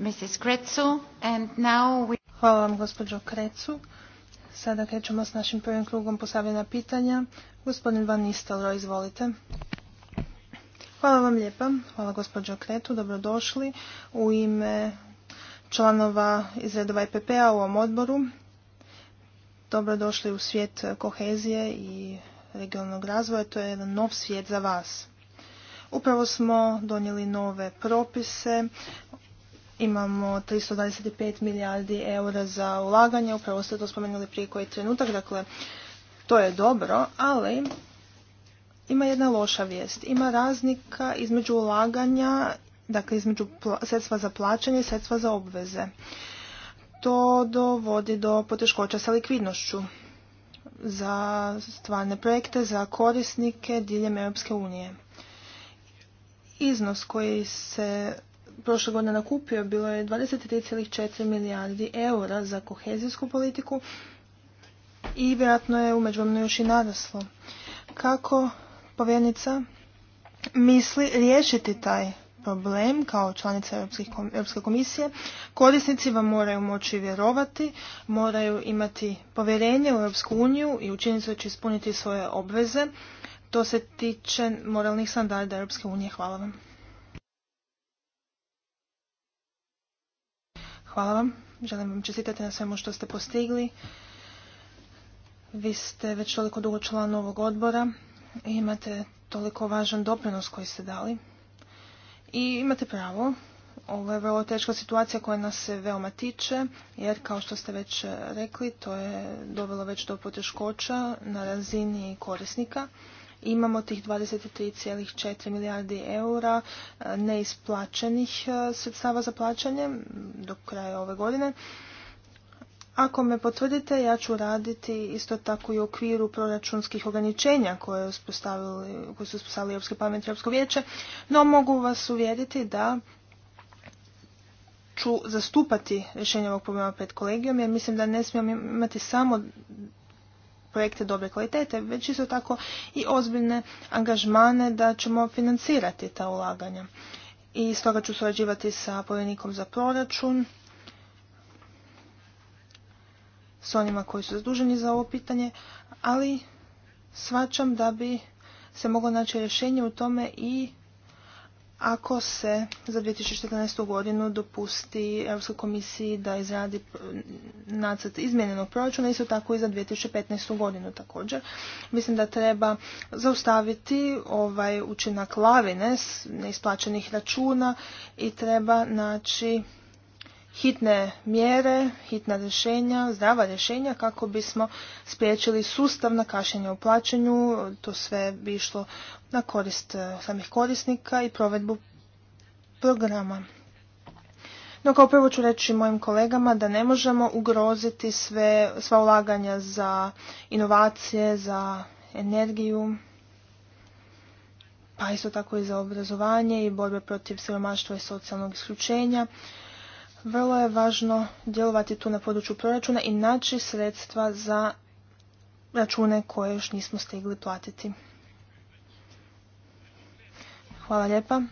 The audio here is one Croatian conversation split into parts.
Mrs. and Hvala vam gospođo Krecu. Sada krećemo s našim prvim krugom postavljena pitanja. Gospodin Van Nistelro, izvolite. Hvala vam lijepa. Hvala gospođo Kretu. Dobrodošli u ime članova iz redova IPP-a e u ovom odboru. Dobrodošli u svijet kohezije i regionalnog razvoja. To je jedan nov svijet za vas. Upravo smo donijeli nove propise Imamo 325 milijardi eura za ulaganje, upravo ste to spomenuli prije koji trenutak, dakle to je dobro, ali ima jedna loša vijest. Ima razlika između ulaganja, dakle između sredstva za plaćanje i sredstva za obveze. To dovodi do poteškoća sa likvidnošću za stvarne projekte, za korisnike diljem Europske unije. Iznos koji se prošle godine nakupio bilo je 23,4 milijardi eura za kohezijsku politiku i vjerojatno je vam još i naraslo. Kako povjernica misli riješiti taj problem kao članica Europske komisije, korisnici vam moraju moći vjerovati, moraju imati povjerenje u Europsku uniju i učiniti će ispuniti svoje obveze. To se tiče moralnih standarda Europske unije. Hvala vam. Hvala vam. Želim vam čestitati na svemu što ste postigli. Vi ste već toliko dugo član ovog odbora i imate toliko važan doprinos koji ste dali. I imate pravo, ovo je vrlo teška situacija koja nas se veoma tiče, jer kao što ste već rekli, to je dovelo već do poteškoća na razini korisnika imamo tih 23,4 milijardi eura e, neisplaćenih e, sredstava za plaćanje do kraja ove godine. Ako me potvrdite, ja ću raditi isto tako i u okviru proračunskih ograničenja koje, koje su uspostavili Europski parlament i Europsko vijeće, no mogu vas uvjeriti da ću zastupati rješenje ovog problema pred kolegijom jer mislim da ne smijem imati samo projekte dobre kvalitete, već isto tako i ozbiljne angažmane da ćemo financirati ta ulaganja. I stoga ću surađivati sa povjerenikom za proračun, s onima koji su zaduženi za ovo pitanje, ali svačam da bi se moglo naći rješenje u tome i ako se za 2014. godinu dopusti Europskoj komisiji da izradi nacrt izmjenjenog proračuna, isto tako i za 2015. godinu također. Mislim da treba zaustaviti ovaj učinak lavine neisplaćenih računa i treba naći hitne mjere, hitna rješenja, zdrava rješenja kako bismo spriječili sustav na u plaćanju, to sve bi išlo na korist e, samih korisnika i provedbu programa. No kao prvo ću reći mojim kolegama da ne možemo ugroziti sve, sva ulaganja za inovacije, za energiju, pa isto tako i za obrazovanje i borbe protiv siromaštva i socijalnog isključenja. Vrlo je važno djelovati tu na području proračuna i naći sredstva za račune koje još nismo stigli platiti. Hvala lijepa.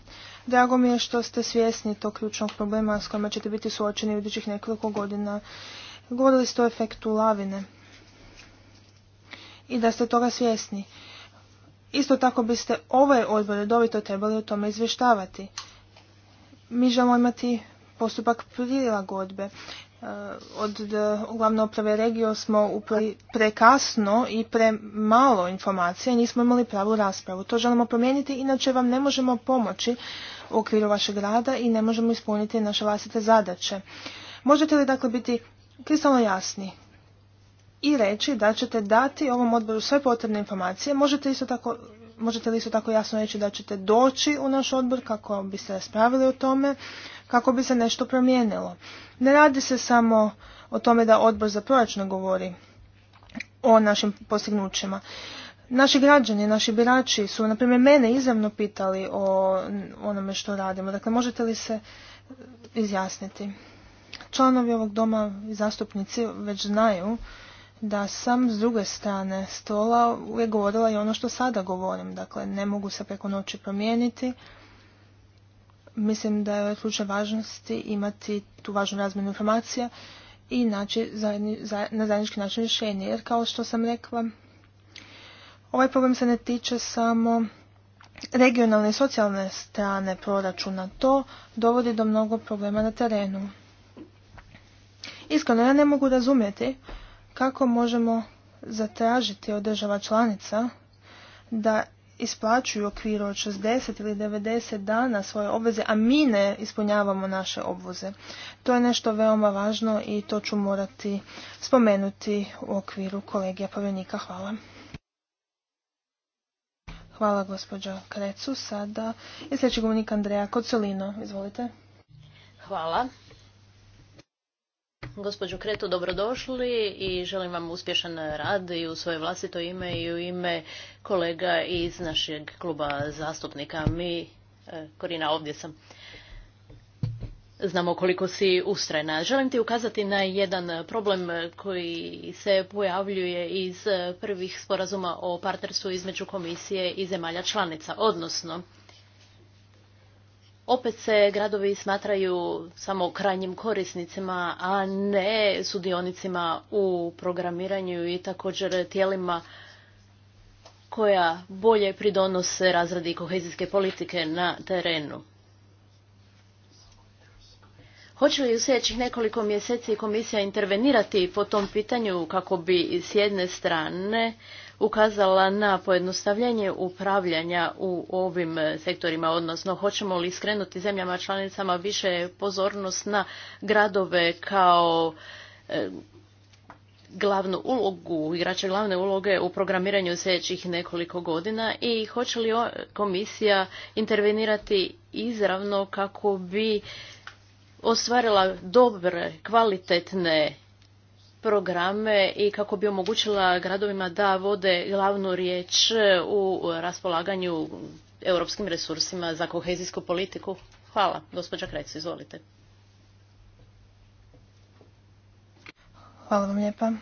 Drago mi je što ste svjesni tog ključnog problema s kojima ćete biti suočeni u idućih nekoliko godina. Govorili ste o efektu lavine i da ste toga svjesni. Isto tako biste ove odbor redovito trebali o tome izvještavati. Mi želimo imati postupak prilagodbe. E, od e, uglavnom uprave regio smo prekasno i premalo informacija, nismo imali pravu raspravu. To želimo promijeniti, inače vam ne možemo pomoći u okviru vašeg rada i ne možemo ispuniti naše vlastite zadaće. Možete li dakle biti kristalno jasni i reći da ćete dati ovom odboru sve potrebne informacije, možete isto tako možete li isto tako jasno reći da ćete doći u naš odbor kako biste raspravili o tome, kako bi se nešto promijenilo. Ne radi se samo o tome da odbor za proračun govori o našim postignućima. Naši građani, naši birači su, na primjer, mene izravno pitali o onome što radimo. Dakle, možete li se izjasniti? Članovi ovog doma i zastupnici već znaju da sam s druge strane stola uvijek govorila i ono što sada govorim. Dakle, ne mogu se preko noći promijeniti Mislim da je od ovaj slučaju važnosti imati tu važnu razmjenu informacija i naći na zajednički način rješenje. Jer kao što sam rekla, ovaj problem se ne tiče samo regionalne i socijalne strane proračuna. To dovodi do mnogo problema na terenu. Iskreno, ja ne mogu razumjeti kako možemo zatražiti od država članica da isplaćuju okviru od 60 ili 90 dana svoje obveze, a mi ne ispunjavamo naše obveze. To je nešto veoma važno i to ću morati spomenuti u okviru kolegija povjenika. Hvala. Hvala gospođa Krecu. Sada je sljedeći govornik Andreja Kocelino. Izvolite. Hvala. Gospođo Kretu, dobrodošli i želim vam uspješan rad i u svoje vlastito ime i u ime kolega iz našeg kluba zastupnika. Mi, e, Korina, ovdje sam. Znamo koliko si ustrajna. Želim ti ukazati na jedan problem koji se pojavljuje iz prvih sporazuma o partnerstvu između komisije i zemalja članica, odnosno opet se gradovi smatraju samo krajnjim korisnicima, a ne sudionicima u programiranju i također tijelima koja bolje pridonose razradi kohezijske politike na terenu. Hoće li u sljedećih nekoliko mjeseci komisija intervenirati po tom pitanju kako bi s jedne strane ukazala na pojednostavljenje upravljanja u ovim e, sektorima, odnosno hoćemo li skrenuti zemljama članicama više pozornost na gradove kao e, glavnu ulogu, igrače glavne uloge u programiranju sljedećih nekoliko godina i hoće li komisija intervenirati izravno kako bi ostvarila dobre, kvalitetne programe i kako bi omogućila gradovima da vode glavnu riječ u raspolaganju europskim resursima za kohezijsku politiku? Hvala. Gospođa Krec, izvolite. Hvala vam lijepa.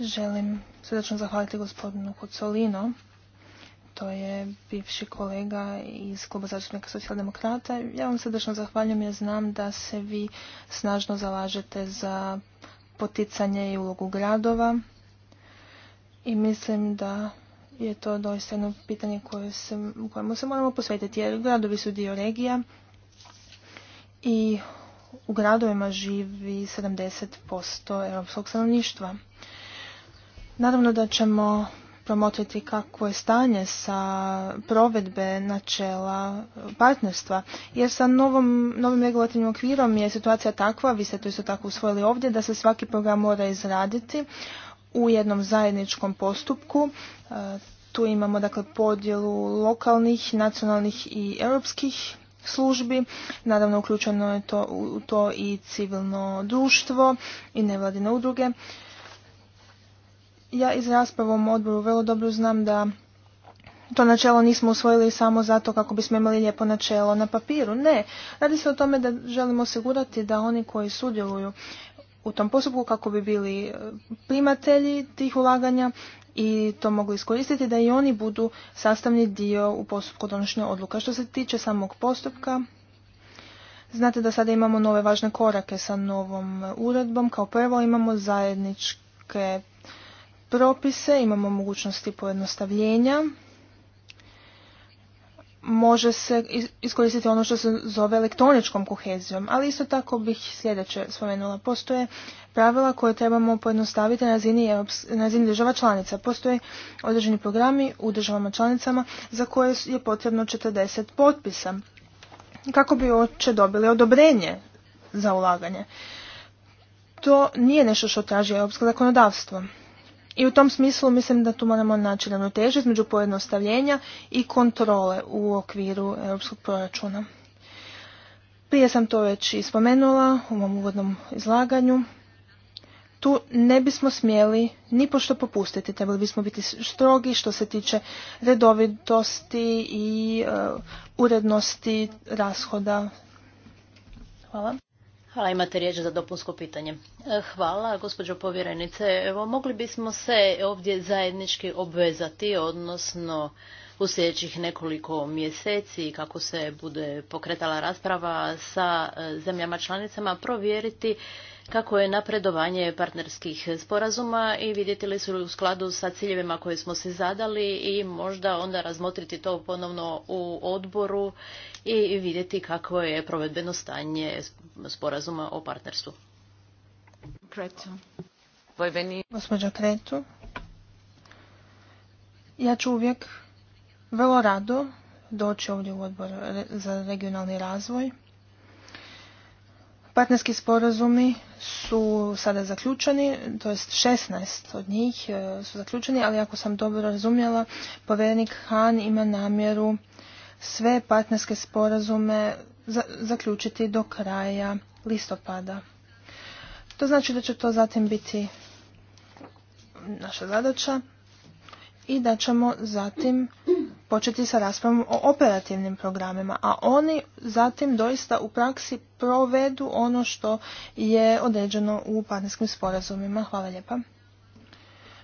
Želim zahvaliti gospodinu Kocolino to je bivši kolega iz Kluba zastupnika socijaldemokrata. Ja vam srdečno zahvaljujem jer znam da se vi snažno zalažete za poticanje i ulogu gradova i mislim da je to doista jedno pitanje koje kojemu se moramo posvetiti jer gradovi su dio regija i u gradovima živi 70% europskog stanovništva. Naravno da ćemo promotriti kako je stanje sa provedbe načela partnerstva. Jer sa novom, novim regulativnim okvirom je situacija takva, vi ste to isto tako usvojili ovdje, da se svaki program mora izraditi u jednom zajedničkom postupku. E, tu imamo dakle podjelu lokalnih, nacionalnih i europskih službi. Naravno uključeno je to, u to i civilno društvo i nevladine udruge. Ja iz raspravom u odboru vrlo dobro znam da to načelo nismo usvojili samo zato kako bismo imali lijepo načelo na papiru. Ne, radi se o tome da želimo osigurati da oni koji sudjeluju u tom postupku kako bi bili e, primatelji tih ulaganja i to mogu iskoristiti da i oni budu sastavni dio u postupku donošenja odluka. Što se tiče samog postupka, znate da sada imamo nove važne korake sa novom uredbom. Kao prvo imamo zajedničke propise, imamo mogućnosti pojednostavljenja. Može se iskoristiti ono što se zove elektroničkom kohezijom, ali isto tako bih sljedeće spomenula. Postoje pravila koje trebamo pojednostaviti na razini, država članica. Postoje određeni programi u državama članicama za koje je potrebno 40 potpisa kako bi oče dobili odobrenje za ulaganje. To nije nešto što traži europsko zakonodavstvo. I u tom smislu mislim da tu moramo naći ravnotežu između pojednostavljenja i kontrole u okviru europskog proračuna. Prije sam to već i spomenula u mom uvodnom izlaganju. Tu ne bismo smjeli ni pošto popustiti, trebali bismo biti strogi što se tiče redovitosti i e, urednosti rashoda. Hvala. Hvala, imate riječ za dopunsko pitanje. E, hvala, gospođo povjerenice. Evo, mogli bismo se ovdje zajednički obvezati, odnosno u sljedećih nekoliko mjeseci kako se bude pokretala rasprava sa e, zemljama članicama provjeriti kako je napredovanje partnerskih sporazuma i vidjeti li su li u skladu sa ciljevima koje smo se zadali i možda onda razmotriti to ponovno u odboru i vidjeti kako je provedbeno stanje sporazuma o partnerstvu. Kretu. Ja ću uvijek vrlo rado doći ovdje u odbor za regionalni razvoj. Partnerski sporazumi su sada zaključeni, to jest 16 od njih e, su zaključeni, ali ako sam dobro razumjela, povjerenik Han ima namjeru sve partnerske sporazume zaključiti do kraja listopada. To znači da će to zatim biti naša zadaća i da ćemo zatim početi sa raspravom o operativnim programima, a oni zatim doista u praksi provedu ono što je određeno u partnerskim sporazumima. Hvala lijepa.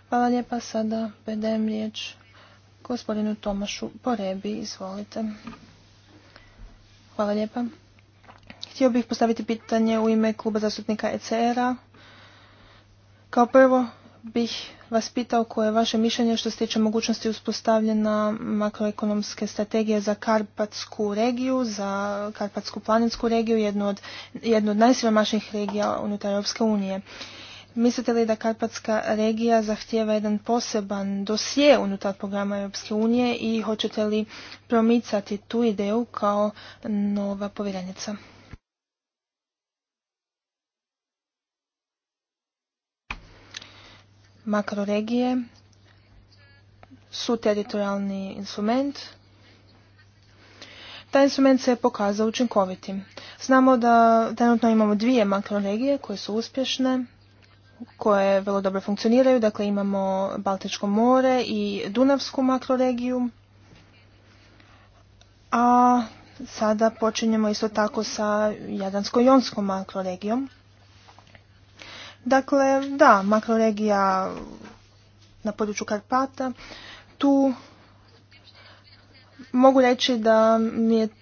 Hvala lijepa. Sada predajem riječ gospodinu Tomašu Porebi. Izvolite. Hvala lijepa. Htio bih postaviti pitanje u ime kluba zastupnika ECR-a. Kao prvo bih vas pitao koje je vaše mišljenje što se tiče mogućnosti uspostavljena makroekonomske strategije za Karpatsku regiju, za Karpatsku planinsku regiju, jednu od, jednu od najsiromašnijih regija unutar Europske unije. Mislite li da Karpatska regija zahtjeva jedan poseban dosje unutar programa Europske unije i hoćete li promicati tu ideju kao nova povjerenica? Makroregije su teritorijalni instrument. Taj instrument se je pokazao učinkovitim. Znamo da trenutno imamo dvije makroregije koje su uspješne, koje vrlo dobro funkcioniraju. Dakle, imamo Baltičko more i Dunavsku makroregiju. A sada počinjemo isto tako sa Jadransko-Jonskom makroregijom Dakle, da, makroregija na području Karpata, tu mogu reći da,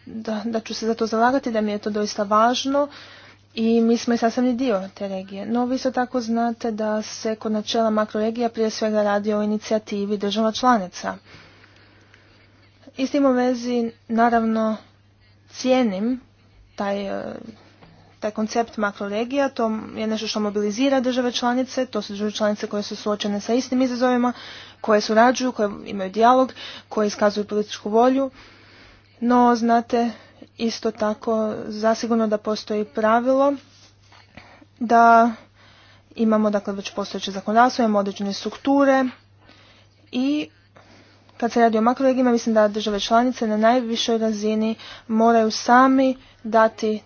da, da ću se za to zalagati, da mi je to doista važno i mi smo i sastavni dio te regije. No, vi se tako znate da se kod načela makroregija prije svega radi o inicijativi država članica. I s tim u vezi, naravno, cijenim taj taj koncept makroregija, to je nešto što mobilizira države članice, to su države članice koje su suočene sa istim izazovima, koje surađuju, koje imaju dijalog, koje iskazuju političku volju. No, znate, isto tako zasigurno da postoji pravilo da imamo dakle već postojeće zakonodavstvo, imamo određene strukture i kad se radi o makroregijima mislim da države članice na najvišoj razini moraju sami dati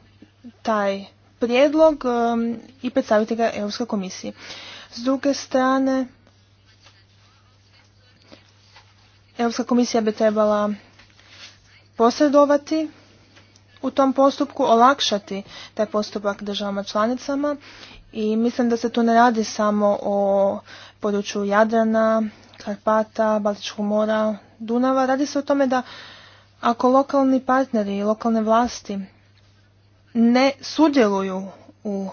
taj prijedlog um, i predstaviti ga Europskoj komisiji. S druge strane, Europska komisija bi trebala posredovati u tom postupku, olakšati taj postupak državama članicama i mislim da se tu ne radi samo o području Jadrana, Karpata, Baltičkog mora, Dunava. Radi se o tome da ako lokalni partneri i lokalne vlasti ne sudjeluju u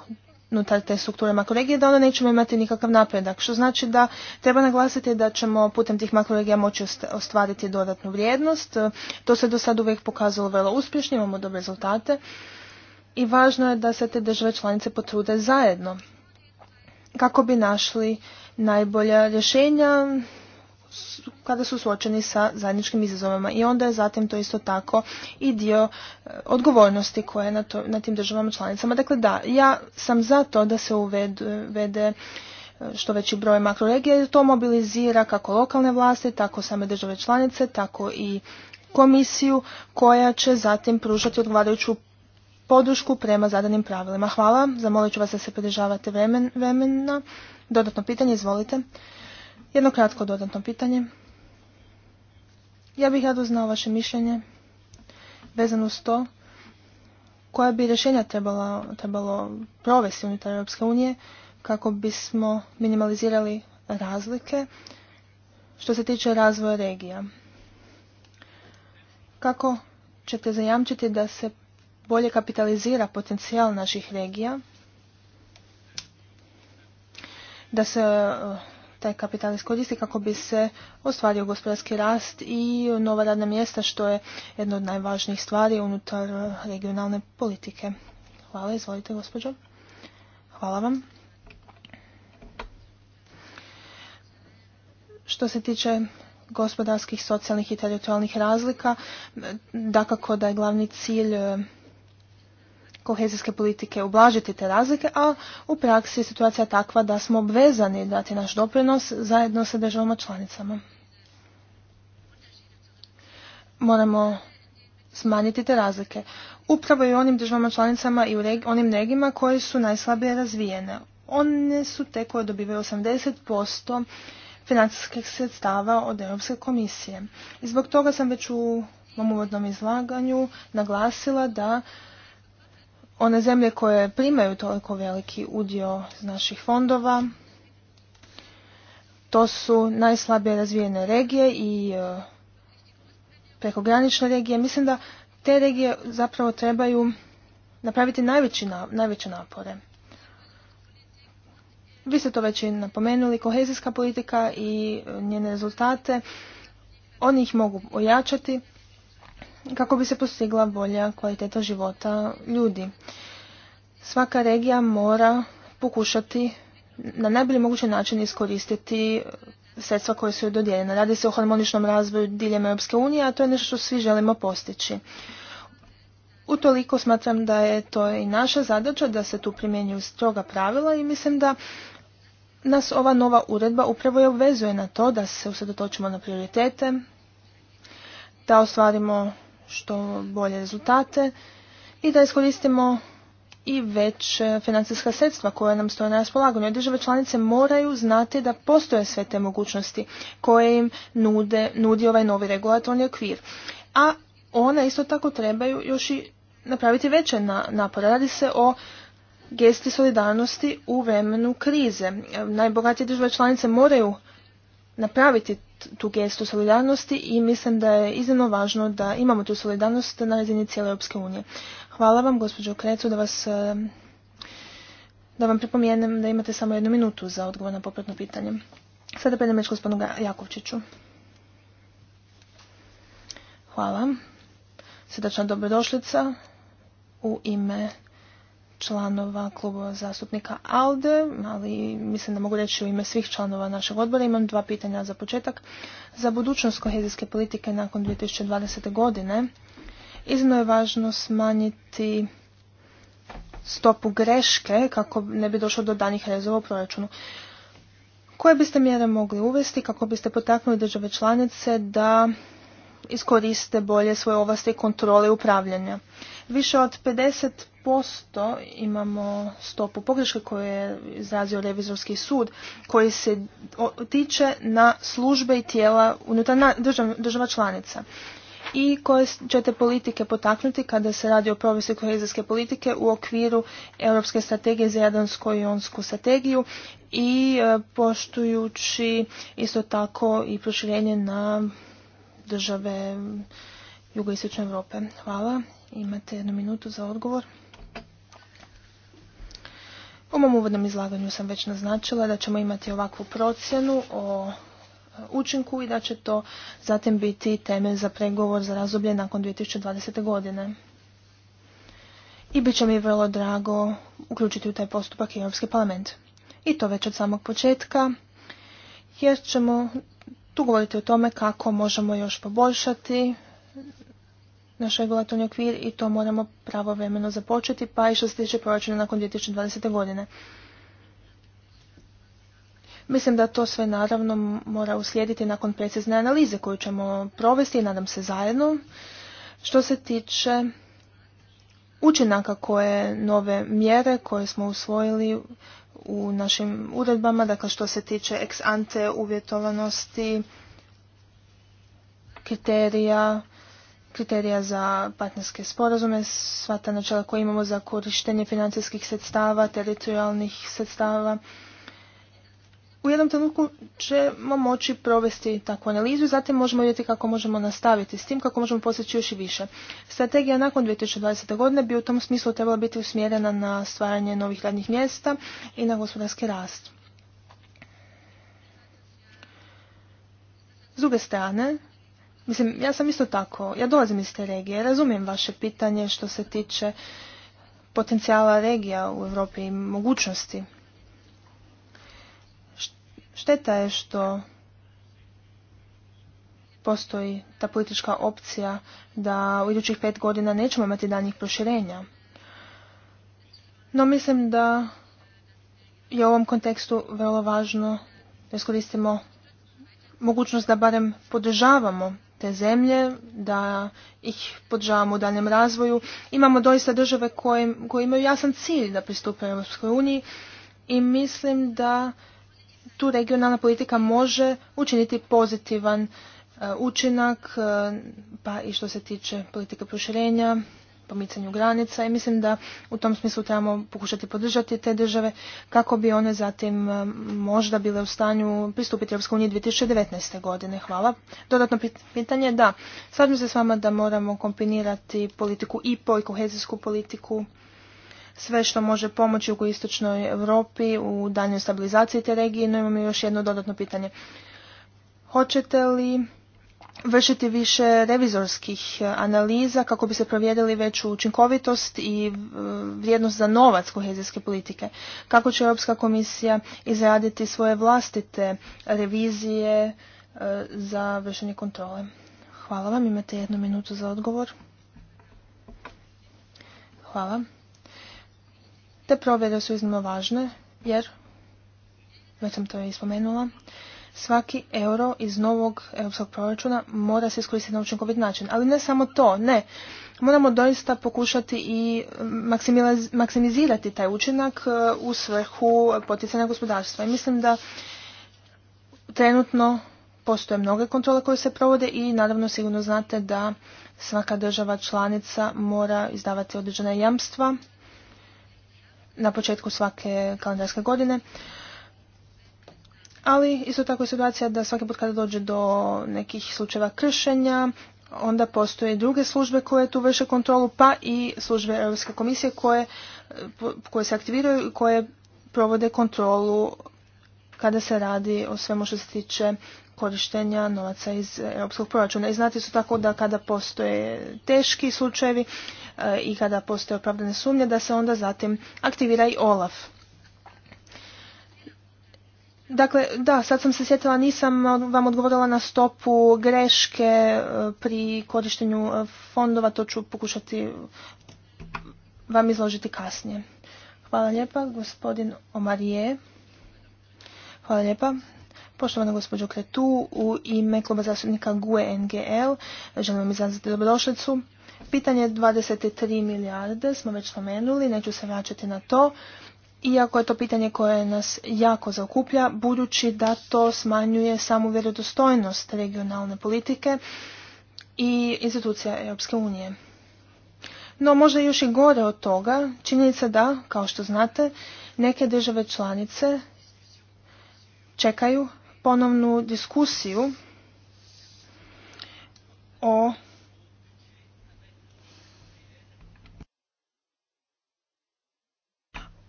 unutar te strukture makroregije da onda nećemo imati nikakav napredak. Što znači da treba naglasiti da ćemo putem tih makroregija moći ostvariti dodatnu vrijednost. To se do sad uvijek pokazalo vrlo uspješno, imamo dobre rezultate i važno je da se te države članice potrude zajedno kako bi našli najbolja rješenja kada su suočeni sa zajedničkim izazovama I onda je zatim to isto tako i dio e, odgovornosti koje je na, tim državama članicama. Dakle, da, ja sam za to da se uvede e, e, što veći broj makroregija jer to mobilizira kako lokalne vlasti, tako same države članice, tako i komisiju koja će zatim pružati odgovarajuću podršku prema zadanim pravilima. Hvala, zamolit ću vas da se pridržavate vremena. Dodatno pitanje, izvolite. Jedno kratko dodatno pitanje. Ja bih rado znao vaše mišljenje vezano s to koja bi rješenja trebalo, trebalo provesti unutar Europske unije kako bismo minimalizirali razlike što se tiče razvoja regija. Kako ćete zajamčiti da se bolje kapitalizira potencijal naših regija, da se taj kapital iskoristi kako bi se ostvario gospodarski rast i nova radna mjesta što je jedna od najvažnijih stvari unutar regionalne politike. Hvala, izvolite gospođo. Hvala vam. Što se tiče gospodarskih, socijalnih i teritorijalnih razlika, dakako da je glavni cilj kohezijske politike ublažiti te razlike, a u praksi je situacija takva da smo obvezani dati naš doprinos zajedno sa državama članicama. Moramo smanjiti te razlike. Upravo i u onim državama članicama i u onim regijima koje su najslabije razvijene. One su te koje dobivaju 80% financijskih sredstava od Europske komisije. I zbog toga sam već u mom uvodnom izlaganju naglasila da one zemlje koje primaju toliko veliki udio naših fondova, to su najslabije razvijene regije i e, prekogranične regije. Mislim da te regije zapravo trebaju napraviti najveće napore. Vi ste to već i napomenuli, kohezijska politika i e, njene rezultate, oni ih mogu ojačati, kako bi se postigla bolja kvaliteta života ljudi. Svaka regija mora pokušati na najbolji mogući način iskoristiti sredstva koje su joj dodijeljena. Radi se o harmoničnom razvoju diljem Europske unije, a to je nešto što svi želimo postići. Utoliko smatram da je to i naša zadaća da se tu primjenjuju stroga pravila i mislim da nas ova nova uredba upravo je obvezuje na to da se usredotočimo na prioritete, da ostvarimo što bolje rezultate i da iskoristimo i već financijska sredstva koja nam stoje na raspolaganju. Države članice moraju znati da postoje sve te mogućnosti koje im nude, nudi ovaj novi regulatorni okvir. A one isto tako trebaju još i napraviti veće na, napore. Radi se o gesti solidarnosti u vremenu krize. Najbogatije države članice moraju napraviti tu gestu solidarnosti i mislim da je iznimno važno da imamo tu solidarnost na razini cijele Europske unije. Hvala vam, gospođo Krecu, da vas e, da vam pripomijenem da imate samo jednu minutu za odgovor na popratno pitanje. Sada predam reći gospodinu Jakovčiću. Hvala. Srdačna dobrodošlica u ime članova klubova zastupnika ALDE, ali mislim da mogu reći u ime svih članova našeg odbora. Imam dva pitanja za početak. Za budućnost kohezijske politike nakon 2020. godine iznimno je važno smanjiti stopu greške kako ne bi došlo do danih rezova u proračunu. Koje biste mjere mogli uvesti kako biste potaknuli države članice da iskoriste bolje svoje ovlasti kontrole i upravljanja. Više od 50% imamo stopu pogreške koju je izrazio revizorski sud koji se tiče na službe i tijela unutar država članica i koje ćete politike potaknuti kada se radi o provesti kohezijske politike u okviru Europske strategije za jadansko i strategiju i e, poštujući isto tako i proširenje na države jugoistočne Europe. Hvala. Imate jednu minutu za odgovor. U mom uvodnom izlaganju sam već naznačila da ćemo imati ovakvu procjenu o e, učinku i da će to zatim biti temelj za pregovor za razdoblje nakon 2020. godine. I bit će mi vrlo drago uključiti u taj postupak i Europski parlament. I to već od samog početka, jer ćemo tu govorite o tome kako možemo još poboljšati naš regulatorni okvir i to moramo pravovremeno započeti, pa i što se tiče proračuna nakon 2020. godine. Mislim da to sve naravno mora uslijediti nakon precizne analize koju ćemo provesti i nadam se zajedno. Što se tiče učinaka koje nove mjere koje smo usvojili u našim uredbama, dakle što se tiče ex ante uvjetovanosti, kriterija, kriterija za partnerske sporazume, sva ta načela koja imamo za korištenje financijskih sredstava, teritorijalnih sredstava, u jednom trenutku ćemo moći provesti takvu analizu i zatim možemo vidjeti kako možemo nastaviti s tim, kako možemo postići još i više. Strategija nakon 2020. godine bi u tom smislu trebala biti usmjerena na stvaranje novih radnih mjesta i na gospodarski rast. S druge strane, mislim, ja sam isto tako, ja dolazim iz te regije, razumijem vaše pitanje što se tiče potencijala regija u Europi i mogućnosti Šteta je što postoji ta politička opcija da u idućih pet godina nećemo imati danjih proširenja. No mislim da je u ovom kontekstu vrlo važno da iskoristimo mogućnost da barem podržavamo te zemlje, da ih podržavamo u daljem razvoju. Imamo doista države koje, koje imaju jasan cilj da pristupe Europskoj uniji i mislim da tu regionalna politika može učiniti pozitivan e, učinak, e, pa i što se tiče politike proširenja, pomicanju granica i mislim da u tom smislu trebamo pokušati podržati te države kako bi one zatim e, možda bile u stanju pristupiti Europskoj uniji 2019. godine. Hvala. Dodatno pitanje, da, slažem se s vama da moramo kombinirati politiku IPO i kohezijsku politiku sve što može pomoći u istočnoj Europi u daljnjoj stabilizaciji te regije. No imamo još jedno dodatno pitanje. Hoćete li vršiti više revizorskih e, analiza kako bi se provjerili veću učinkovitost i e, vrijednost za novac kohezijske politike. Kako će Europska komisija izraditi svoje vlastite revizije e, za vršenje kontrole? Hvala vam, imate jednu minutu za odgovor. Hvala. Te provjere su iznimno važne jer, već sam to i spomenula, svaki euro iz novog europskog proračuna mora se iskoristiti na učinkovit način. Ali ne samo to, ne. Moramo doista pokušati i maksimizirati taj učinak e, u svrhu poticanja gospodarstva. I mislim da trenutno postoje mnoge kontrole koje se provode i naravno sigurno znate da svaka država članica mora izdavati određene jamstva na početku svake kalendarske godine. Ali isto tako je situacija da svaki put kada dođe do nekih slučajeva kršenja, onda postoje druge službe koje tu vrše kontrolu, pa i službe Europske komisije koje, koje se aktiviraju i koje provode kontrolu kada se radi o svemu što se tiče korištenja novaca iz europskog proračuna. I znate su tako da kada postoje teški slučajevi e, i kada postoje opravdane sumnje da se onda zatim aktivira i OLAF. Dakle, da, sad sam se sjetila, nisam vam odgovorila na stopu greške e, pri korištenju e, fondova, to ću pokušati vam izložiti kasnije. Hvala lijepa, gospodin Omarije. Hvala lijepa, Poštovana gospođo Kretu, u ime kluba zastupnika GUE NGL želim vam izraziti dobrodošlicu. Pitanje 23 milijarde smo već spomenuli, neću se vraćati na to. Iako je to pitanje koje nas jako zaokuplja, budući da to smanjuje samu vjerodostojnost regionalne politike i institucija Europske unije. No možda još i gore od toga, činjenica da, kao što znate, neke države članice čekaju ponovnu diskusiju o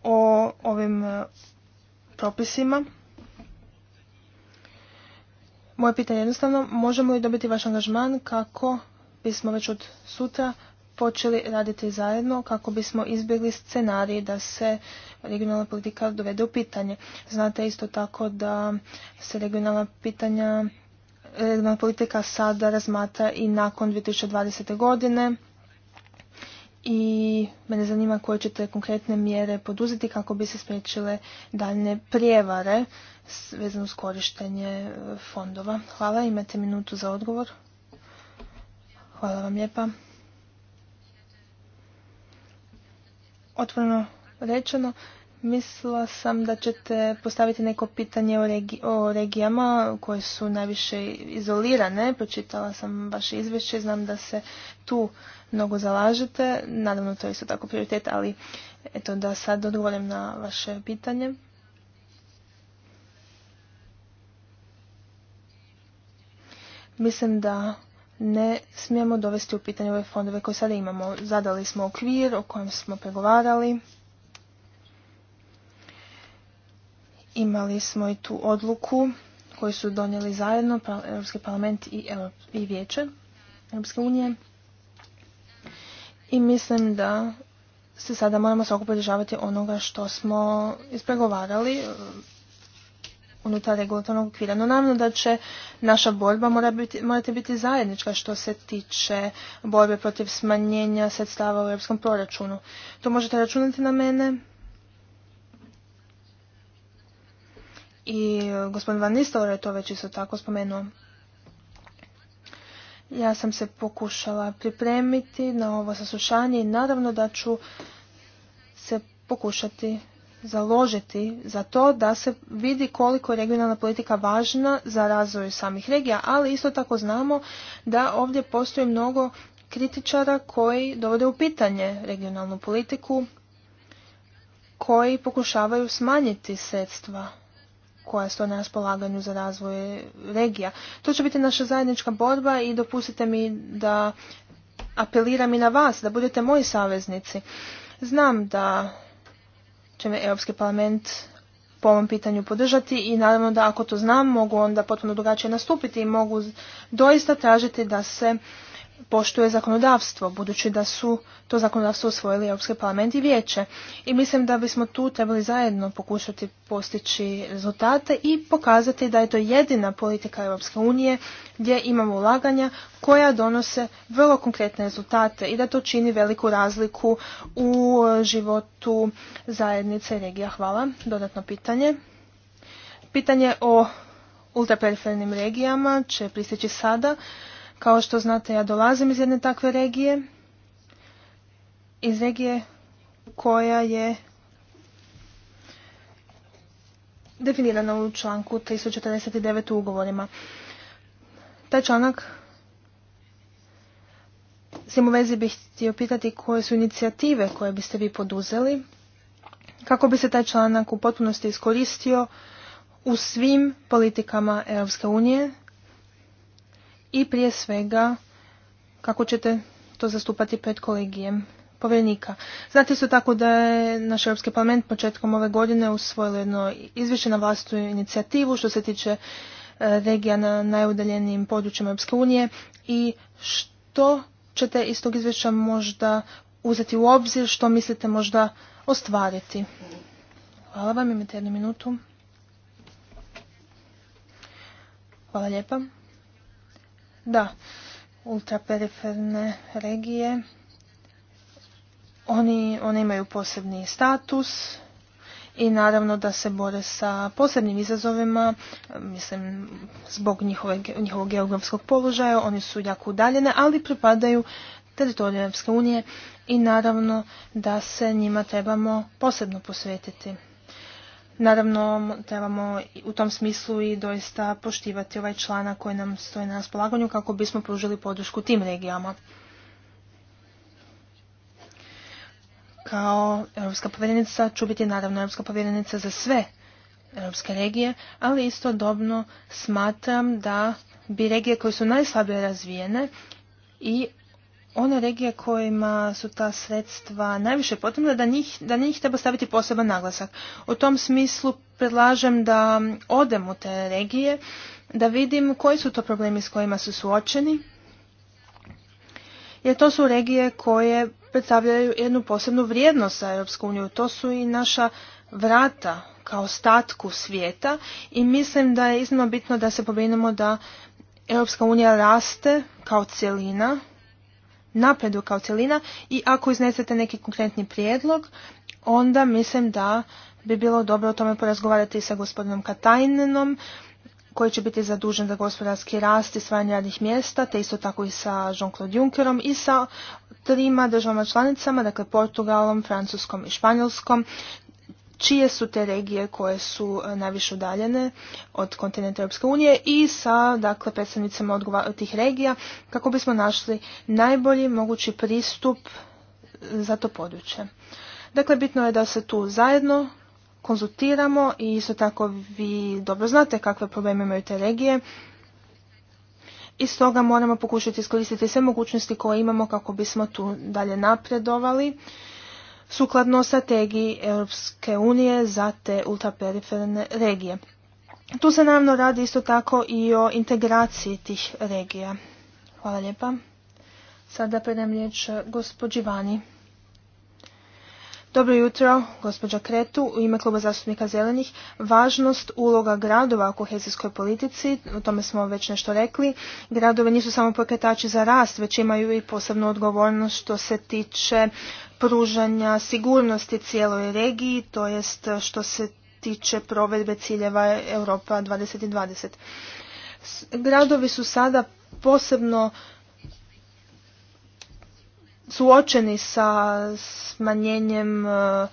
o ovim e, propisima. Moje pitanje je jednostavno, možemo li dobiti vaš angažman kako bismo već od sutra počeli raditi zajedno kako bismo izbjegli scenarij da se regionalna politika dovede u pitanje. Znate isto tako da se regionalna pitanja regionalna politika sada razmatra i nakon 2020. godine i mene zanima koje ćete konkretne mjere poduzeti kako bi se spriječile daljne prijevare vezano s korištenje e, fondova. Hvala, imate minutu za odgovor. Hvala vam lijepa. otvoreno rečeno, mislila sam da ćete postaviti neko pitanje o, o regijama koje su najviše izolirane. Pročitala sam vaše izvješće, znam da se tu mnogo zalažete. Naravno, to je isto tako prioritet, ali eto da sad odgovorim na vaše pitanje. Mislim da ne smijemo dovesti u pitanje ove fondove koje sada imamo. Zadali smo okvir o kojem smo pregovarali. Imali smo i tu odluku koju su donijeli zajedno pa- Europski parlament i, i vijeće Europske unije. I mislim da se sada moramo svako podržavati onoga što smo ispregovarali unutar regulatornog okvira. No naravno da će naša borba morati biti zajednička što se tiče borbe protiv smanjenja sredstava u europskom proračunu. To možete računati na mene. I gospodin Van Nistelor je to već isto tako spomenuo. Ja sam se pokušala pripremiti na ovo saslušanje i naravno da ću se pokušati založiti za to da se vidi koliko je regionalna politika važna za razvoj samih regija, ali isto tako znamo da ovdje postoji mnogo kritičara koji dovode u pitanje regionalnu politiku, koji pokušavaju smanjiti sredstva koja stoje na raspolaganju za razvoj regija. To će biti naša zajednička borba i dopustite mi da apeliram i na vas, da budete moji saveznici. Znam da će me Europski parlament po ovom pitanju podržati i naravno da ako to znam mogu onda potpuno drugačije nastupiti i mogu doista tražiti da se poštuje zakonodavstvo, budući da su to zakonodavstvo usvojili Europski parlament i vijeće. I mislim da bismo tu trebali zajedno pokušati postići rezultate i pokazati da je to jedina politika Europske unije gdje imamo ulaganja koja donose vrlo konkretne rezultate i da to čini veliku razliku u životu zajednice i regija. Hvala. Dodatno pitanje. Pitanje o ultraperifernim regijama će pristići sada. Kao što znate, ja dolazim iz jedne takve regije, iz regije koja je definirana u članku 349 u ugovorima. Taj članak s tim u vezi bih htio pitati koje su inicijative koje biste vi poduzeli kako bi se taj članak u potpunosti iskoristio u svim politikama Europske unije i prije svega kako ćete to zastupati pred kolegijem povjerenika. Znate isto tako da je naš Europski parlament početkom ove godine usvojilo jedno izvješće na vlastitu inicijativu što se tiče e, regija na najudaljenijim područjima Europske unije i što ćete iz tog izvješća možda uzeti u obzir, što mislite možda ostvariti. Hvala vam, imate jednu minutu. Hvala lijepa. Da, ultraperiferne regije, oni, one imaju posebni status i naravno da se bore sa posebnim izazovima, mislim, zbog njihove, njihovog geografskog položaja, oni su jako udaljene, ali pripadaju teritoriju Europske unije i naravno da se njima trebamo posebno posvetiti. Naravno, trebamo u tom smislu i doista poštivati ovaj članak koji nam stoji na raspolaganju kako bismo pružili podršku tim regijama. Kao Europska povjerenica ću biti naravno Europska povjerenica za sve Europske regije, ali istodobno smatram da bi regije koje su najslabije razvijene i one regije kojima su ta sredstva najviše potrebna, da, njih, njih treba staviti poseban naglasak. U tom smislu predlažem da odem u te regije, da vidim koji su to problemi s kojima su suočeni, jer to su regije koje predstavljaju jednu posebnu vrijednost za Europsku uniju. To su i naša vrata kao statku svijeta i mislim da je iznimno bitno da se pobrinemo da Europska unija raste kao cjelina, napredu kao cjelina i ako iznesete neki konkretni prijedlog, onda mislim da bi bilo dobro o tome porazgovarati sa gospodinom Katajnenom, koji će biti zadužen za gospodarski rast i stvaranje radnih mjesta, te isto tako i sa Jean-Claude Junckerom i sa trima državama članicama, dakle Portugalom, Francuskom i Španjolskom, čije su te regije koje su e, najviše udaljene od kontinenta Europske unije i sa dakle, predstavnicama tih regija kako bismo našli najbolji mogući pristup e, za to područje. Dakle, bitno je da se tu zajedno konzultiramo i isto tako vi dobro znate kakve probleme imaju te regije. I stoga moramo pokušati iskoristiti sve mogućnosti koje imamo kako bismo tu dalje napredovali sukladno strategiji Europske unije za te ultraperiferne regije. Tu se naravno radi isto tako i o integraciji tih regija. Hvala lijepa. Sada predam riječ e, gospođi Vani. Dobro jutro, gospođa Kretu, u ime Kluba zastupnika Zelenih. Važnost uloga gradova u kohezijskoj politici, o tome smo već nešto rekli. Gradovi nisu samo pokretači za rast, već imaju i posebnu odgovornost što se tiče pružanja sigurnosti cijeloj regiji, to jest što se tiče provedbe ciljeva Europa 2020. Gradovi su sada posebno suočeni sa smanjenjem e, e,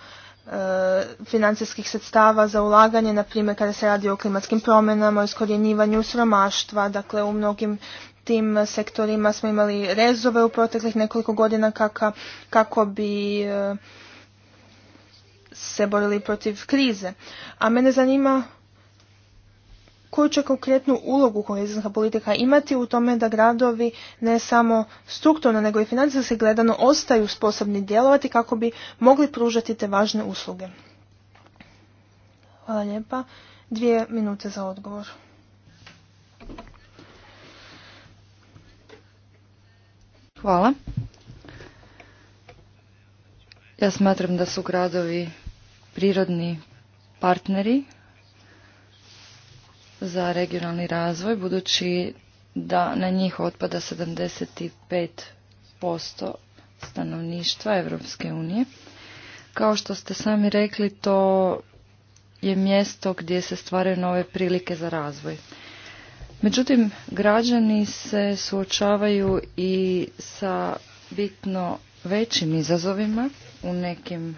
financijskih sredstava za ulaganje, na primjer kada se radi o klimatskim promjenama, o iskorjenjivanju sromaštva, dakle u mnogim tim sektorima smo imali rezove u proteklih nekoliko godina kako bi e, se borili protiv krize. A mene zanima koju će konkretnu ulogu kohezijska politika imati u tome da gradovi ne samo strukturno nego i financijski gledano ostaju sposobni djelovati kako bi mogli pružati te važne usluge. Hvala lijepa. Dvije minute za odgovor. Hvala. Ja smatram da su gradovi prirodni partneri za regionalni razvoj, budući da na njih otpada 75% stanovništva Europske unije. Kao što ste sami rekli, to je mjesto gdje se stvaraju nove prilike za razvoj. Međutim, građani se suočavaju i sa bitno većim izazovima u nekim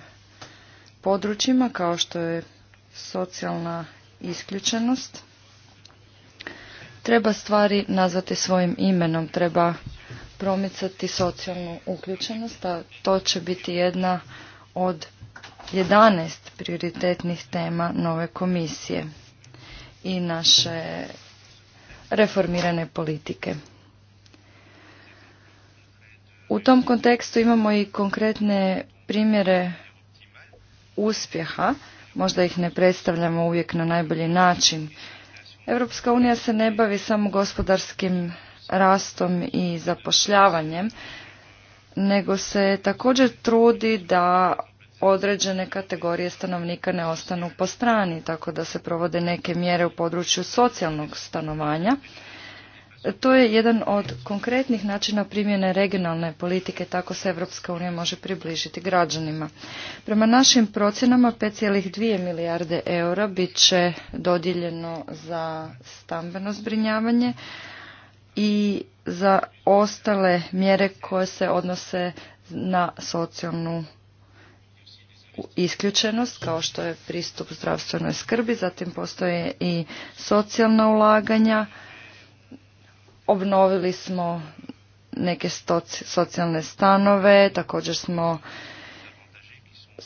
područjima kao što je socijalna isključenost. Treba stvari nazvati svojim imenom, treba promicati socijalnu uključenost, a to će biti jedna od 11 prioritetnih tema nove komisije. I naše reformirane politike. U tom kontekstu imamo i konkretne primjere uspjeha, možda ih ne predstavljamo uvijek na najbolji način. Europska unija se ne bavi samo gospodarskim rastom i zapošljavanjem, nego se također trudi da određene kategorije stanovnika ne ostanu po strani, tako da se provode neke mjere u području socijalnog stanovanja. To je jedan od konkretnih načina primjene regionalne politike, tako se Evropska unija može približiti građanima. Prema našim procjenama 5,2 milijarde eura bit će dodijeljeno za stambeno zbrinjavanje i za ostale mjere koje se odnose na socijalnu isključenost kao što je pristup zdravstvenoj skrbi, zatim postoje i socijalna ulaganja. Obnovili smo neke socijalne stanove, također smo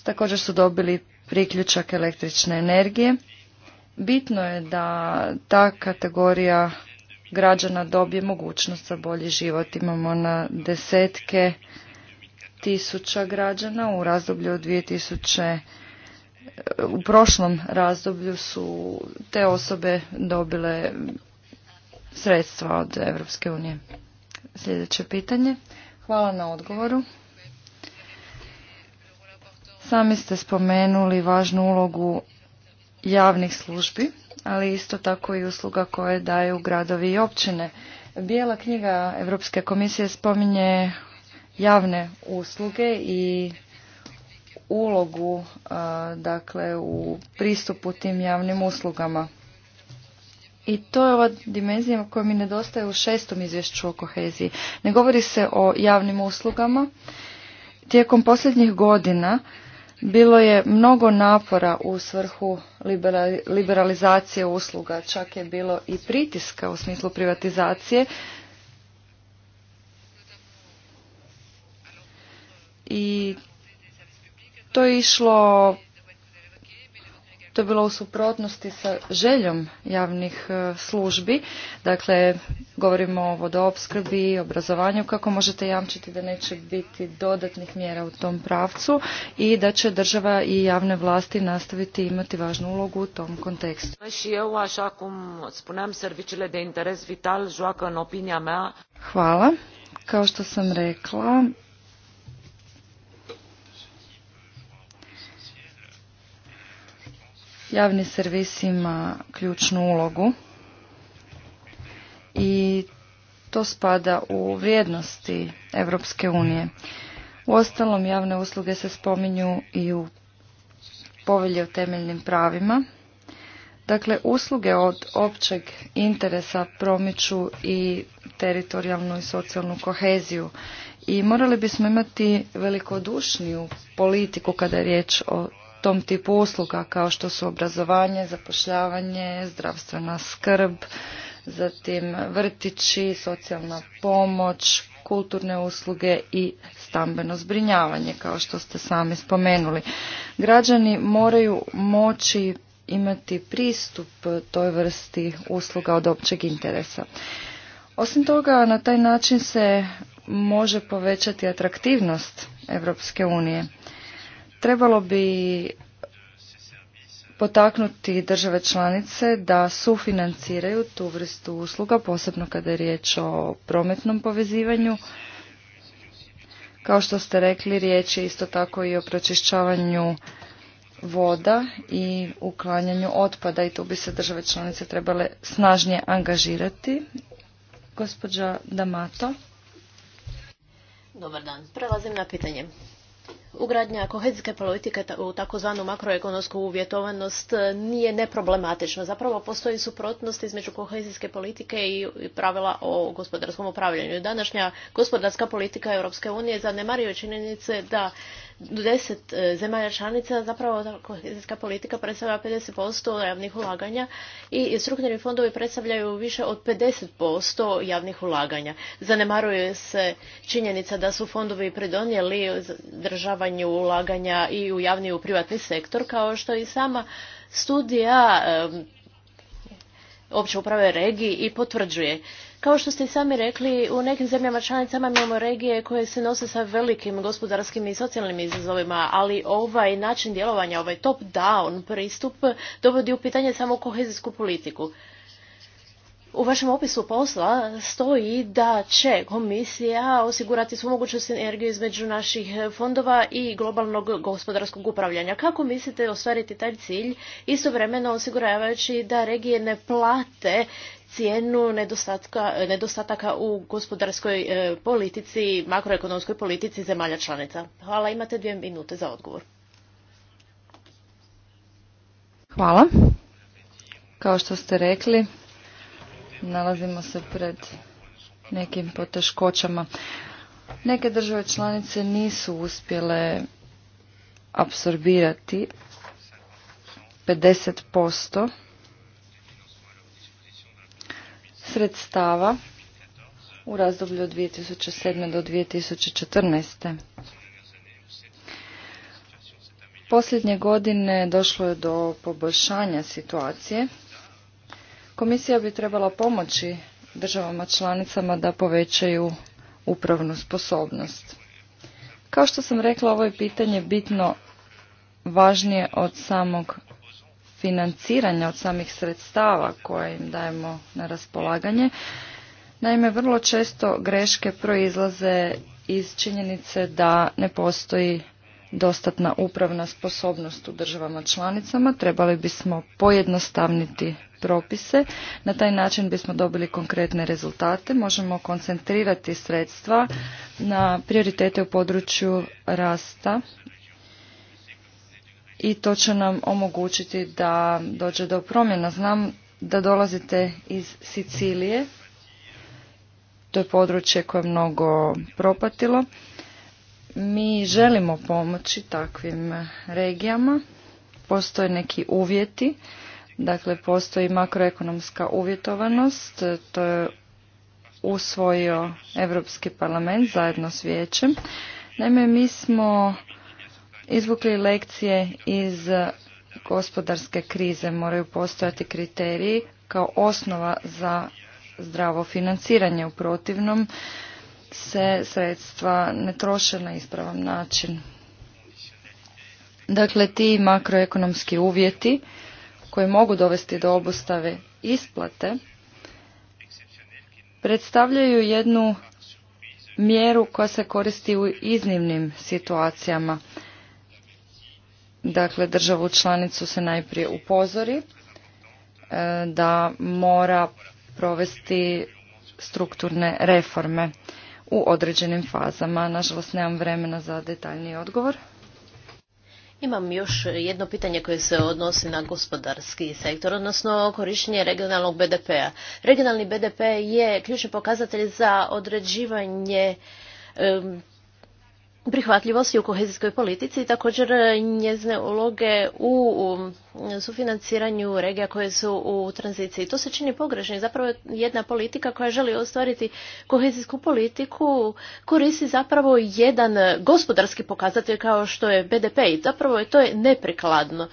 također su dobili priključak električne energije. Bitno je da ta kategorija građana dobije mogućnost za bolji život. Imamo na desetke tisuća građana u razdoblju od 2000 e, u prošlom razdoblju su te osobe dobile sredstva od Europske unije. Sljedeće pitanje. Hvala na odgovoru. Sami ste spomenuli važnu ulogu javnih službi, ali isto tako i usluga koje daju gradovi i općine. Bijela knjiga Europske komisije spominje javne usluge i ulogu dakle u pristupu tim javnim uslugama. I to je ova dimenzija koja mi nedostaje u šestom izvješću o koheziji. Ne govori se o javnim uslugama. Tijekom posljednjih godina bilo je mnogo napora u svrhu liberalizacije usluga, čak je bilo i pritiska u smislu privatizacije i to je išlo to je bilo u suprotnosti sa željom javnih e, službi. Dakle, govorimo o vodoopskrbi, obrazovanju, kako možete jamčiti da neće biti dodatnih mjera u tom pravcu i da će država i javne vlasti nastaviti imati važnu ulogu u tom kontekstu. Hvala. Kao što sam rekla, Javni servis ima ključnu ulogu i to spada u vrijednosti Europske unije. U ostalom javne usluge se spominju i u povelje o temeljnim pravima. Dakle, usluge od općeg interesa promiču i teritorijalnu i socijalnu koheziju i morali bismo imati velikodušniju politiku kada je riječ o tom tipu usluga kao što su obrazovanje, zapošljavanje, zdravstvena skrb, zatim vrtići, socijalna pomoć, kulturne usluge i stambeno zbrinjavanje kao što ste sami spomenuli. Građani moraju moći imati pristup toj vrsti usluga od općeg interesa. Osim toga, na taj način se može povećati atraktivnost Europske unije. Trebalo bi potaknuti države članice da sufinanciraju tu vrstu usluga, posebno kada je riječ o prometnom povezivanju. Kao što ste rekli, riječ je isto tako i o pročišćavanju voda i uklanjanju otpada i tu bi se države članice trebale snažnije angažirati. Gospođa Damato. Dobar dan. Prelazim na pitanje. Ugradnja kohezijske politike u takozvanu makroekonomsku uvjetovanost e, nije neproblematična. Zapravo postoji suprotnost između kohezijske politike i pravila o gospodarskom upravljanju. Današnja gospodarska politika Europske unije zanemaruje činjenice da deset e, zemalja članica zapravo kohezijska politika predstavlja 50% javnih ulaganja i strukturni fondovi predstavljaju više od 50% javnih ulaganja. Zanemaruje se činjenica da su fondovi pridonijeli državanju ulaganja i u javni i u privatni sektor kao što i sama studija e, opće uprave regiji i potvrđuje. Kao što ste i sami rekli, u nekim zemljama članicama imamo regije koje se nose sa velikim gospodarskim i socijalnim izazovima, ali ovaj način djelovanja, ovaj top-down pristup dovodi u pitanje samo kohezijsku politiku. U vašem opisu posla stoji da će komisija osigurati svu moguću sinergiju između naših fondova i globalnog gospodarskog upravljanja. Kako mislite ostvariti taj cilj istovremeno osiguravajući da regije ne plate cijenu nedostataka u gospodarskoj e, politici, makroekonomskoj politici zemalja članica? Hvala, imate dvije minute za odgovor. Hvala. Kao što ste rekli, nalazimo se pred nekim poteškoćama. Neke države članice nisu uspjele apsorbirati 50% sredstava u razdoblju od 2007. do 2014. Posljednje godine došlo je do poboljšanja situacije. Komisija bi trebala pomoći državama članicama da povećaju upravnu sposobnost. Kao što sam rekla, ovo je pitanje bitno važnije od samog financiranja od samih sredstava koje im dajemo na raspolaganje. Naime, vrlo često greške proizlaze iz činjenice da ne postoji dostatna upravna sposobnost u državama članicama. Trebali bismo pojednostavniti propise. Na taj način bismo dobili konkretne rezultate. Možemo koncentrirati sredstva na prioritete u području rasta i to će nam omogućiti da dođe do promjena. Znam da dolazite iz Sicilije, to je područje koje je mnogo propatilo. Mi želimo pomoći takvim regijama, postoje neki uvjeti, dakle postoji makroekonomska uvjetovanost, to je usvojio Europski parlament zajedno s vijećem. Naime, mi smo izvukli lekcije iz gospodarske krize. Moraju postojati kriteriji kao osnova za zdravo financiranje. U protivnom se sredstva ne troše na ispravan način. Dakle, ti makroekonomski uvjeti koji mogu dovesti do obustave isplate predstavljaju jednu mjeru koja se koristi u iznimnim situacijama Dakle, državu članicu se najprije upozori e, da mora provesti strukturne reforme u određenim fazama. Nažalost, nemam vremena za detaljni odgovor. Imam još jedno pitanje koje se odnosi na gospodarski sektor, odnosno korištenje regionalnog BDP-a. Regionalni BDP je ključni pokazatelj za određivanje prihvatljivosti u kohezijskoj politici i također e, njezne uloge u sufinanciranju regija koje su u tranziciji. To se čini pogrešno zapravo jedna politika koja želi ostvariti kohezijsku politiku koristi zapravo jedan gospodarski pokazatelj kao što je BDP i zapravo je to je neprikladno.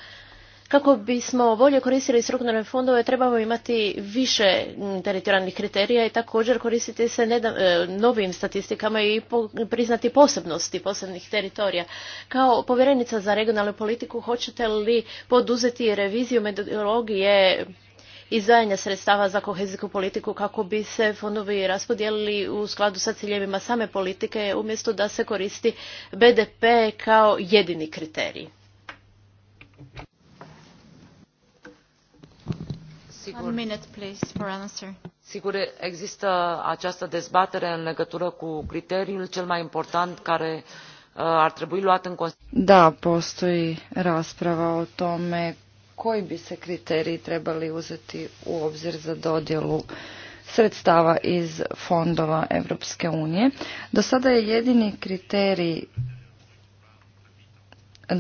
Kako bismo bolje koristili strukturne fondove trebamo imati više mm, teritorijalnih kriterija i također koristiti se e, novim statistikama i priznati posebnosti posebnih teritorija. Kao povjerenica za regionalnu politiku hoćete li poduzeti reviziju metodologije izdajanja sredstava za kohezijsku politiku kako bi se fondovi raspodijelili u skladu sa ciljevima same politike umjesto da se koristi BDP kao jedini kriterij. Sigur, One minute, please, for answer. sigur există această dezbatere în legătură cu criteriul cel mai important care uh, ar trebui luat în considerare. Da, postoji rasprava o tome koji bi se kriteriji trebali uzeti u obzir za dodjelu sredstava iz fondova Europske unije. Do sada je jedini kriterij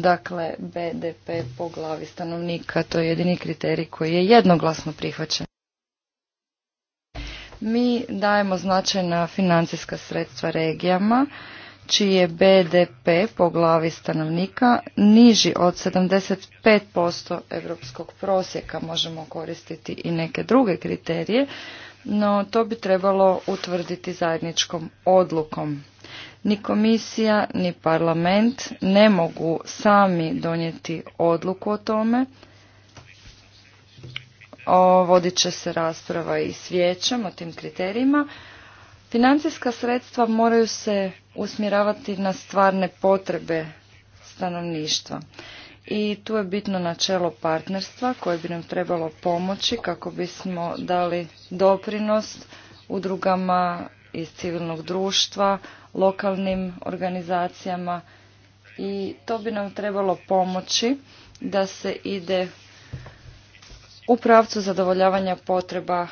Dakle, BDP po glavi stanovnika, to je jedini kriterij koji je jednoglasno prihvaćen. Mi dajemo značajna financijska sredstva regijama, čiji je BDP po glavi stanovnika niži od 75% europskog prosjeka. Možemo koristiti i neke druge kriterije, no to bi trebalo utvrditi zajedničkom odlukom. Ni komisija, ni parlament ne mogu sami donijeti odluku o tome. O, vodit će se rasprava i s vijećem o tim kriterijima. Financijska sredstva moraju se usmjeravati na stvarne potrebe stanovništva. I tu je bitno načelo partnerstva koje bi nam trebalo pomoći kako bismo dali doprinost udrugama iz civilnog društva, lokalnim organizacijama i to bi nam trebalo pomoći da se ide u pravcu zadovoljavanja potreba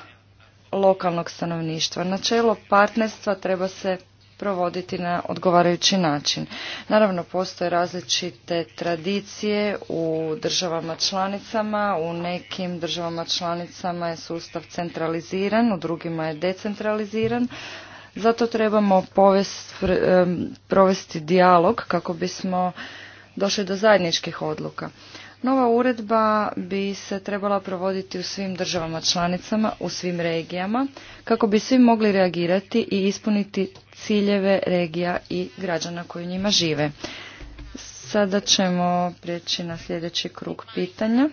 lokalnog stanovništva. Načelo partnerstva treba se provoditi na odgovarajući način. Naravno, postoje različite tradicije u državama članicama. U nekim državama članicama je sustav centraliziran, u drugima je decentraliziran. Zato trebamo povest, provesti dijalog kako bismo došli do zajedničkih odluka. Nova uredba bi se trebala provoditi u svim državama članicama, u svim regijama, kako bi svi mogli reagirati i ispuniti ciljeve regija i građana koji u njima žive. Sada ćemo prijeći na sljedeći krug pitanja.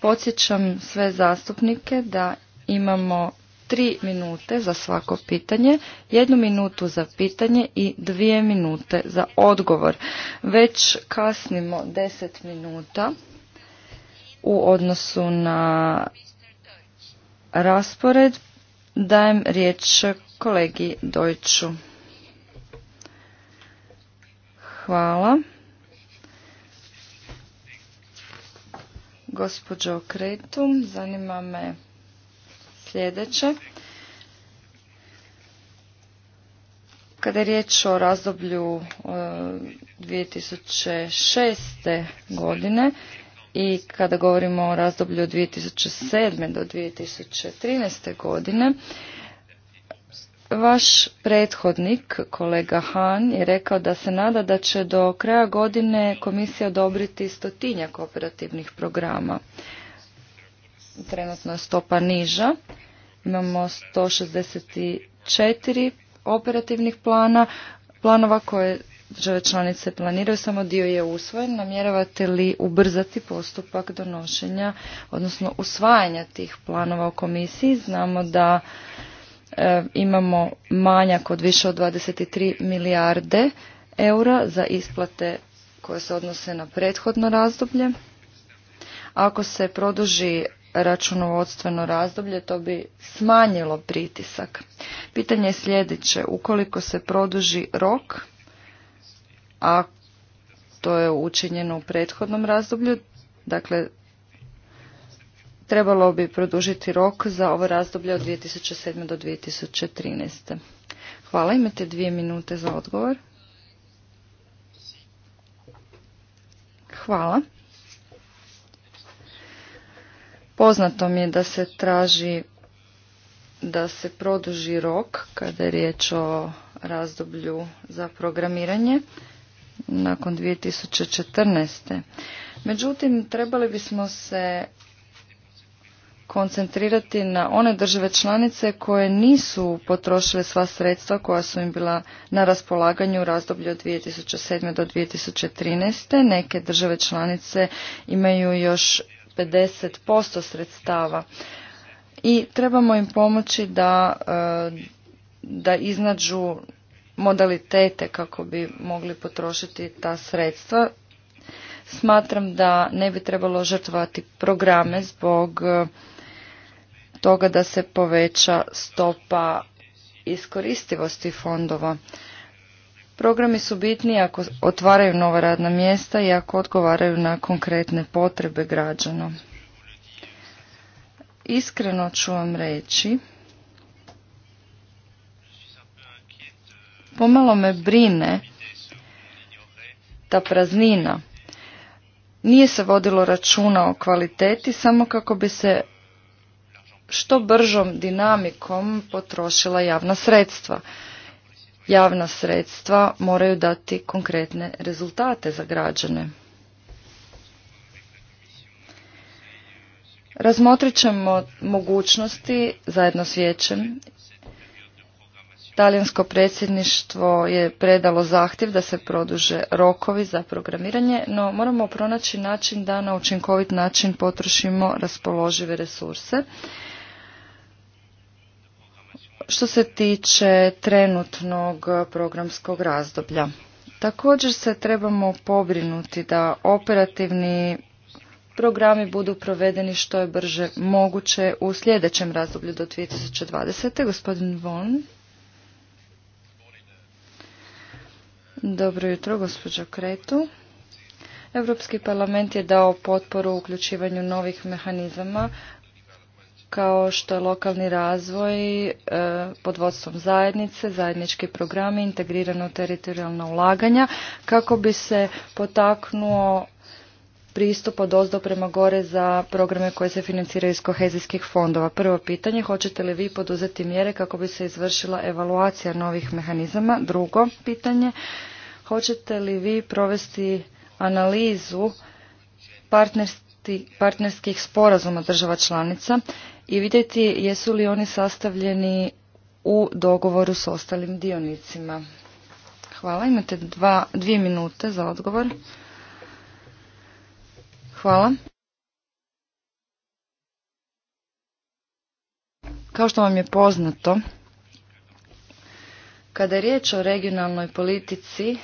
Podsjećam sve zastupnike da imamo tri minute za svako pitanje, jednu minutu za pitanje i dvije minute za odgovor. Već kasnimo deset minuta u odnosu na raspored. Dajem riječ kolegi Dojču. Hvala. Gospođo Kretum, zanima me sljedeće. Kada je riječ o razdoblju 2006. E, godine i kada govorimo o razdoblju od 2007. do 2013. godine, vaš prethodnik, kolega Han, je rekao da se nada da će do kraja godine komisija odobriti stotinjak operativnih programa trenutno je stopa niža. Imamo 164 operativnih plana, planova koje države članice planiraju, samo dio je usvojen. Namjeravate li ubrzati postupak donošenja, odnosno usvajanja tih planova u komisiji? Znamo da e, imamo manjak od više od 23 milijarde eura za isplate koje se odnose na prethodno razdoblje. Ako se produži računovodstveno razdoblje, to bi smanjilo pritisak. Pitanje je sljedeće, ukoliko se produži rok, a to je učinjeno u prethodnom razdoblju, dakle trebalo bi produžiti rok za ovo razdoblje od 2007. do 2013. Hvala, imate dvije minute za odgovor. Hvala. Poznato mi je da se traži da se produži rok kada je riječ o razdoblju za programiranje nakon 2014. Međutim, trebali bismo se koncentrirati na one države članice koje nisu potrošile sva sredstva koja su im bila na raspolaganju u razdoblju od 2007. do 2013. Neke države članice imaju još 50% sredstava i trebamo im pomoći da, e, da iznađu modalitete kako bi mogli potrošiti ta sredstva. Smatram da ne bi trebalo žrtvati programe zbog e, toga da se poveća stopa iskoristivosti fondova. Programi su bitni ako otvaraju nova radna mjesta i ako odgovaraju na konkretne potrebe građana. Iskreno ću vam reći, pomalo me brine ta praznina. Nije se vodilo računa o kvaliteti samo kako bi se što bržom dinamikom potrošila javna sredstva javna sredstva moraju dati konkretne rezultate za građane. Razmotrit ćemo mogućnosti zajedno s vijećem. Talijansko predsjedništvo je predalo zahtjev da se produže rokovi za programiranje, no moramo pronaći način da na učinkovit način potrošimo raspoložive resurse što se tiče trenutnog programskog razdoblja. Također se trebamo pobrinuti da operativni programi budu provedeni što je brže moguće u sljedećem razdoblju do 2020. Gospodin Von. Dobro jutro, gospođo Kretu. Europski parlament je dao potporu uključivanju novih mehanizama kao što je lokalni razvoj e, pod vodstvom zajednice, zajednički programi, integrirano teritorijalna ulaganja, kako bi se potaknuo pristup od ozdo prema gore za programe koje se financiraju iz kohezijskih fondova. Prvo pitanje, hoćete li vi poduzeti mjere kako bi se izvršila evaluacija novih mehanizama? Drugo pitanje, hoćete li vi provesti analizu partnerstva partnerskih sporazuma država članica i vidjeti jesu li oni sastavljeni u dogovoru s ostalim dionicima. Hvala, imate dva, dvije minute za odgovor. Hvala. Kao što vam je poznato, kada je riječ o regionalnoj politici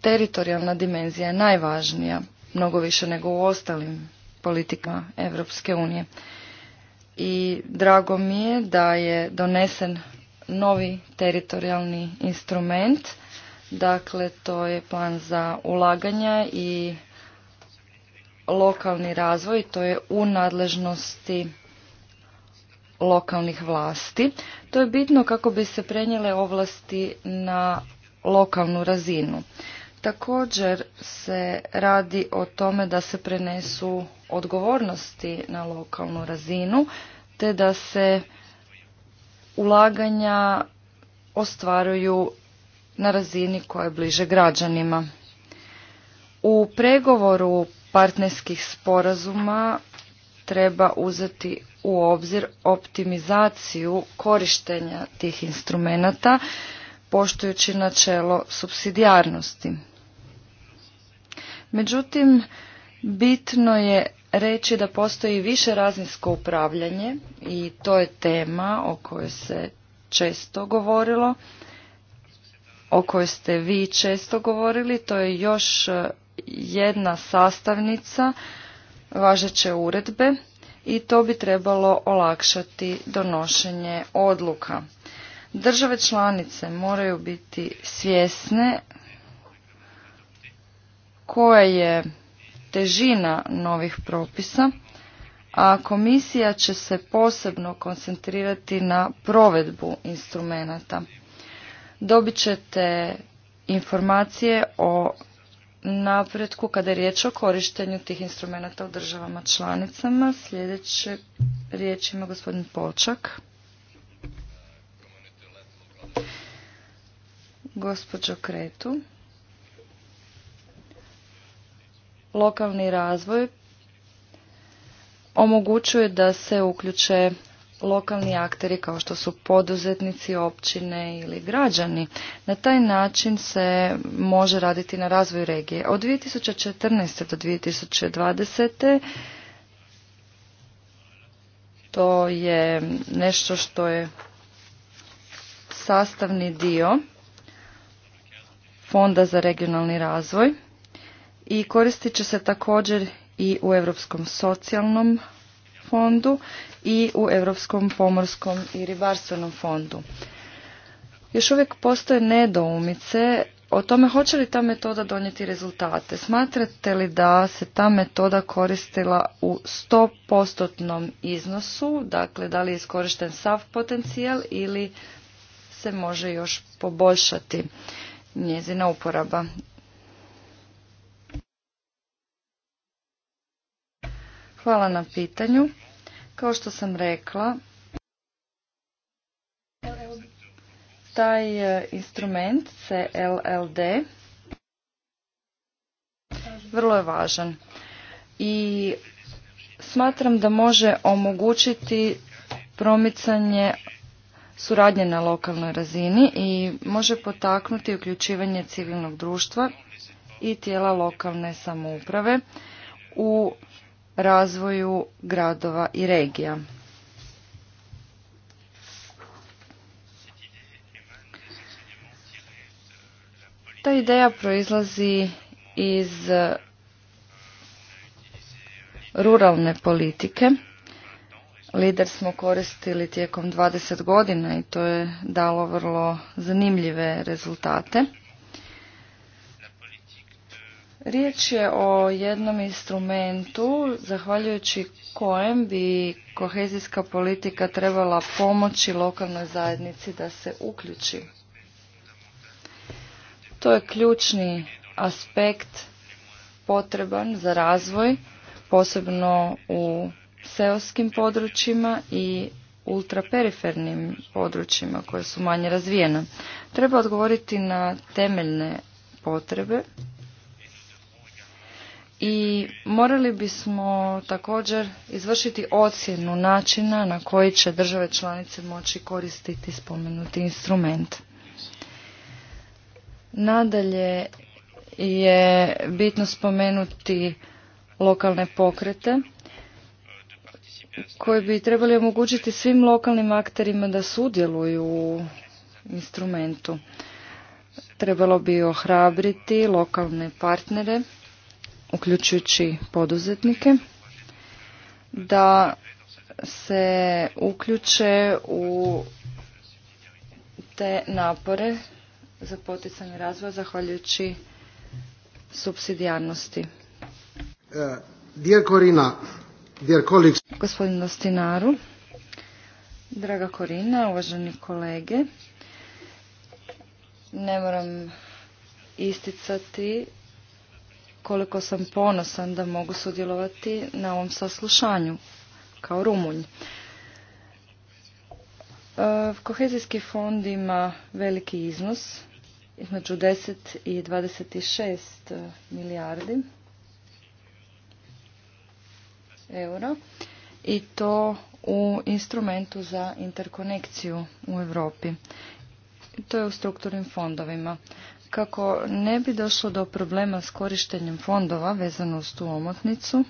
teritorijalna dimenzija je najvažnija, mnogo više nego u ostalim politikama Europske unije. I drago mi je da je donesen novi teritorijalni instrument, dakle to je plan za ulaganja i lokalni razvoj, to je u nadležnosti lokalnih vlasti. To je bitno kako bi se prenijele ovlasti na lokalnu razinu. Također se radi o tome da se prenesu odgovornosti na lokalnu razinu, te da se ulaganja ostvaruju na razini koja je bliže građanima. U pregovoru partnerskih sporazuma treba uzeti u obzir optimizaciju korištenja tih instrumenata poštujući načelo subsidijarnosti. Međutim, bitno je reći da postoji više razinsko upravljanje i to je tema o kojoj se često govorilo, o kojoj ste vi često govorili. To je još e, jedna sastavnica važeće uredbe i to bi trebalo olakšati donošenje odluka. Države članice moraju biti svjesne koja je težina novih propisa, a komisija će se posebno koncentrirati na provedbu instrumenata. Dobit ćete informacije o napretku kada je riječ o korištenju tih instrumenata u državama članicama. Sljedeće riječ ima gospodin Počak. Gospođo Kretu. lokalni razvoj omogućuje da se uključe lokalni akteri kao što su poduzetnici, općine ili građani. Na taj način se može raditi na razvoju regije. Od 2014. do 2020. to je nešto što je sastavni dio Fonda za regionalni razvoj i koristit će se također i u Europskom socijalnom fondu i u Europskom pomorskom i ribarstvenom fondu. Još uvijek postoje nedoumice o tome hoće li ta metoda donijeti rezultate. Smatrate li da se ta metoda koristila u 100% iznosu, dakle da li je iskorišten sav potencijal ili se može još poboljšati njezina uporaba Hvala na pitanju. Kao što sam rekla, taj e, instrument CLLD vrlo je važan i smatram da može omogućiti promicanje suradnje na lokalnoj razini i može potaknuti uključivanje civilnog društva i tijela lokalne samouprave u razvoju gradova i regija. Ta ideja proizlazi iz ruralne politike. Lider smo koristili tijekom 20 godina i to je dalo vrlo zanimljive rezultate. Riječ je o jednom instrumentu zahvaljujući kojem bi kohezijska politika trebala pomoći lokalnoj zajednici da se uključi. To je ključni aspekt potreban za razvoj, posebno u seoskim područjima i ultraperifernim područjima koje su manje razvijena. Treba odgovoriti na temeljne potrebe i morali bismo također izvršiti ocjenu načina na koji će države članice moći koristiti spomenuti instrument. Nadalje je bitno spomenuti lokalne pokrete koji bi trebali omogućiti svim lokalnim akterima da sudjeluju u instrumentu. Trebalo bi ohrabriti lokalne partnere uključujući poduzetnike, da se uključe u te napore za poticanje razvoja zahvaljujući subsidijarnosti. E, Gospodin Dostinaru, draga Korina, uvaženi kolege, ne moram isticati koliko sam ponosan da mogu sudjelovati na ovom saslušanju kao Rumunj. E, kohezijski fond ima veliki iznos, između 10 i 26 milijardi eura i to u instrumentu za interkonekciju u Europi. To je u strukturnim fondovima. Kako ne bi došlo do problema s korištenjem fondova vezano uz tu omotnicu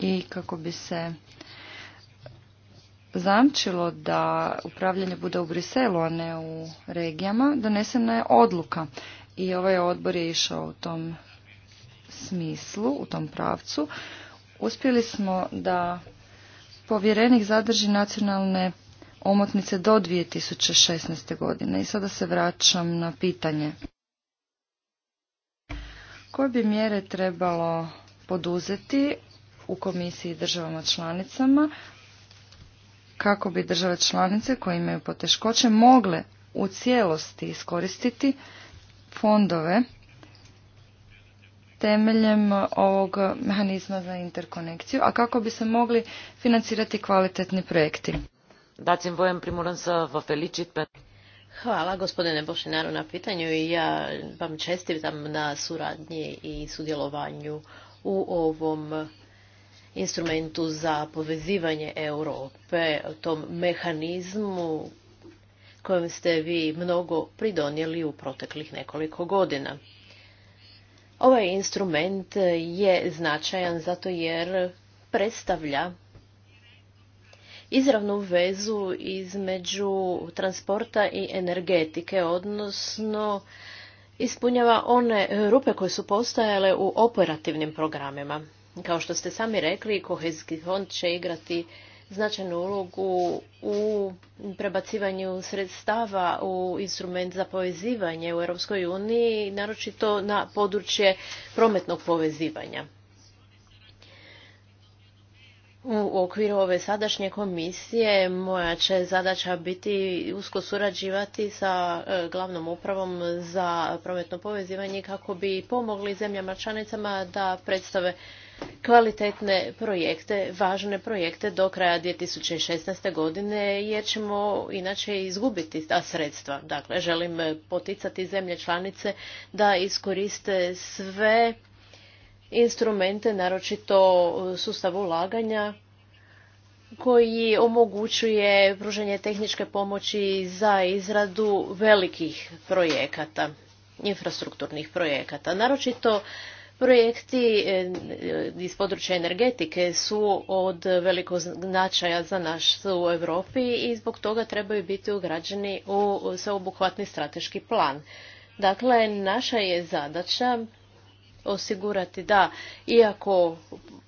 i kako bi se zamčilo da upravljanje bude u Briselu, a ne u regijama, donesena je odluka. I ovaj odbor je išao u tom smislu, u tom pravcu. Uspjeli smo da povjerenik zadrži nacionalne omotnice do 2016. godine. I sada se vraćam na pitanje. Koje bi mjere trebalo poduzeti u komisiji državama članicama kako bi države članice koje imaju poteškoće mogle u cijelosti iskoristiti fondove temeljem ovog mehanizma za interkonekciju, a kako bi se mogli financirati kvalitetni projekti. Hvala gospodine Bošinaru na pitanju i ja vam čestitam na suradnji i sudjelovanju u ovom instrumentu za povezivanje Europe, tom mehanizmu kojem ste vi mnogo pridonijeli u proteklih nekoliko godina. Ovaj instrument je značajan zato jer predstavlja izravnu vezu između transporta i energetike, odnosno ispunjava one rupe koje su postajale u operativnim programima. Kao što ste sami rekli, kohezijski fond će igrati značajnu ulogu u prebacivanju sredstava u instrument za povezivanje u Europskoj uniji, naročito na područje prometnog povezivanja. U okviru ove sadašnje komisije moja će zadaća biti usko surađivati sa e, glavnom upravom za prometno povezivanje kako bi pomogli zemljama članicama da predstave kvalitetne projekte, važne projekte do kraja 2016. godine jer ćemo inače izgubiti ta sredstva. Dakle, želim poticati zemlje članice da iskoriste sve instrumente, naročito sustav ulaganja koji omogućuje pružanje tehničke pomoći za izradu velikih projekata, infrastrukturnih projekata. Naročito projekti e, iz područja energetike su od velikog značaja za naš u Europi i zbog toga trebaju biti ugrađeni u sveobuhvatni strateški plan. Dakle, naša je zadaća osigurati da iako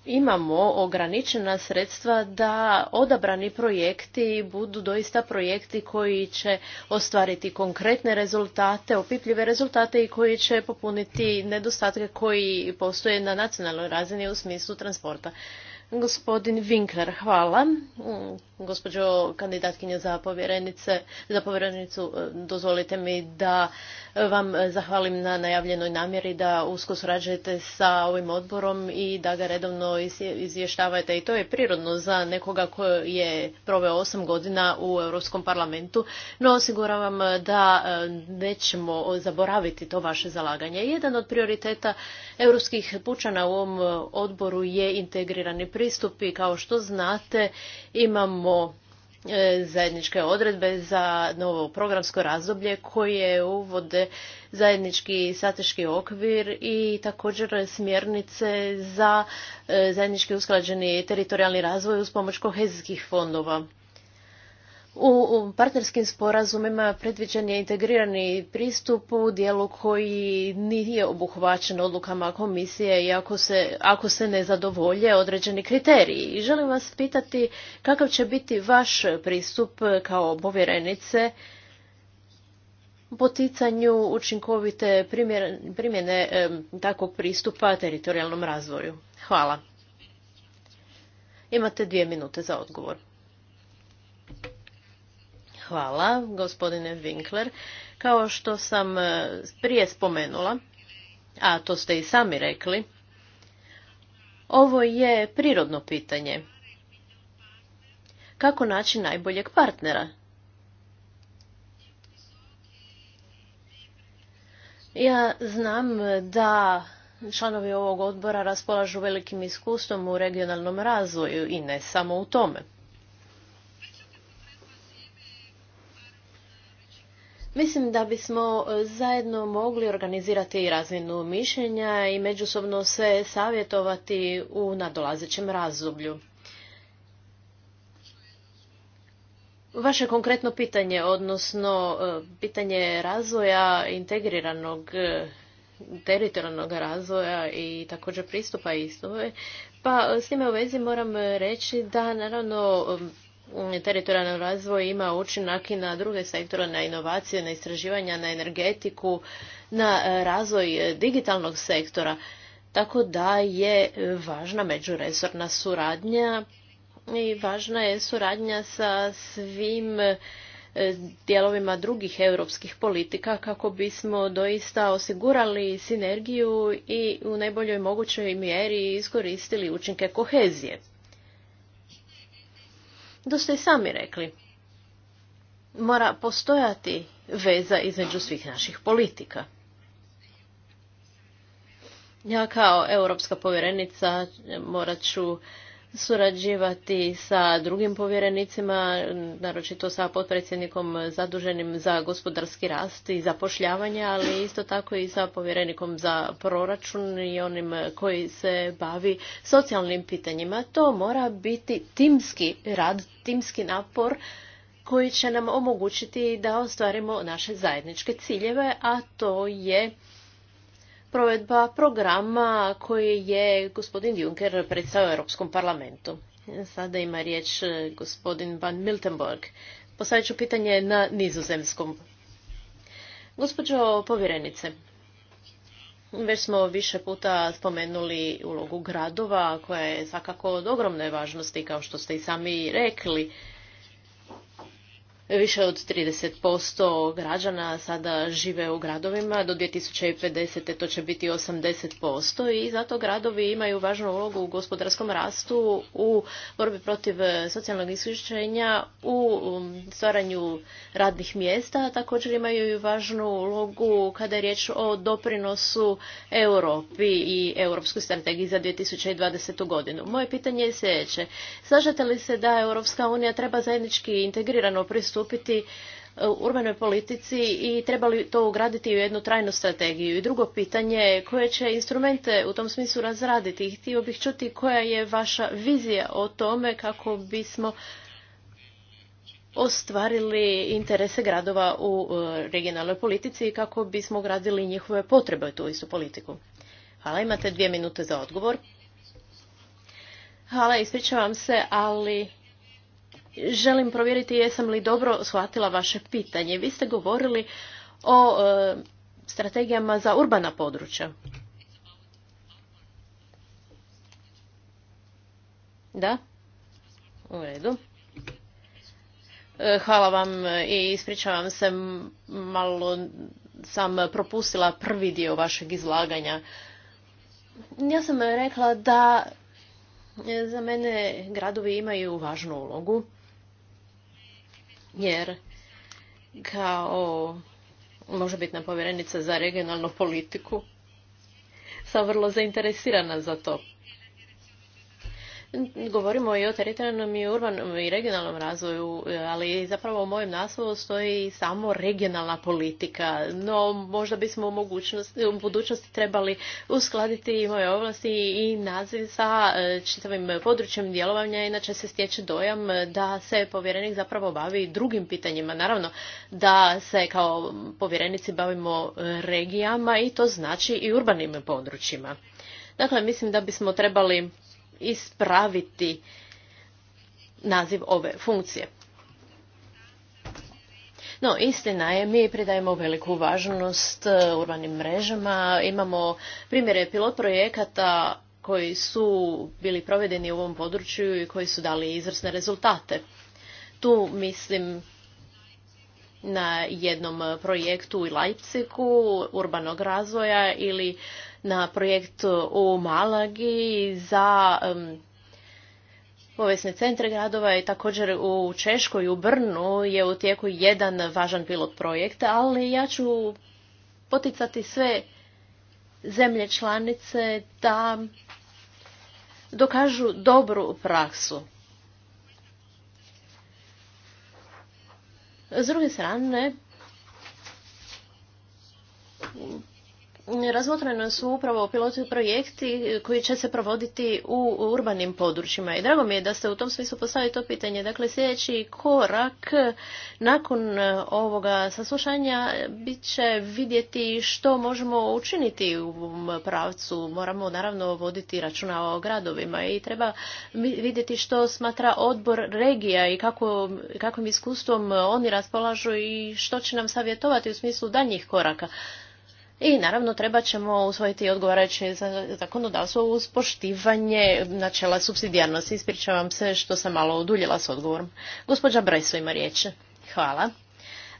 imamo ograničena sredstva da odabrani projekti budu doista projekti koji će ostvariti konkretne rezultate, opipljive rezultate i koji će popuniti nedostatke koji postoje na nacionalnoj razini u smislu transporta. Gospodin Winkler, hvala. Mm, gospođo kandidatkinja za, povjerenice, za povjerenicu, e, dozvolite mi da vam zahvalim na najavljenoj namjeri da usko surađujete sa ovim odborom i da ga redovno izvještavate. I to je prirodno za nekoga koji je proveo osam godina u Europskom parlamentu, no osiguravam da e, nećemo zaboraviti to vaše zalaganje. Jedan od prioriteta europskih pučana u ovom odboru je integrirani pristup i kao što znate imamo e, zajedničke odredbe za novo programsko razdoblje koje uvode zajednički strateški okvir i također smjernice za e, zajednički usklađeni teritorijalni razvoj uz pomoć kohezijskih fondova. U partnerskim sporazumima predviđen je integrirani pristup u dijelu koji nije obuhvaćen odlukama komisije i ako se, ne zadovolje određeni kriteriji. I želim vas pitati kakav će biti vaš pristup kao povjerenice poticanju učinkovite primjene takvog pristupa teritorijalnom razvoju. Hvala. Imate dvije minute za odgovor. Hvala, gospodine Winkler. Kao što sam e, prije spomenula, a to ste i sami rekli, ovo je prirodno pitanje. Kako naći najboljeg partnera? Ja znam da članovi ovog odbora raspolažu velikim iskustvom u regionalnom razvoju i ne samo u tome. Mislim da bismo e, zajedno mogli organizirati razinu mišljenja i međusobno se savjetovati u nadolazećem razdoblju. Vaše konkretno pitanje, odnosno e, pitanje razvoja integriranog e, teritorijalnog razvoja i također pristupa istove, pa s time u vezi moram reći da naravno Mm, teritorijalni razvoj ima učinak i na druge sektore, na inovacije, na istraživanja, na energetiku, na e, razvoj e, digitalnog sektora. Tako da je važna međuresorna suradnja i važna je suradnja sa svim e, dijelovima drugih europskih politika kako bismo doista osigurali sinergiju i u najboljoj mogućoj mjeri iskoristili učinke kohezije. Dosta ste i sami rekli. Mora postojati veza između svih naših politika. Ja kao europska povjerenica morat ću surađivati sa drugim povjerenicima, naročito sa potpredsjednikom zaduženim za gospodarski rast i zapošljavanje, ali isto tako i sa povjerenikom za proračun i onim koji se bavi socijalnim pitanjima. To mora biti timski rad, timski napor koji će nam omogućiti da ostvarimo naše zajedničke ciljeve, a to je provedba programa koji je gospodin Juncker predstavio Europskom parlamentu. Sada ima riječ eh, gospodin Van Miltenborg. Postavit ću pitanje na nizozemskom. Gospođo povjerenice, već smo više puta spomenuli ulogu gradova koja je svakako od ogromne važnosti kao što ste i sami rekli. Više od 30% građana sada žive u gradovima, do 2050. to će biti 80% i zato gradovi imaju važnu ulogu u gospodarskom rastu, u borbi protiv socijalnog isključenja, u um, stvaranju radnih mjesta, također imaju i važnu ulogu kada je riječ o doprinosu Europi i Europskoj strategiji za 2020. godinu. Moje pitanje je sljedeće. Slažete li se da Europska unija treba zajednički integrirano pristup pristupiti u e, urbanoj politici i treba li to ugraditi u jednu trajnu strategiju? I drugo pitanje koje će instrumente u tom smislu razraditi? I htio bih čuti koja je vaša vizija o tome kako bismo ostvarili interese gradova u e, regionalnoj politici i kako bismo gradili njihove potrebe u tu istu politiku. Hvala, imate dvije minute za odgovor. Hvala, ispričavam se, ali želim provjeriti jesam li dobro shvatila vaše pitanje. Vi ste govorili o e, strategijama za urbana područja. Da? U redu. E, hvala vam i ispričavam se, malo sam propustila prvi dio vašeg izlaganja. Ja sam rekla da za mene gradovi imaju važnu ulogu jer kao možebitna povjerenica za regionalnu politiku sam vrlo zainteresirana za to. Govorimo i o teritorijalnom i urbanom i regionalnom razvoju, e, ali zapravo u mojem naslovu stoji samo regionalna politika. No, možda bismo u, u budućnosti trebali uskladiti i moje ovlasti i naziv sa e, čitavim područjem djelovanja, inače se stječe dojam da se povjerenik zapravo bavi drugim pitanjima. Naravno, da se kao povjerenici bavimo regijama i to znači i urbanim područjima. Dakle, mislim da bismo trebali ispraviti naziv ove funkcije. No, istina je, mi pridajemo veliku važnost e, urbanim mrežama. Imamo primjere pilot projekata koji su bili provedeni u ovom području i koji su dali izvrsne rezultate. Tu mislim na jednom projektu u Leipzigu urbanog razvoja ili na projekt u Malagi za povijesne centre gradova i također u Češkoj, u Brnu je u tijeku jedan važan pilot projekt, ali ja ću poticati sve zemlje članice da dokažu dobru praksu. S druge strane, razmotreno su upravo pilotni projekti koji će se provoditi u urbanim područjima. I drago mi je da ste u tom smislu postavili to pitanje. Dakle, sljedeći korak nakon e, ovoga saslušanja bit će vidjeti što možemo učiniti u ovom pravcu. Moramo naravno voditi računa o gradovima i treba vidjeti što smatra odbor regija i kako, kakvim iskustvom oni raspolažu i što će nam savjetovati u smislu daljnjih koraka i naravno treba ćemo usvojiti odgovarajuće zakonodavstvo uz poštivanje načela subsidijarnosti. Ispričavam se što sam malo oduljela s odgovorom. Gospođa Brajso ima riječ. Hvala.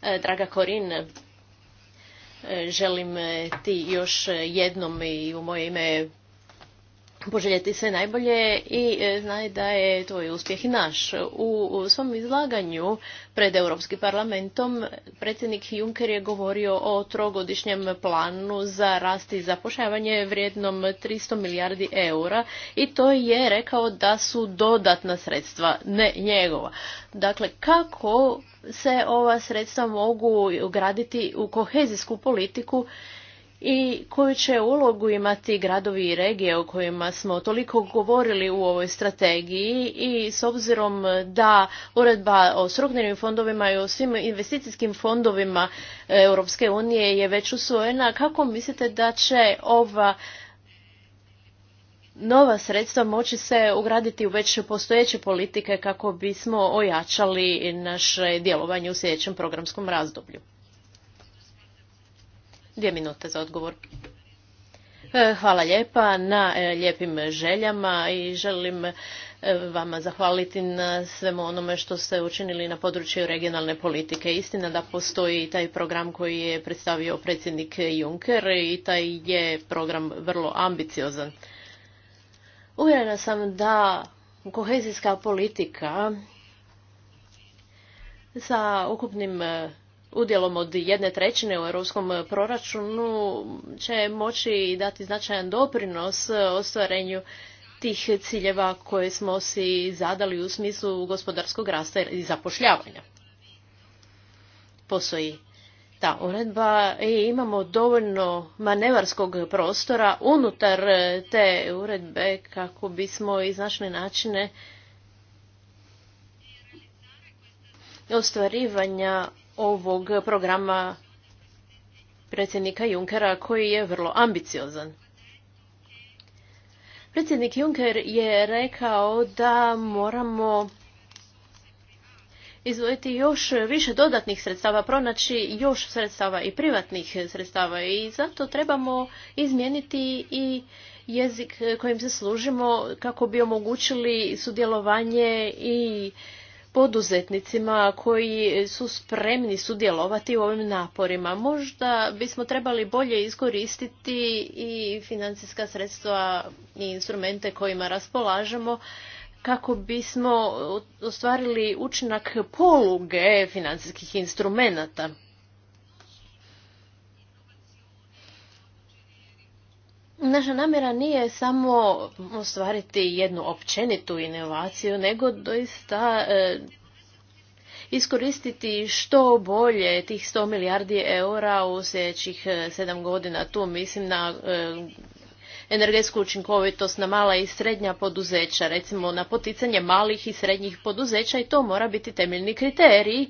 E, draga Korin, e, želim ti još jednom i u moje ime poželjeti sve najbolje i e, znaj da je tvoj uspjeh i naš. U svom izlaganju pred Europskim parlamentom predsjednik Juncker je govorio o trogodišnjem planu za rast i zapošljavanje vrijednom 300 milijardi eura i to je rekao da su dodatna sredstva, ne njegova. Dakle, kako se ova sredstva mogu ugraditi u kohezijsku politiku i koju će ulogu imati gradovi i regije o kojima smo toliko govorili u ovoj strategiji i s obzirom da uredba o strukturnim fondovima i o svim investicijskim fondovima e, Europske unije je već usvojena, kako mislite da će ova nova sredstva moći se ugraditi u već postojeće politike kako bismo ojačali naše djelovanje u sljedećem programskom razdoblju? Dvije minute za odgovor. E, hvala lijepa na e, lijepim željama i želim e, vama zahvaliti na svemu onome što ste učinili na području regionalne politike. Istina da postoji taj program koji je predstavio predsjednik Juncker i taj je program vrlo ambiciozan. Uvjerena sam da kohezijska politika sa ukupnim udjelom od jedne trećine u europskom proračunu će moći dati značajan doprinos ostvarenju tih ciljeva koje smo si zadali u smislu gospodarskog rasta i zapošljavanja. Postoji ta uredba i imamo dovoljno manevarskog prostora unutar te uredbe kako bismo iznašli načine ostvarivanja ovog programa predsjednika Junkera koji je vrlo ambiciozan. Predsjednik Juncker je rekao da moramo izvojiti još više dodatnih sredstava, pronaći još sredstava i privatnih sredstava i zato trebamo izmijeniti i jezik kojim se služimo kako bi omogućili sudjelovanje i poduzetnicima koji su spremni sudjelovati u ovim naporima. Možda bismo trebali bolje iskoristiti i financijska sredstva i instrumente kojima raspolažemo kako bismo ostvarili učinak poluge financijskih instrumenata. Naša namjera nije samo ostvariti jednu općenitu inovaciju, nego doista e, iskoristiti što bolje tih 100 milijardi eura u sljedećih 7 e, godina. Tu mislim na e, energetsku učinkovitost na mala i srednja poduzeća, recimo na poticanje malih i srednjih poduzeća i to mora biti temeljni kriterij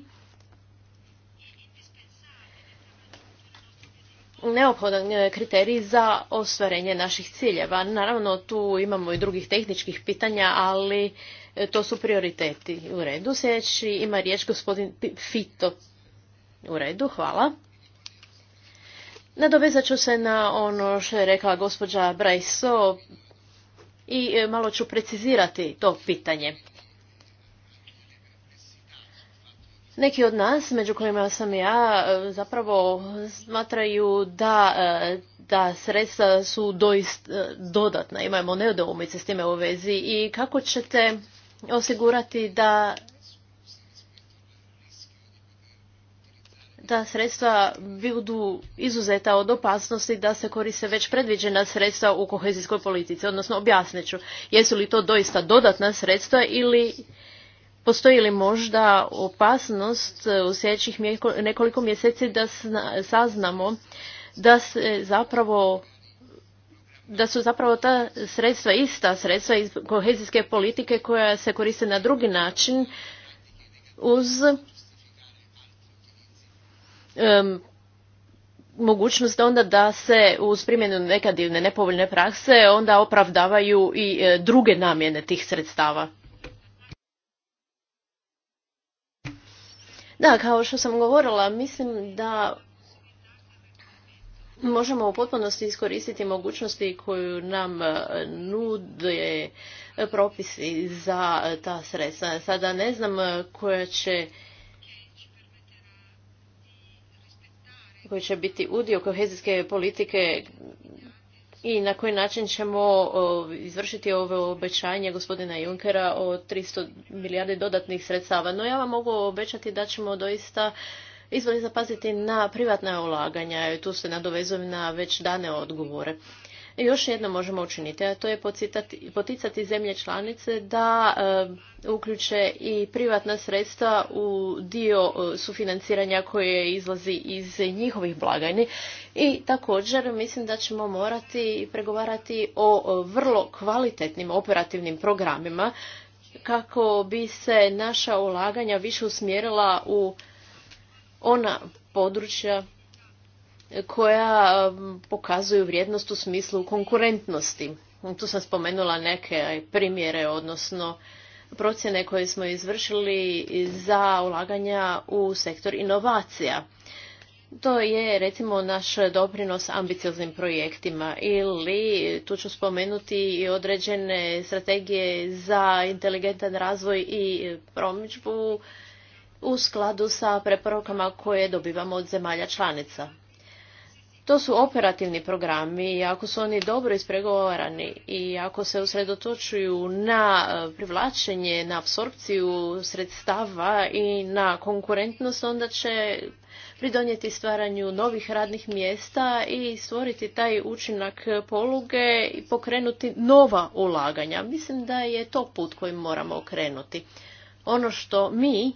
neophodan e, kriterij za ostvarenje naših ciljeva. Naravno, tu imamo i drugih tehničkih pitanja, ali e, to su prioriteti. U redu, sljedeći ima riječ gospodin Fito. U redu, hvala. Nadovezat ću se na ono što je rekla gospođa Brajso i e, malo ću precizirati to pitanje. neki od nas, među kojima sam ja, e, zapravo smatraju da e, da sredstva su doist e, dodatna, imamo nedoumice s time u vezi i kako ćete osigurati da da sredstva budu izuzeta od opasnosti da se koriste već predviđena sredstva u kohezijskoj politici, odnosno objasnit ću jesu li to doista dodatna sredstva ili Postoji li možda opasnost e, u sljedećih nekoliko mjeseci da saznamo da se zapravo da su zapravo ta sredstva ista sredstva iz kohezijske politike koja se koriste na drugi način uz mogućnost onda da se uz primjenu nekadivne nepovoljne prakse onda opravdavaju i e, druge namjene tih sredstava. Da, kao što sam govorila, mislim da možemo u potpunosti iskoristiti mogućnosti koju nam e, nude propisi za e, ta sredstva. Sada ne znam e, koja će koji će biti udio kohezijske politike i na koji način ćemo izvršiti ovo obećanje gospodina Junkera o 300 milijardi dodatnih sredstava. No ja vam mogu obećati da ćemo doista izvoli zapaziti na privatna ulaganja. Tu se nadovezujem na već dane odgovore još jedno možemo učiniti, a to je poticati zemlje članice da e, uključe i privatna sredstva u dio e, sufinanciranja koje izlazi iz njihovih blagajni. I također mislim da ćemo morati pregovarati o e, vrlo kvalitetnim operativnim programima kako bi se naša ulaganja više usmjerila u ona područja koja pokazuju vrijednost u smislu konkurentnosti. Tu sam spomenula neke primjere, odnosno procjene koje smo izvršili za ulaganja u sektor inovacija. To je recimo naš doprinos ambicioznim projektima ili tu ću spomenuti i određene strategije za inteligentan razvoj i promidžbu u skladu sa preporukama koje dobivamo od zemalja članica. To su operativni programi i ako su oni dobro ispregovarani i ako se usredotočuju na e, privlačenje, na apsorpciju sredstava i na konkurentnost, onda će pridonijeti stvaranju novih radnih mjesta i stvoriti taj učinak poluge i pokrenuti nova ulaganja. Mislim da je to put kojim moramo okrenuti. Ono što mi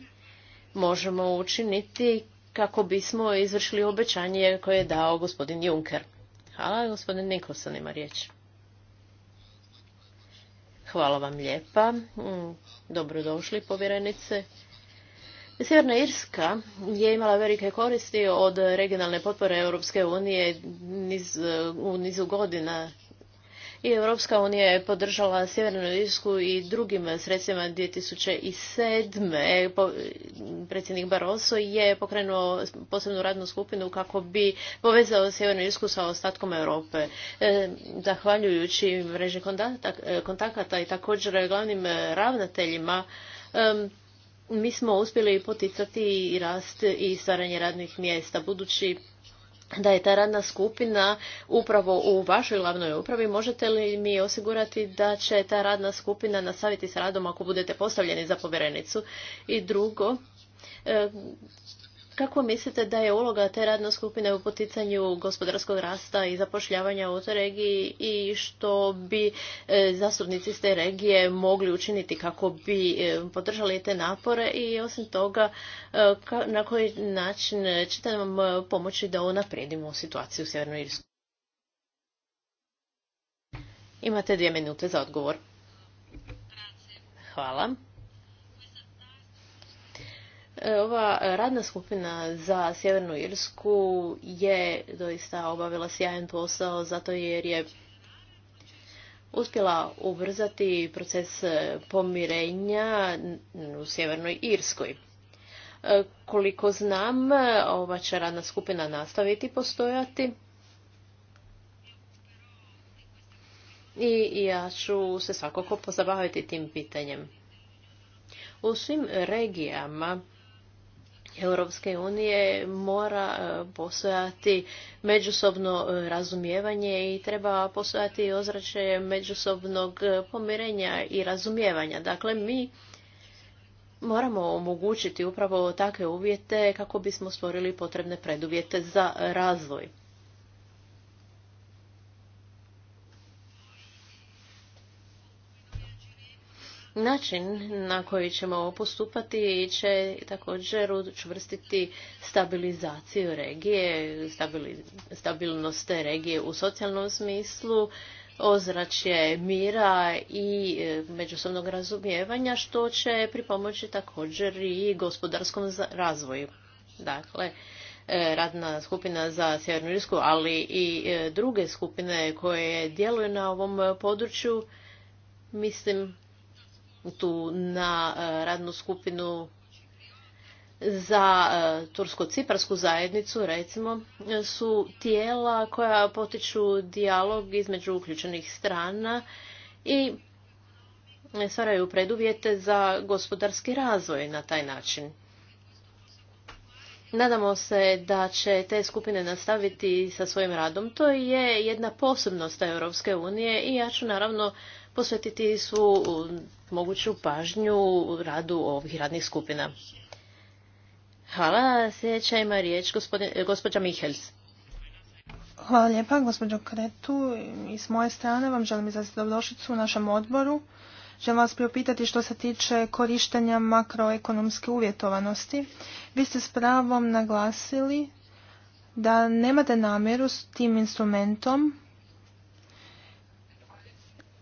možemo učiniti kako bismo izvršili obećanje koje je dao gospodin Juncker. Hvala, gospodin Nikolson ima riječ. Hvala vam lijepa. Mm, dobrodošli, povjerenice. Sjeverna Irska je imala velike koristi od regionalne potpore Europske unije u nizu godina i Europska unija je podržala Sjevernu Irsku i drugim sredstvima 2007. E, predsjednik Barroso je pokrenuo posebnu radnu skupinu kako bi povezao Sjevernu Irsku sa ostatkom Europe. E, zahvaljujući mreži e, kontakata i također glavnim ravnateljima mi smo uspjeli poticati i rast i stvaranje radnih mjesta budući da je ta radna skupina upravo u vašoj glavnoj upravi. Možete li mi osigurati da će ta radna skupina nastaviti s radom ako budete postavljeni za povjerenicu? I drugo, e, kako mislite da je uloga te radne skupine u poticanju gospodarskog rasta i zapošljavanja u toj regiji i što bi e, zastupnici iz te regije mogli učiniti kako bi e, podržali te napore i osim toga e, na koji način ćete nam pomoći da unaprijedimo situaciju u Sjevernoj Irsku? Imate dvije minute za odgovor. Hvala. E, ova radna skupina za Sjevernu Irsku je doista obavila sjajan posao zato jer je uspjela ubrzati proces pomirenja u Sjevernoj Irskoj. E, koliko znam, ova će radna skupina nastaviti postojati. I ja ću se svakako pozabaviti tim pitanjem. U svim regijama Europske unije mora e, postojati međusobno e, razumijevanje i treba postojati ozračje međusobnog e, pomirenja i razumijevanja. Dakle, mi moramo omogućiti upravo takve uvjete kako bismo stvorili potrebne preduvjete za razvoj. Način na koji ćemo postupati će također učvrstiti stabilizaciju regije, stabilnost te regije u socijalnom smislu, ozračje mira i e, međusobnog razumijevanja, što će pripomoći također i gospodarskom razvoju. Dakle, e, radna skupina za Sjevernu Irsku, ali i e, druge skupine koje djeluju na ovom području, mislim tu na e, radnu skupinu za e, tursko-ciparsku zajednicu, recimo, su tijela koja potiču dijalog između uključenih strana i stvaraju preduvjete za gospodarski razvoj na taj način. Nadamo se da će te skupine nastaviti sa svojim radom. To je jedna posebnost Europske unije i ja ću naravno posvetiti svu moguću pažnju radu ovih radnih skupina. Hvala, sljedeća ima riječ e, gospođa Mihels. Hvala lijepa, gospođo Kretu. I s moje strane vam želim izraziti dobrošicu u našem odboru. Želim vas priopitati što se tiče korištenja makroekonomske uvjetovanosti. Vi ste s pravom naglasili da nemate namjeru s tim instrumentom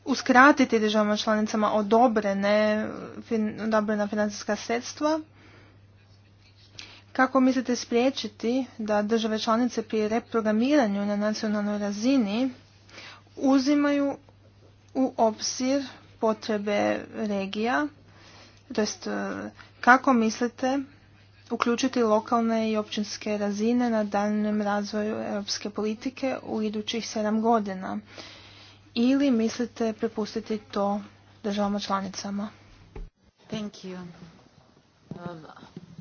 uskratiti državama članicama odobrene, fin, financijska sredstva. Kako mislite spriječiti da države članice pri reprogramiranju na nacionalnoj razini uzimaju u obzir potrebe regija, to jest kako mislite uključiti lokalne i općinske razine na daljnjem razvoju europske politike u idućih sedam godina ili mislite prepustiti to državama članicama? Thank you. Um,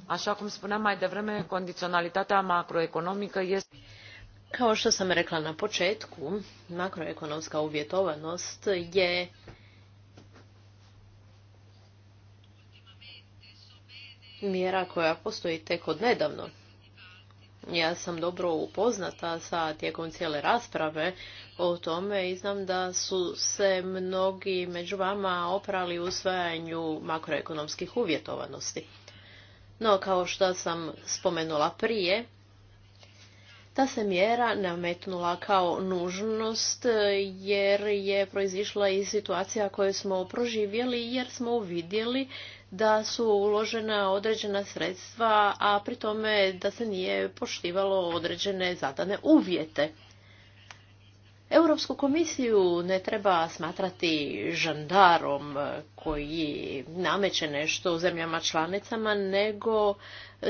așa cum spuneam mai devreme, condiționalitatea macroeconomică este... Kao što sam rekla na početku, makroekonomska uvjetovanost je mjera koja postoji tek od nedavno. Ja sam dobro upoznata sa tijekom cijele rasprave o tome i znam da su se mnogi među vama oprali usvajanju makroekonomskih uvjetovanosti. No, kao što sam spomenula prije, ta se mjera nametnula kao nužnost jer je proizišla iz situacija koje smo proživjeli jer smo uvidjeli da su uložena određena sredstva, a pri tome da se nije poštivalo određene zadane uvjete. Europsku komisiju ne treba smatrati žandarom koji nameće nešto zemljama članicama, nego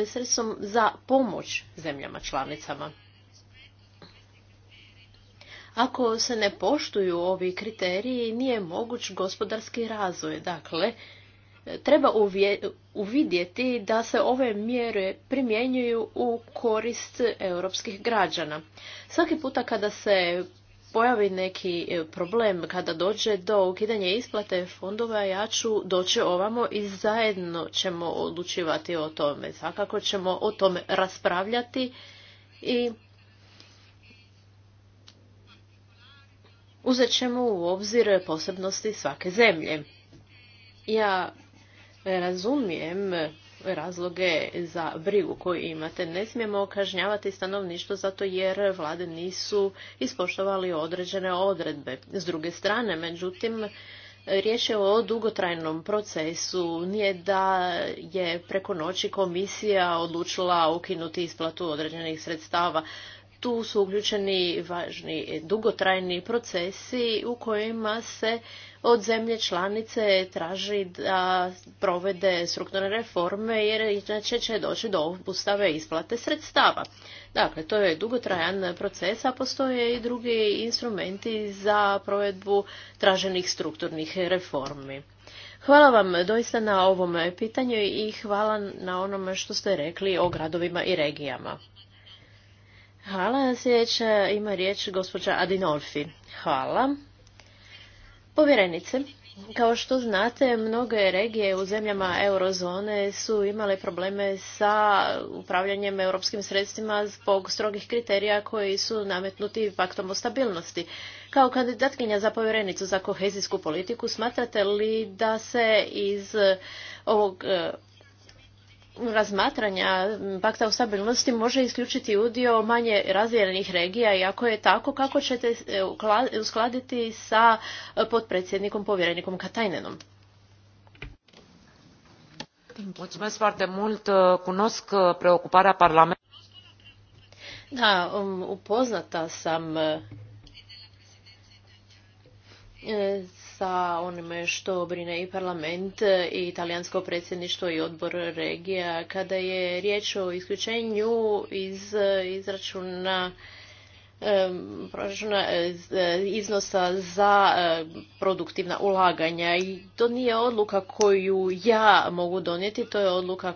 sredstvom za pomoć zemljama članicama. Ako se ne poštuju ovi kriteriji, nije moguć gospodarski razvoj. Dakle, treba uvidjeti da se ove mjere primjenjuju u korist europskih građana. Svaki puta kada se pojavi neki e, problem, kada dođe do ukidanja isplate fondova, ja ću doći ovamo i zajedno ćemo odlučivati o tome. Svakako ćemo o tome raspravljati i uzet ćemo u obzir posebnosti svake zemlje. Ja razumijem razloge za brigu koju imate. Ne smijemo kažnjavati stanovništvo zato jer vlade nisu ispoštovali određene odredbe. S druge strane, međutim, Riječ je o dugotrajnom procesu, nije da je preko noći komisija odlučila ukinuti isplatu određenih sredstava. Tu su uključeni važni dugotrajni procesi u kojima se od zemlje članice traži da provede strukturne reforme jer inače će doći do obustave isplate sredstava. Dakle, to je dugotrajan proces, a postoje i drugi instrumenti za provedbu traženih strukturnih reformi. Hvala vam doista na ovom pitanju i hvala na onome što ste rekli o gradovima i regijama. Hvala, sljedeća ima riječ gospođa Adinolfi. Hvala. Povjerenice, kao što znate, mnoge regije u zemljama eurozone su imale probleme sa upravljanjem europskim sredstvima zbog strogih kriterija koji su nametnuti paktom o stabilnosti. Kao kandidatkinja za povjerenicu za kohezijsku politiku, smatrate li da se iz ovog razmatranja pakta o stabilnosti može isključiti udio manje razvijenih regija i ako je tako, kako ćete e, uskladiti sa e, potpredsjednikom povjerenikom Katajnenom? foarte mult. E, cunosc preocuparea Parlamentului. Da, um, upoznata sam sa onime što brine i parlament i italijansko predsjedništvo i odbor regija kada je riječ o isključenju iz izračuna proračuna eh, iznosa za eh, produktivna ulaganja i to nije odluka koju ja mogu donijeti, to je odluka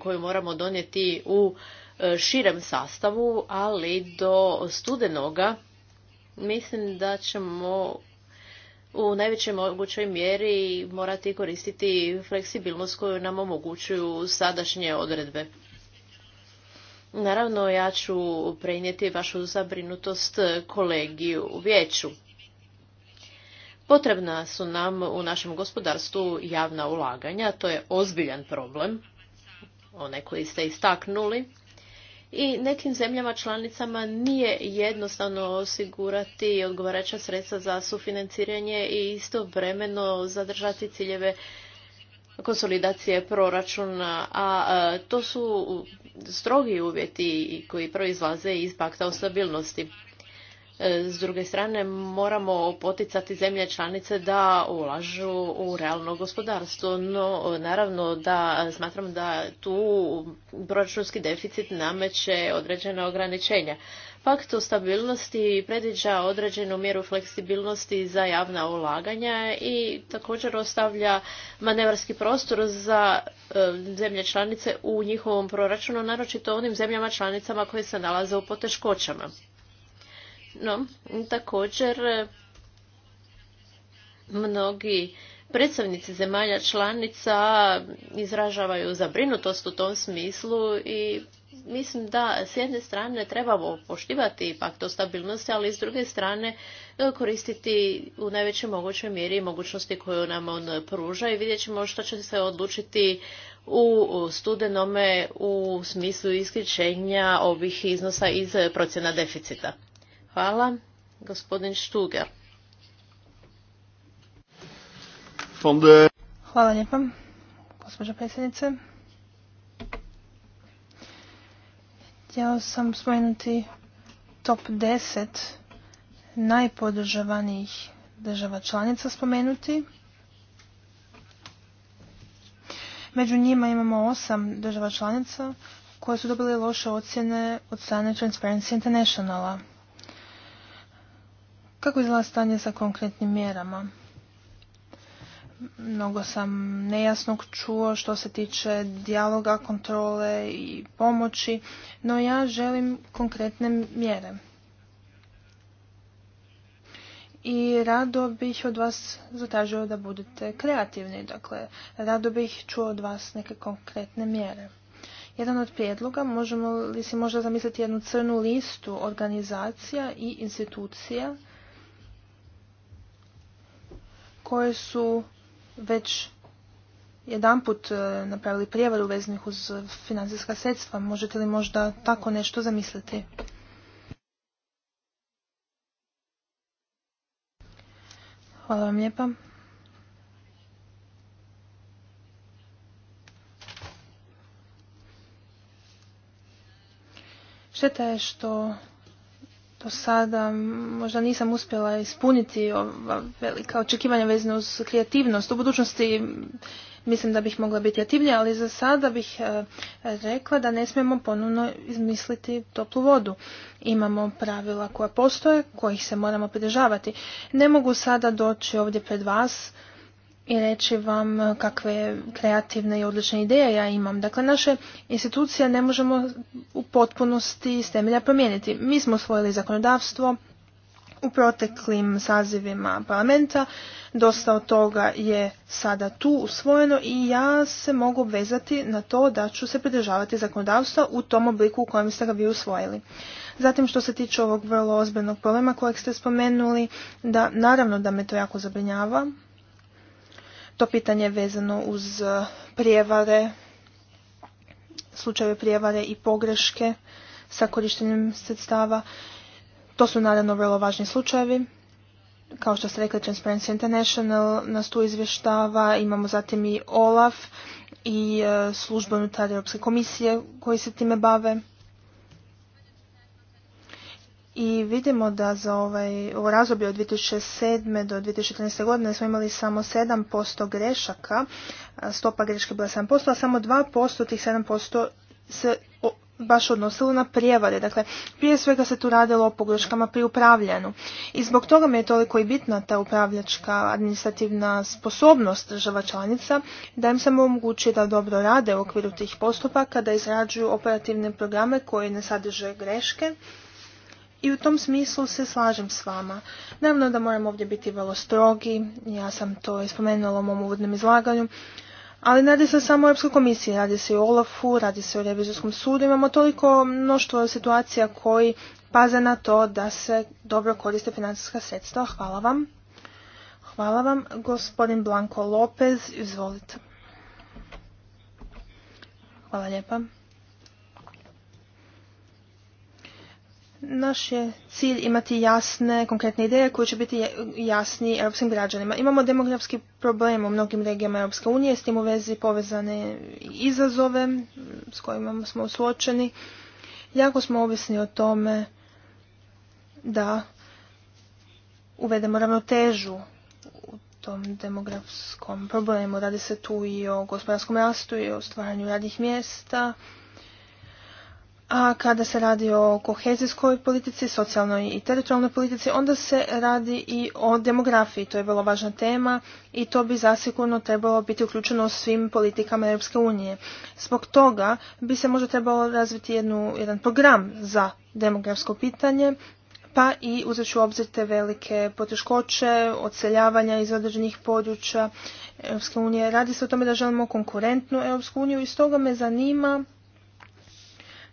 koju moramo donijeti u eh, širem sastavu, ali do studenoga mislim da ćemo u najvećoj mogućoj mjeri morati koristiti fleksibilnost koju nam omogućuju sadašnje odredbe. Naravno, ja ću prenijeti vašu zabrinutost kolegiju u vijeću. Potrebna su nam u našem gospodarstvu javna ulaganja, to je ozbiljan problem, one koji ste istaknuli, i nekim zemljama članicama nije jednostavno osigurati odgovarajuća sredstva za sufinanciranje i istovremeno zadržati ciljeve konsolidacije proračuna, a e, to su strogi uvjeti koji proizlaze iz pakta o stabilnosti. E, s druge strane, moramo poticati zemlje članice da ulažu u realno gospodarstvo. No, naravno da smatram da tu proračunski deficit nameće određena ograničenja. Pakt o stabilnosti predviđa određenu mjeru fleksibilnosti za javna ulaganja i također ostavlja manevarski prostor za e, zemlje članice u njihovom proračunu, naročito onim zemljama članicama koje se nalaze u poteškoćama. No, također e, mnogi predstavnici zemalja članica izražavaju zabrinutost u tom smislu i mislim da s jedne strane trebamo poštivati pakt o stabilnosti, ali s druge strane e, koristiti u najvećoj mogućoj mjeri mogućnosti koju nam on pruža i vidjet ćemo što će se odlučiti u studenome u smislu isključenja ovih iznosa iz procjena deficita. Hvala. Gospodin Štuger. Hvala lijepa, gospođa predsjednice. Htjela sam spomenuti top 10 najpodržavanijih država članica spomenuti. Među njima imamo osam država članica koje su dobile loše ocjene od strane Transparency Internationala. Kako izgleda stanje sa konkretnim mjerama? Mnogo sam nejasnog čuo što se tiče dijaloga, kontrole i pomoći, no ja želim konkretne mjere. I rado bih od vas zatražio da budete kreativni, dakle, rado bih čuo od vas neke konkretne mjere. Jedan od prijedloga, možemo li si možda zamisliti jednu crnu listu organizacija i institucija koje su već jedanput e, napravili prijevaru veznih uz financijska sredstva. Možete li možda tako nešto zamisliti? Hvala vam lijepa. Šteta je što do sada možda nisam uspjela ispuniti ova velika očekivanja vezana uz kreativnost. U budućnosti mislim da bih mogla biti kreativnija, ali za sada bih e, rekla da ne smijemo ponovno izmisliti toplu vodu. Imamo pravila koja postoje, kojih se moramo pridržavati. Ne mogu sada doći ovdje pred vas i reći vam kakve kreativne i odlične ideje ja imam. Dakle, naše institucije ne možemo u potpunosti s temelja promijeniti. Mi smo osvojili zakonodavstvo u proteklim sazivima parlamenta, dosta od toga je sada tu usvojeno i ja se mogu obvezati na to da ću se pridržavati zakonodavstva u tom obliku u kojem ste ga vi usvojili. Zatim što se tiče ovog vrlo ozbiljnog problema kojeg ste spomenuli, da naravno da me to jako zabrinjava, to pitanje vezano uz e, prijevare, slučajeve prijevare i pogreške sa korištenjem sredstava. To su naravno vrlo važni slučajevi. Kao što ste rekli, Transparency International nas tu izvještava, imamo zatim i OLAF i e, službu unutar Europske komisije koji se time bave i vidimo da za ovaj, ovo razdoblje od 2007. do 2014. godine smo imali samo 7% grešaka, stopa greške bila 7%, a samo 2% tih 7% se baš odnosilo na prijevare. Dakle, prije svega se tu radilo o pogreškama pri upravljanju. I zbog toga mi je toliko i bitna ta upravljačka administrativna sposobnost država članica, da im se omogući da dobro rade u okviru tih postupaka, da izrađuju operativne programe koji ne sadrže greške, i u tom smislu se slažem s vama. Naravno da moram ovdje biti vrlo strogi, ja sam to ispomenula u mom uvodnom izlaganju, ali radi se samo o Europskoj komisiji, radi se o Olafu, radi se o revizorskom sudu, imamo toliko mnoštvo situacija koji paze na to da se dobro koriste financijska sredstva. Hvala vam. Hvala vam. Gospodin Blanko Lopez, izvolite. Hvala lijepa. Naš je cilj imati jasne, konkretne ideje koje će biti jasni europskim građanima. Imamo demografski problem u mnogim regijama Europske unije, s tim u vezi povezane izazove s kojima smo suočeni. Jako smo ovisni o tome da uvedemo ravnotežu u tom demografskom problemu. Radi se tu i o gospodarskom rastu i o stvaranju radnih mjesta a kada se radi o kohezijskoj politici, socijalnoj i teritorijalnoj politici, onda se radi i o demografiji. To je vrlo važna tema i to bi zasigurno trebalo biti uključeno u svim politikama Europske unije. Zbog toga bi se možda trebalo razviti jednu, jedan program za demografsko pitanje, pa i uzet u obzir te velike poteškoće, odseljavanja iz određenih područja Europske unije. Radi se o tome da želimo konkurentnu Europsku uniju i stoga me zanima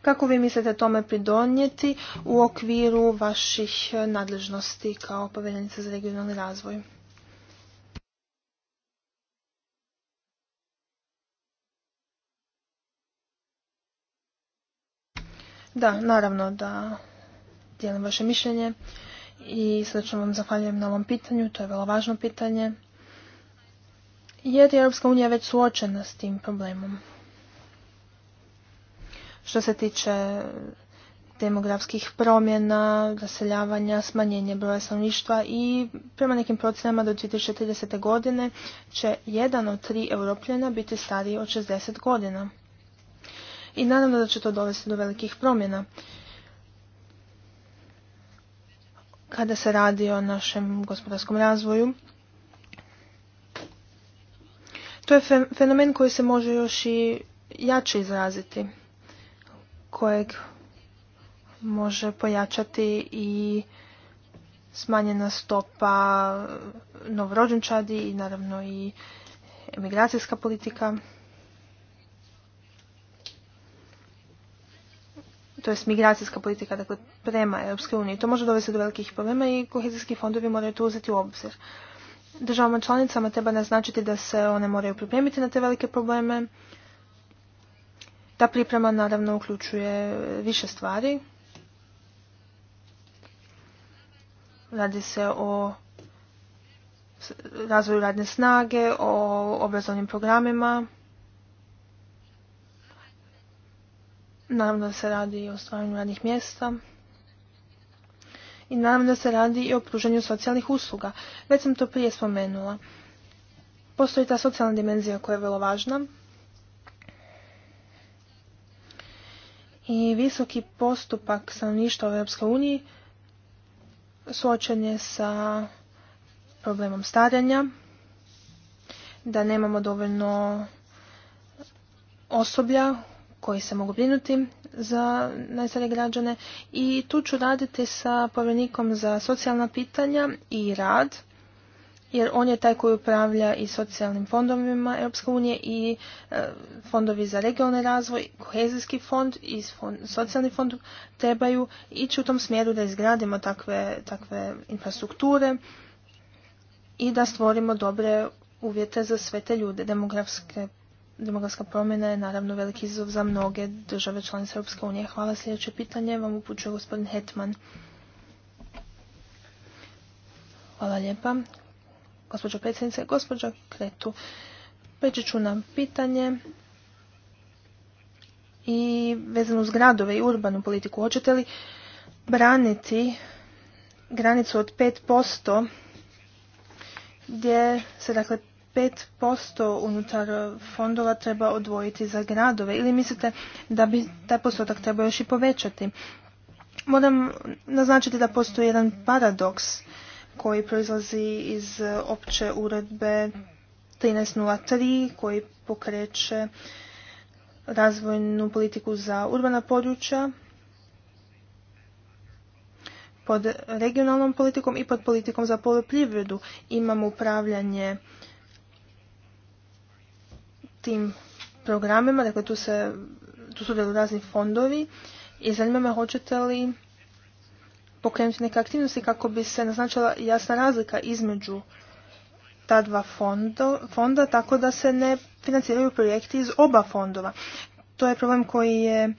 kako vi mislite tome pridonijeti u okviru vaših eh, nadležnosti kao povjerenica za regionalni razvoj? Da, naravno da dijelim vaše mišljenje i srećno vam zahvaljujem na ovom pitanju, to je vrlo važno pitanje. Jer je Europska unija već suočena s tim problemom. Što se tiče demografskih promjena, raseljavanja, smanjenje broja stanovništva i prema nekim procenama do 2030. godine će jedan od tri europljena biti stariji od 60 godina. I naravno da će to dovesti do velikih promjena. Kada se radi o našem gospodarskom razvoju, to je fenomen koji se može još i jače izraziti kojeg može pojačati i smanjena stopa novorođenčadi i naravno i emigracijska politika. to je migracijska politika dakle, prema Europske unije. To može dovesti do velikih problema i kohezijski fondovi moraju to uzeti u obzir. Državama članicama treba naznačiti da se one moraju pripremiti na te velike probleme ta priprema naravno uključuje e, više stvari. Radi se o razvoju radne snage, o obrazovnim programima. Naravno da se radi i o stvaranju radnih mjesta. I naravno da se radi i o pružanju socijalnih usluga. Već sam to prije spomenula. Postoji ta socijalna dimenzija koja je vrlo važna. i visoki postupak stanovništva u EU uniji suočen je sa problemom staranja, da nemamo dovoljno osoblja koji se mogu brinuti za najstarije građane i tu ću raditi sa povjerenikom za socijalna pitanja i rad jer on je taj koji upravlja i socijalnim fondovima Europske unije i e, fondovi za regionalni razvoj, kohezijski fond i socijalni fond trebaju ići u tom smjeru da izgradimo takve, takve infrastrukture i da stvorimo dobre uvjete za sve te ljude. Demografske, demografska promjena je naravno veliki izazov za mnoge države članice Europske unije. Hvala. Sljedeće pitanje vam upućuje gospodin Hetman. Hvala lijepa gospođo predsjednice, gospođo Kretu. Preći ću nam pitanje i vezano uz gradove i urbanu politiku. Hoćete li braniti granicu od 5% gdje se dakle 5% unutar fondova treba odvojiti za gradove ili mislite da bi taj postotak trebao još i povećati? Moram naznačiti da postoji jedan paradoks koji proizlazi iz e, opće uredbe 1303 koji pokreće razvojnu politiku za urbana područja pod regionalnom politikom i pod politikom za poljoprivredu. Imamo upravljanje tim programima, dakle tu se tu su razni fondovi i zanima me hoćete li pokrenuti neke aktivnosti kako bi se naznačila jasna razlika između ta dva fonda, fonda tako da se ne financiraju projekti iz oba fondova. To je problem koji je e,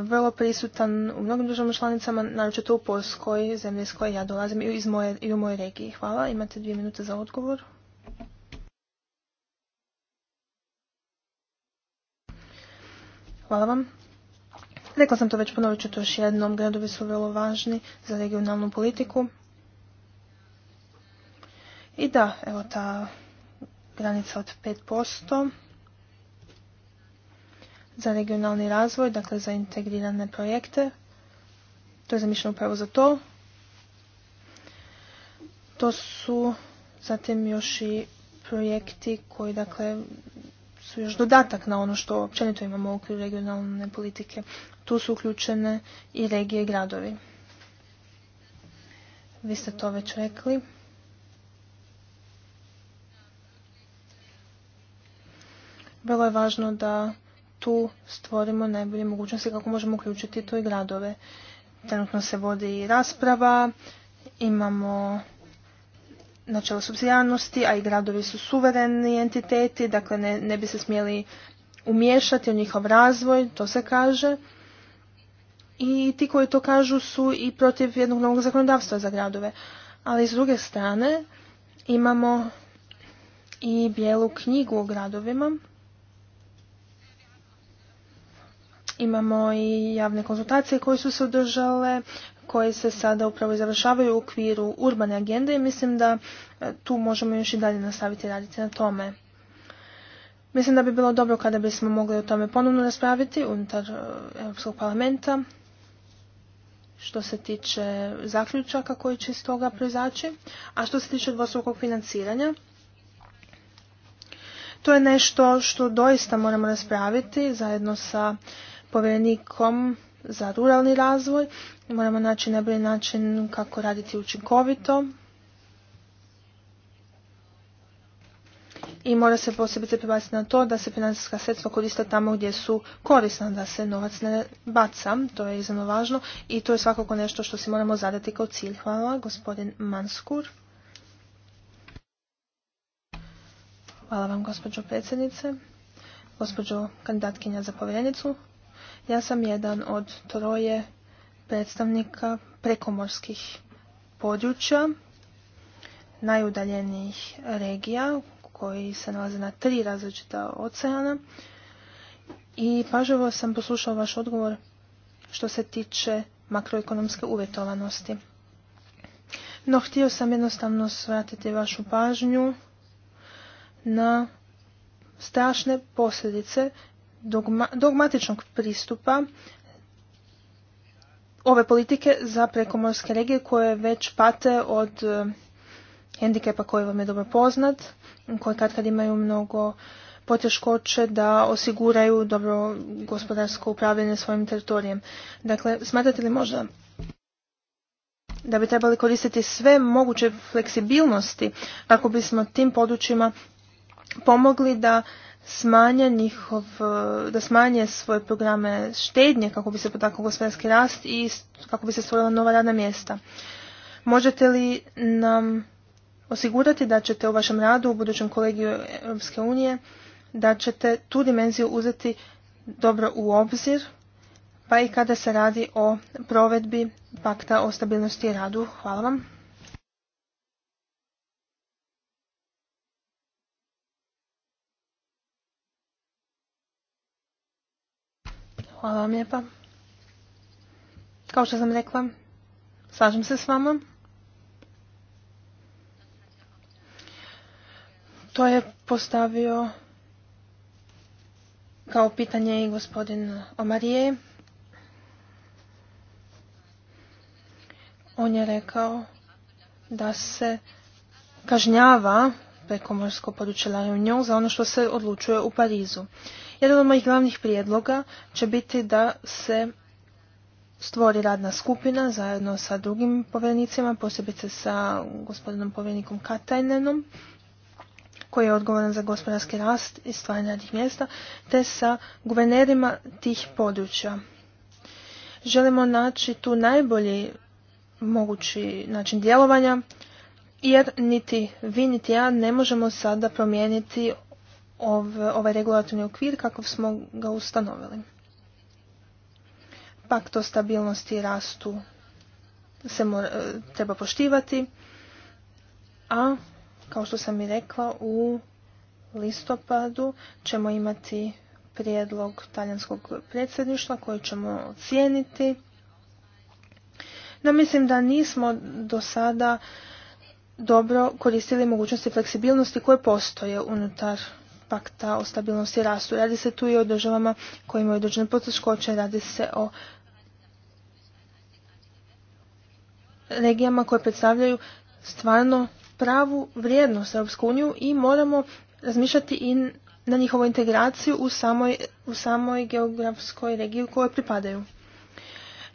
vrlo prisutan u mnogim državama članicama, naročito u Polskoj, zemlji s koje ja dolazim i, iz moje, i u mojoj regiji. Hvala, imate dvije minute za odgovor. Hvala vam. Rekla sam to već, ponovit ću to još jednom, gradovi su vrlo važni za regionalnu politiku. I da, evo ta granica od 5% za regionalni razvoj, dakle za integrirane projekte. To je zamišljeno upravo za to. To su zatim još i projekti koji dakle su još dodatak na ono što općenito imamo u okviru regionalne politike. Tu su uključene i regije i gradovi. Vi ste to već rekli. Vrlo je važno da tu stvorimo najbolje mogućnosti kako možemo uključiti to i gradove. Trenutno se vodi i rasprava, imamo načelo subsidijarnosti, a i gradovi su suvereni entiteti, dakle ne, ne bi se smjeli umiješati u njihov razvoj, to se kaže. I ti koji to kažu su i protiv jednog novog zakonodavstva za gradove. Ali s druge strane imamo i bijelu knjigu o gradovima. Imamo i javne konzultacije koje su se održale, koje se sada upravo završavaju u okviru urbane agende i mislim da e, tu možemo još i dalje nastaviti raditi na tome. Mislim da bi bilo dobro kada bismo mogli o tome ponovno raspraviti unutar e, Europskog parlamenta što se tiče zaključaka koji će iz toga proizaći. A što se tiče dvostrukog financiranja, to je nešto što doista moramo raspraviti zajedno sa povjerenikom za ruralni razvoj. Moramo naći najbolji način kako raditi učinkovito. I mora se posebice pribaciti na to da se financijska sredstva koriste tamo gdje su korisna, da se novac ne baca. To je iznimno važno i to je svakako nešto što si moramo zadati kao cilj. Hvala, gospodin Manskur. Hvala vam, gospođo predsjednice, gospođo kandidatkinja za povjerenicu. Ja sam jedan od troje predstavnika prekomorskih područja, najudaljenijih regija koji se nalaze na tri različita oceana. I pažljivo sam poslušao vaš odgovor što se tiče makroekonomske uvjetovanosti. No htio sam jednostavno svratiti vašu pažnju na strašne posljedice dogmatičnog pristupa ove politike za prekomorske regije koje već pate od e, hendikepa koji vam je dobro poznat, koji kad kad imaju mnogo poteškoće da osiguraju dobro gospodarsko upravljanje svojim teritorijem. Dakle, smatrate li možda da bi trebali koristiti sve moguće fleksibilnosti kako bismo tim područjima pomogli da smanje njihov, eh, da smanje svoje programe štednje kako bi se potakao gospodarski rast i kako bi se stvorila nova radna mjesta. Možete li nam osigurati da ćete u vašem radu u budućem kolegiju Europske unije da ćete tu dimenziju uzeti dobro u obzir, pa i kada se radi o provedbi pakta o stabilnosti i radu. Hvala vam. Hvala vam lijepa. Kao što sam rekla, slažem se s vama. To je postavio kao pitanje i gospodin Omarije. On je rekao da se kažnjava prekomorsko područje nju za ono što se odlučuje u Parizu. Jedan od mojih glavnih prijedloga će biti da se stvori radna skupina zajedno sa drugim povjerenicima, posebice sa gospodinom povjerenikom Katajnenom, koji je odgovoran za gospodarski rast i stvaranje radnih mjesta, te sa guvernerima tih područja. Želimo naći tu najbolji mogući način djelovanja, jer niti vi niti ja ne možemo sada promijeniti ovaj regulatorni okvir kako smo ga ustanovili. Pakt o stabilnosti i rastu se mora, e, treba poštivati, a kao što sam i rekla u listopadu ćemo imati prijedlog talijanskog predsjedništva koji ćemo ocijeniti. No mislim da nismo do sada dobro koristili mogućnosti fleksibilnosti koje postoje unutar pakta o stabilnosti rastu. Radi se tu i o državama koje imaju određene poteškoće, radi se o regijama koje predstavljaju stvarno pravu vrijednost Europsku uniju i moramo razmišljati i na njihovu integraciju u samoj, u samoj geografskoj regiji u kojoj pripadaju.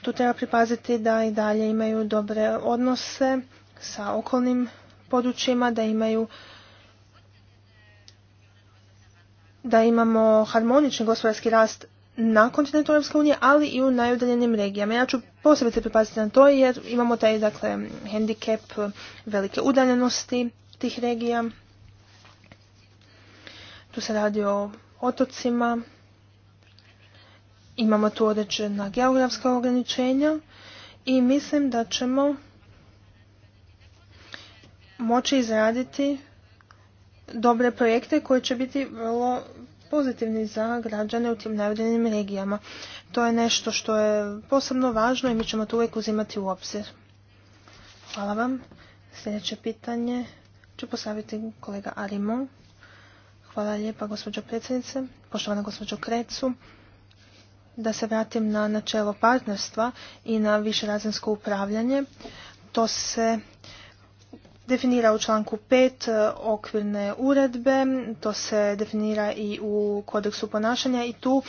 Tu treba pripaziti da i dalje imaju dobre odnose sa okolnim područjima, da imaju da imamo harmonični gospodarski rast na kontinentu Europske unije, ali i u najudaljenim regijama. Ja ću posebice pripaziti na to jer imamo taj dakle, hendikep velike udaljenosti tih regija. Tu se radi o otocima. Imamo tu određena geografska ograničenja i mislim da ćemo moći izraditi dobre projekte koji će biti vrlo pozitivni za građane u tim navedenim regijama. To je nešto što je posebno važno i mi ćemo to uvijek uzimati u obzir. Hvala vam. Sljedeće pitanje ću postaviti kolega Arimo. Hvala lijepa gospođo predsjednice, poštovana gospođo Krecu. Da se vratim na načelo partnerstva i na višerazinsko upravljanje. To se definira u članku 5 e, okvirne uredbe, to se definira i u kodeksu ponašanja i tu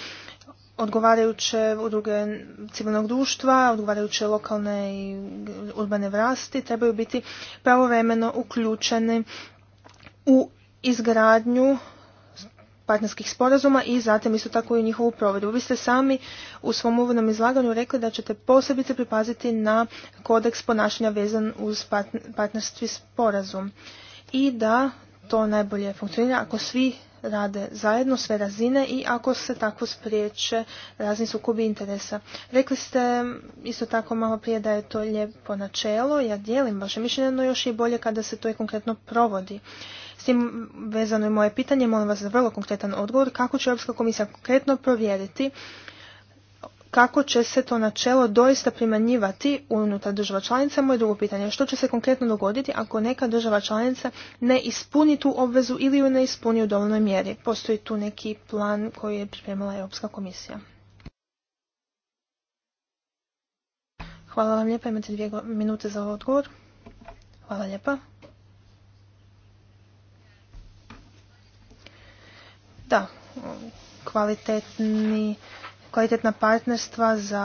odgovarajuće udruge civilnog društva, odgovarajuće lokalne i urbane vlasti trebaju biti pravovremeno uključeni u izgradnju partnerskih sporazuma i zatim isto tako i u njihovu provedbu. Vi ste sami u svom uvodnom izlaganju rekli da ćete posebice pripaziti na kodeks ponašanja vezan uz partnerstvi sporazum i da to najbolje funkcionira ako svi rade zajedno, sve razine i ako se tako spriječe razni sukobi interesa. Rekli ste isto tako malo prije da je to lijepo načelo, ja dijelim vaše mišljenje, no još je bolje kada se to i konkretno provodi. S tim vezano je moje pitanje, molim vas za vrlo konkretan odgovor, kako će Europska komisija konkretno provjeriti kako će se to načelo doista primanjivati unutar država članica? Moje drugo pitanje, što će se konkretno dogoditi ako neka država članica ne ispuni tu obvezu ili ju ne ispuni u dovoljnoj mjeri? Postoji tu neki plan koji je pripremila Europska komisija. Hvala vam lijepa, imate dvije minute za ovaj odgovor. Hvala lijepa. Da, kvalitetni, kvalitetna partnerstva za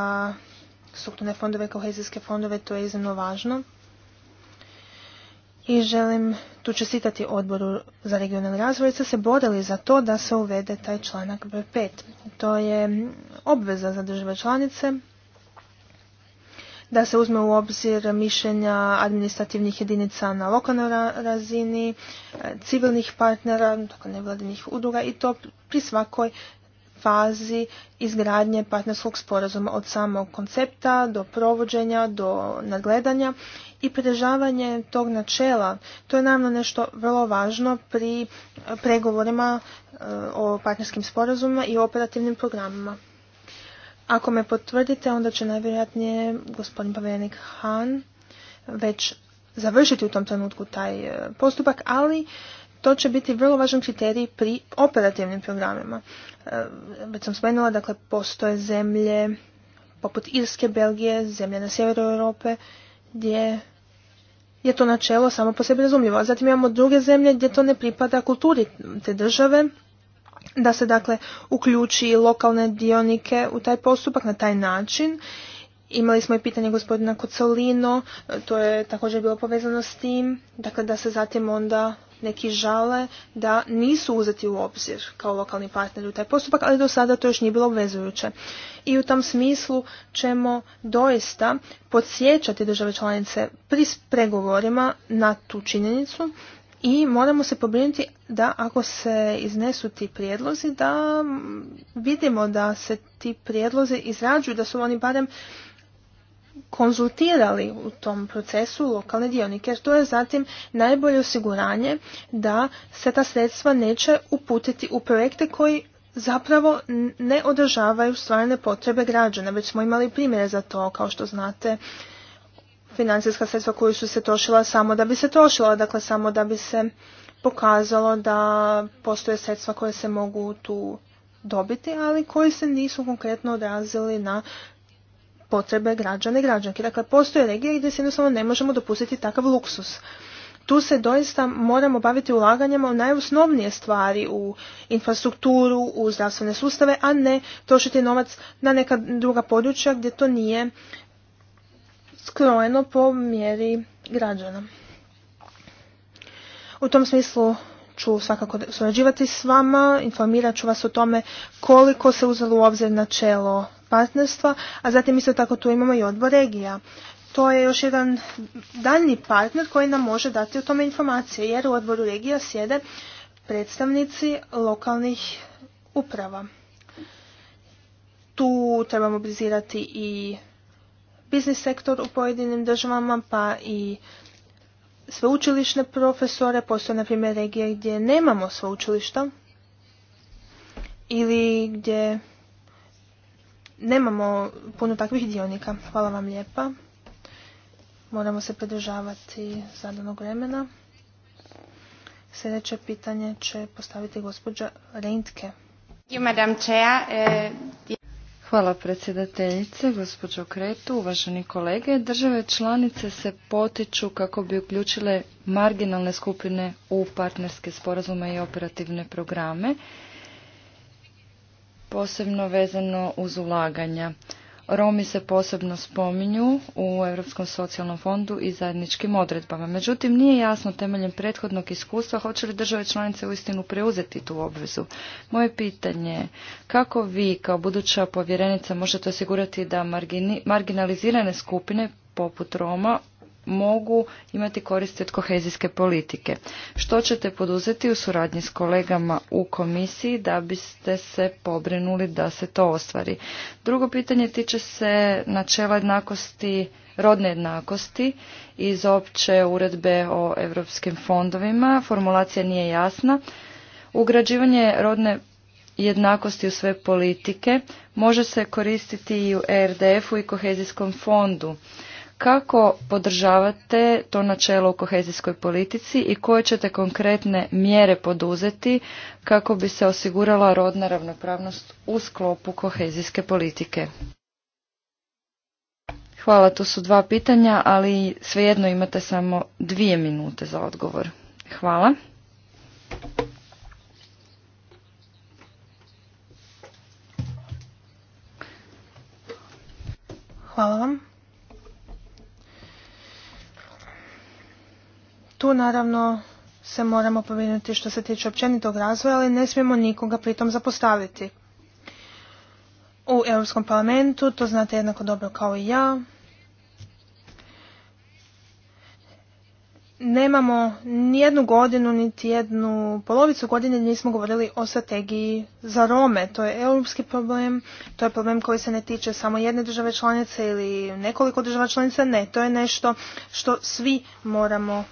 strukturne fondove i kohezijske fondove, to je iznimno važno. I želim tu čestitati odboru za regionalni razvoj, jer se borili za to da se uvede taj članak B5. To je obveza za države članice da se uzme u obzir mišljenja administrativnih jedinica na lokalnoj razini, e, civilnih partnera, nevladinih udruga i to pri svakoj fazi izgradnje partnerskog sporazuma od samog koncepta do provođenja, do nagledanja i pridržavanje tog načela. To je namno nešto vrlo važno pri pregovorima e, o partnerskim sporazumima i operativnim programima. Ako me potvrdite, onda će najvjerojatnije gospodin povjerenik Han već završiti u tom trenutku taj e, postupak, ali to će biti vrlo važan kriterij pri operativnim programima. E, već sam spomenula, dakle, postoje zemlje poput Irske, Belgije, zemlje na sjeveru Europe, gdje je to načelo samo po sebi razumljivo. A zatim imamo druge zemlje gdje to ne pripada kulturi te države da se dakle uključi lokalne dionike u taj postupak na taj način. Imali smo i pitanje gospodina Kocolino, to je također bilo povezano s tim, dakle da se zatim onda neki žale da nisu uzeti u obzir kao lokalni partneri u taj postupak, ali do sada to još nije bilo obvezujuće. I u tom smislu ćemo doista podsjećati države članice pri pregovorima na tu činjenicu i moramo se pobrinuti da ako se iznesu ti prijedlozi da vidimo da se ti prijedlozi izrađuju, da su oni barem konzultirali u tom procesu lokalne dionike. To je zatim najbolje osiguranje da se ta sredstva neće uputiti u projekte koji zapravo ne održavaju stvarne potrebe građana. Već smo imali primjere za to, kao što znate, financijska sredstva koju su se trošila samo da bi se trošila, dakle samo da bi se pokazalo da postoje sredstva koje se mogu tu dobiti, ali koji se nisu konkretno odrazili na potrebe građana i građanke. Dakle, postoje regije gdje se jednostavno ne možemo dopustiti takav luksus. Tu se doista moramo baviti ulaganjama u najosnovnije stvari, u infrastrukturu, u zdravstvene sustave, a ne trošiti novac na neka druga područja gdje to nije skrojeno po mjeri građana. U tom smislu ću svakako surađivati s vama, informirat ću vas o tome koliko se uzelo u obzir načelo partnerstva, a zatim isto tako tu imamo i odbor regija. To je još jedan daljni partner koji nam može dati o tome informacije, jer u odboru regija sjede predstavnici lokalnih uprava. Tu trebamo blizirati i biznis sektor u pojedinim državama, pa i sveučilišne profesore. Postoje, na primjer, regije gdje nemamo sveučilišta ili gdje nemamo puno takvih dionika. Hvala vam lijepa. Moramo se pridržavati zadanog vremena. Sljedeće pitanje će postaviti gospođa Reintke. Uh, Hvala predsjedateljice, gospođo Kretu, uvaženi kolege. Države članice se potiču kako bi uključile marginalne skupine u partnerske sporazume i operativne programe, posebno vezano uz ulaganja. Romi se posebno spominju u Europskom socijalnom fondu i zajedničkim odredbama. Međutim, nije jasno temeljem prethodnog iskustva hoće li države članice uistinu preuzeti tu obvezu. Moje pitanje je kako vi kao buduća povjerenica možete osigurati da marginalizirane skupine poput Roma mogu imati koristi od kohezijske politike. Što ćete poduzeti u suradnji s kolegama u komisiji da biste se pobrinuli da se to ostvari? Drugo pitanje tiče se načela jednakosti rodne jednakosti iz opće uredbe o europskim fondovima. Formulacija nije jasna. Ugrađivanje rodne jednakosti u sve politike može se koristiti i u ERDF-u i kohezijskom fondu. Kako podržavate to načelo u kohezijskoj politici i koje ćete konkretne mjere poduzeti kako bi se osigurala rodna ravnopravnost u sklopu kohezijske politike? Hvala, to su dva pitanja, ali svejedno imate samo dvije minute za odgovor. Hvala. Hvala vam. Tu naravno se moramo povinuti što se tiče općenitog razvoja, ali ne smijemo nikoga pritom zapostaviti. U Europskom parlamentu, to znate jednako dobro kao i ja, nemamo jednu godinu, niti jednu polovicu godine nismo govorili o strategiji za Rome. To je europski problem, to je problem koji se ne tiče samo jedne države članice ili nekoliko država članica, ne, to je nešto što svi moramo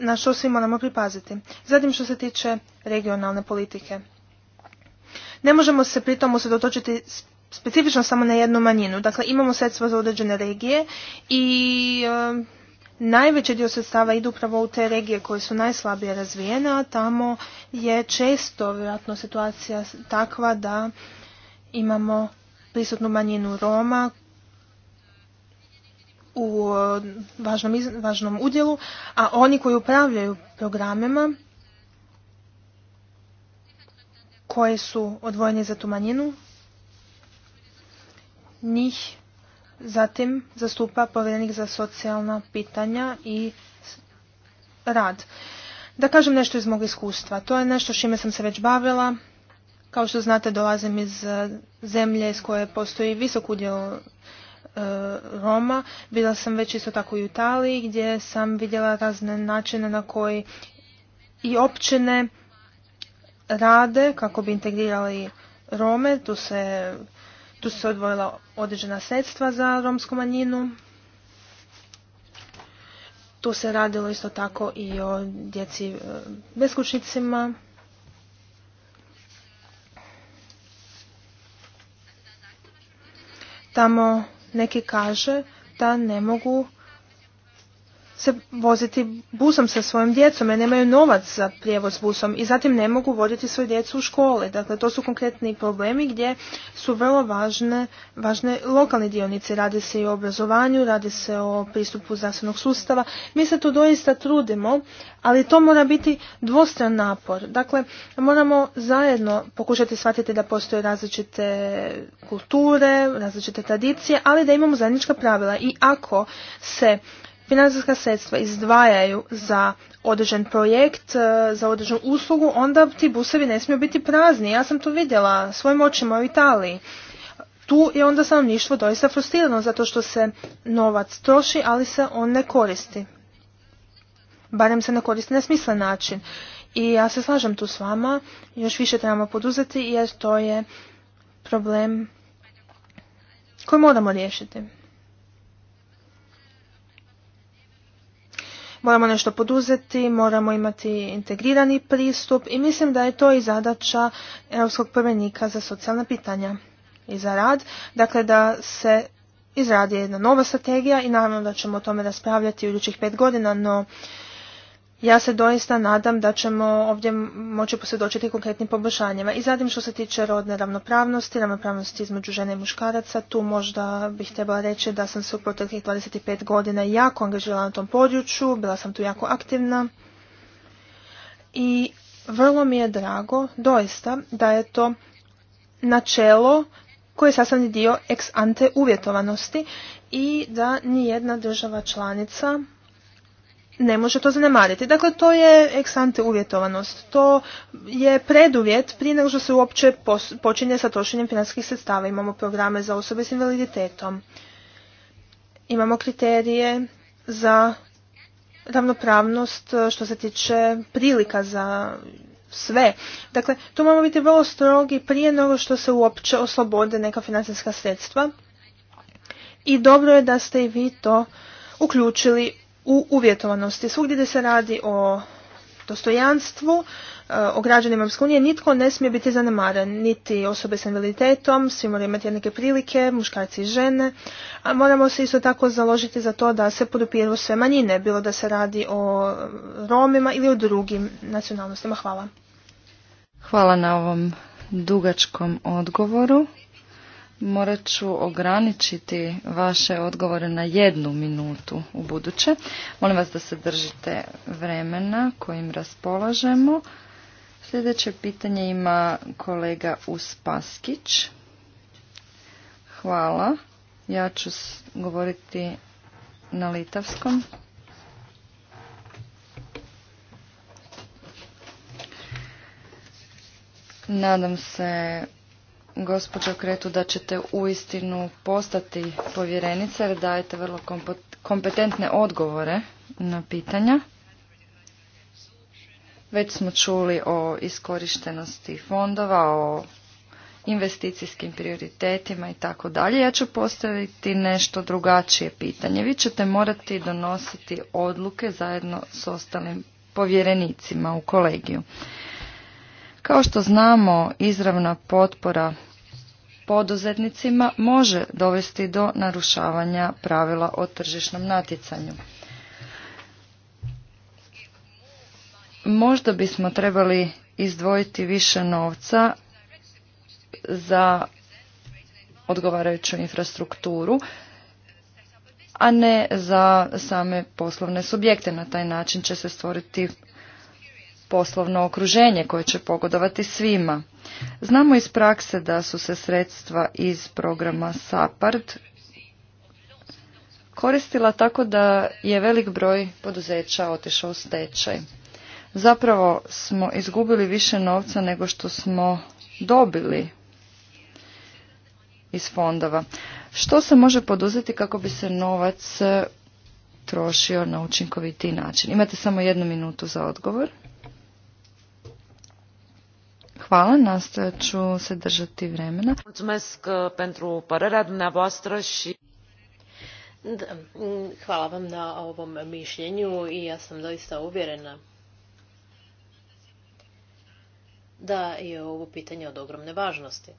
na što svi moramo pripaziti. Zatim što se tiče regionalne politike. Ne možemo se pritom usredotočiti specifično samo na jednu manjinu. Dakle, imamo sredstva za određene regije i najveći dio sredstava ide upravo u te regije koje su najslabije razvijene, a tamo je često vjerojatno situacija takva da imamo prisutnu manjinu Roma u e, važnom, važnom udjelu, a oni koji upravljaju programima koje su odvojeni za tu manjinu, njih zatim zastupa povjerenik za socijalna pitanja i rad. Da kažem nešto iz mog iskustva. To je nešto čime sam se već bavila. Kao što znate, dolazim iz e, zemlje iz koje postoji visok udjel E, Roma. Bila sam već isto tako i u Italiji gdje sam vidjela razne načine na koji i općine rade kako bi integrirali Rome. Tu se, tu se odvojila određena sredstva za romsku manjinu. Tu se radilo isto tako i o djeci e, beskućnicima. Tamo neki kaže da ne mogu se voziti busom sa svojim djecom jer nemaju novac za prijevoz busom i zatim ne mogu voditi svoju djecu u škole. Dakle, to su konkretni problemi gdje su vrlo važne, važne lokalni dionici. Radi se i o obrazovanju, radi se o pristupu zdravstvenog sustava. Mi se tu doista trudimo, ali to mora biti dvostran napor. Dakle, moramo zajedno pokušati shvatiti da postoje različite kulture, različite tradicije, ali da imamo zajednička pravila. I ako se financijska sredstva izdvajaju za određen projekt, e, za određenu uslugu, onda ti busevi ne smiju biti prazni. Ja sam to vidjela svojim očima u Italiji. Tu je onda stanovništvo doista frustrirano zato što se novac troši, ali se on ne koristi. Barem se ne koristi na smislen način. I ja se slažem tu s vama, još više trebamo poduzeti jer to je problem koji moramo riješiti. moramo nešto poduzeti, moramo imati integrirani pristup i mislim da je to i zadaća Europskog prvenika za socijalna pitanja i za rad, dakle da se izradi jedna nova strategija i naravno da ćemo o tome raspravljati u idućih pet godina, no ja se doista nadam da ćemo ovdje moći posvjedočiti konkretnim poboljšanjima. I zatim što se tiče rodne ravnopravnosti, ravnopravnosti između žene i muškaraca, tu možda bih trebala reći da sam se u proteklih 25 godina jako angažirala na tom području, bila sam tu jako aktivna i vrlo mi je drago doista da je to načelo koji je sastavni dio ex ante uvjetovanosti i da nijedna država članica ne može to zanemariti. Dakle, to je eksante uvjetovanost. To je preduvjet prije nego što se uopće počinje sa trošenjem financijskih sredstava. Imamo programe za osobe s invaliditetom. Imamo kriterije za ravnopravnost eh, što se tiče prilika za sve. Dakle, tu moramo biti vrlo strogi prije nego što se uopće oslobode neka financijska sredstva. I dobro je da ste i vi to uključili u uvjetovanosti. Svugdje gdje se radi o dostojanstvu, e, o građanima Europske unije, nitko ne smije biti zanemaren, niti osobe s invaliditetom, svi moraju imati jednake prilike, muškarci i žene, a moramo se isto tako založiti za to da se podupiru sve manjine, bilo da se radi o Romima ili o drugim nacionalnostima. Hvala. Hvala na ovom dugačkom odgovoru morat ću ograničiti vaše odgovore na jednu minutu u buduće. Molim vas da se držite vremena kojim raspolažemo. Sljedeće pitanje ima kolega Uspaskić. Hvala. Ja ću govoriti na litavskom. Nadam se gospođo Kretu, da ćete uistinu postati povjerenica jer dajete vrlo kompetentne odgovore na pitanja. Već smo čuli o iskorištenosti fondova, o investicijskim prioritetima i tako dalje. Ja ću postaviti nešto drugačije pitanje. Vi ćete morati donositi odluke zajedno s ostalim povjerenicima u kolegiju. Kao što znamo, izravna potpora poduzetnicima može dovesti do narušavanja pravila o tržišnom natjecanju. Možda bismo trebali izdvojiti više novca za odgovarajuću infrastrukturu, a ne za same poslovne subjekte. Na taj način će se stvoriti poslovno okruženje koje će pogodovati svima. Znamo iz prakse da su se sredstva iz programa SAPARD koristila tako da je velik broj poduzeća otišao u stečaj. Zapravo smo izgubili više novca nego što smo dobili iz fondova. Što se može poduzeti kako bi se novac trošio na učinkovitiji način? Imate samo jednu minutu za odgovor. Hvala, nastojat ću se držati vremena. Uh, pentru mm, hvala vam na ovom mišljenju i ja sam doista uvjerena da je ovo pitanje od ogromne važnosti.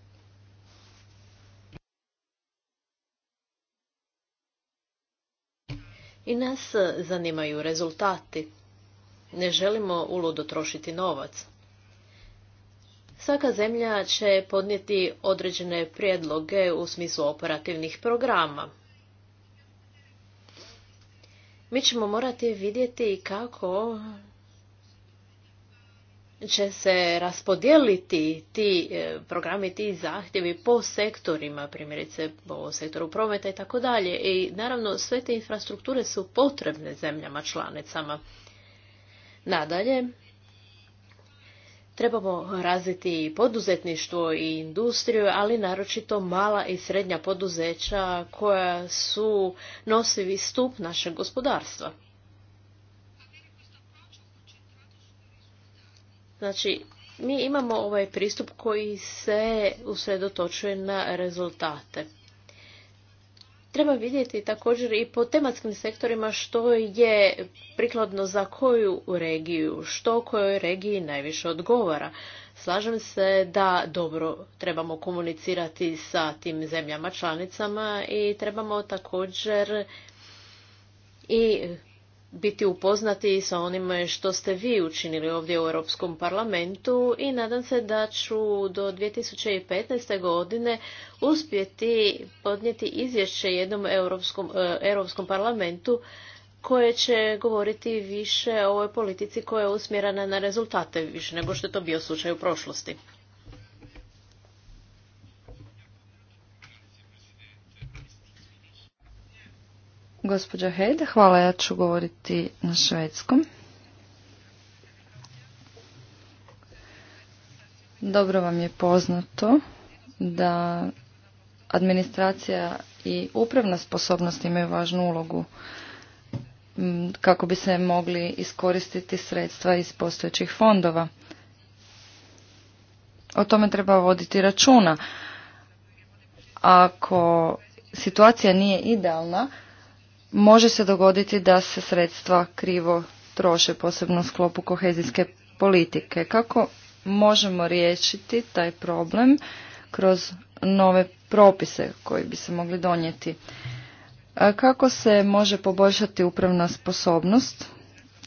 I nas zanimaju rezultati. Ne želimo uludo trošiti novac. Svaka zemlja će podnijeti određene prijedloge u smislu operativnih programa. Mi ćemo morati vidjeti kako će se raspodijeliti ti e, programi, ti zahtjevi po sektorima, primjerice po sektoru prometa i tako dalje. I naravno sve te infrastrukture su potrebne zemljama članicama. Nadalje, Trebamo razviti poduzetništvo i industriju, ali naročito mala i srednja poduzeća koja su nosivi stup našeg gospodarstva. Znači, mi imamo ovaj pristup koji se usredotočuje na rezultate. Treba vidjeti također i po tematskim sektorima što je prikladno za koju regiju, što kojoj regiji najviše odgovara. Slažem se da dobro trebamo komunicirati sa tim zemljama članicama i trebamo također i biti upoznati sa onime što ste vi učinili ovdje u Europskom parlamentu i nadam se da ću do 2015. godine uspjeti podnijeti izvješće jednom Europskom, e, Europskom parlamentu koje će govoriti više o ovoj politici koja je usmjerena na rezultate više nego što je to bio slučaj u prošlosti. Gospođa Hejde, hvala, ja ću govoriti na švedskom. Dobro vam je poznato da administracija i upravna sposobnost imaju važnu ulogu kako bi se mogli iskoristiti sredstva iz postojećih fondova. O tome treba voditi računa. Ako situacija nije idealna, može se dogoditi da se sredstva krivo troše, posebno u sklopu kohezijske politike. Kako možemo riješiti taj problem kroz nove propise koji bi se mogli donijeti? Kako se može poboljšati upravna sposobnost?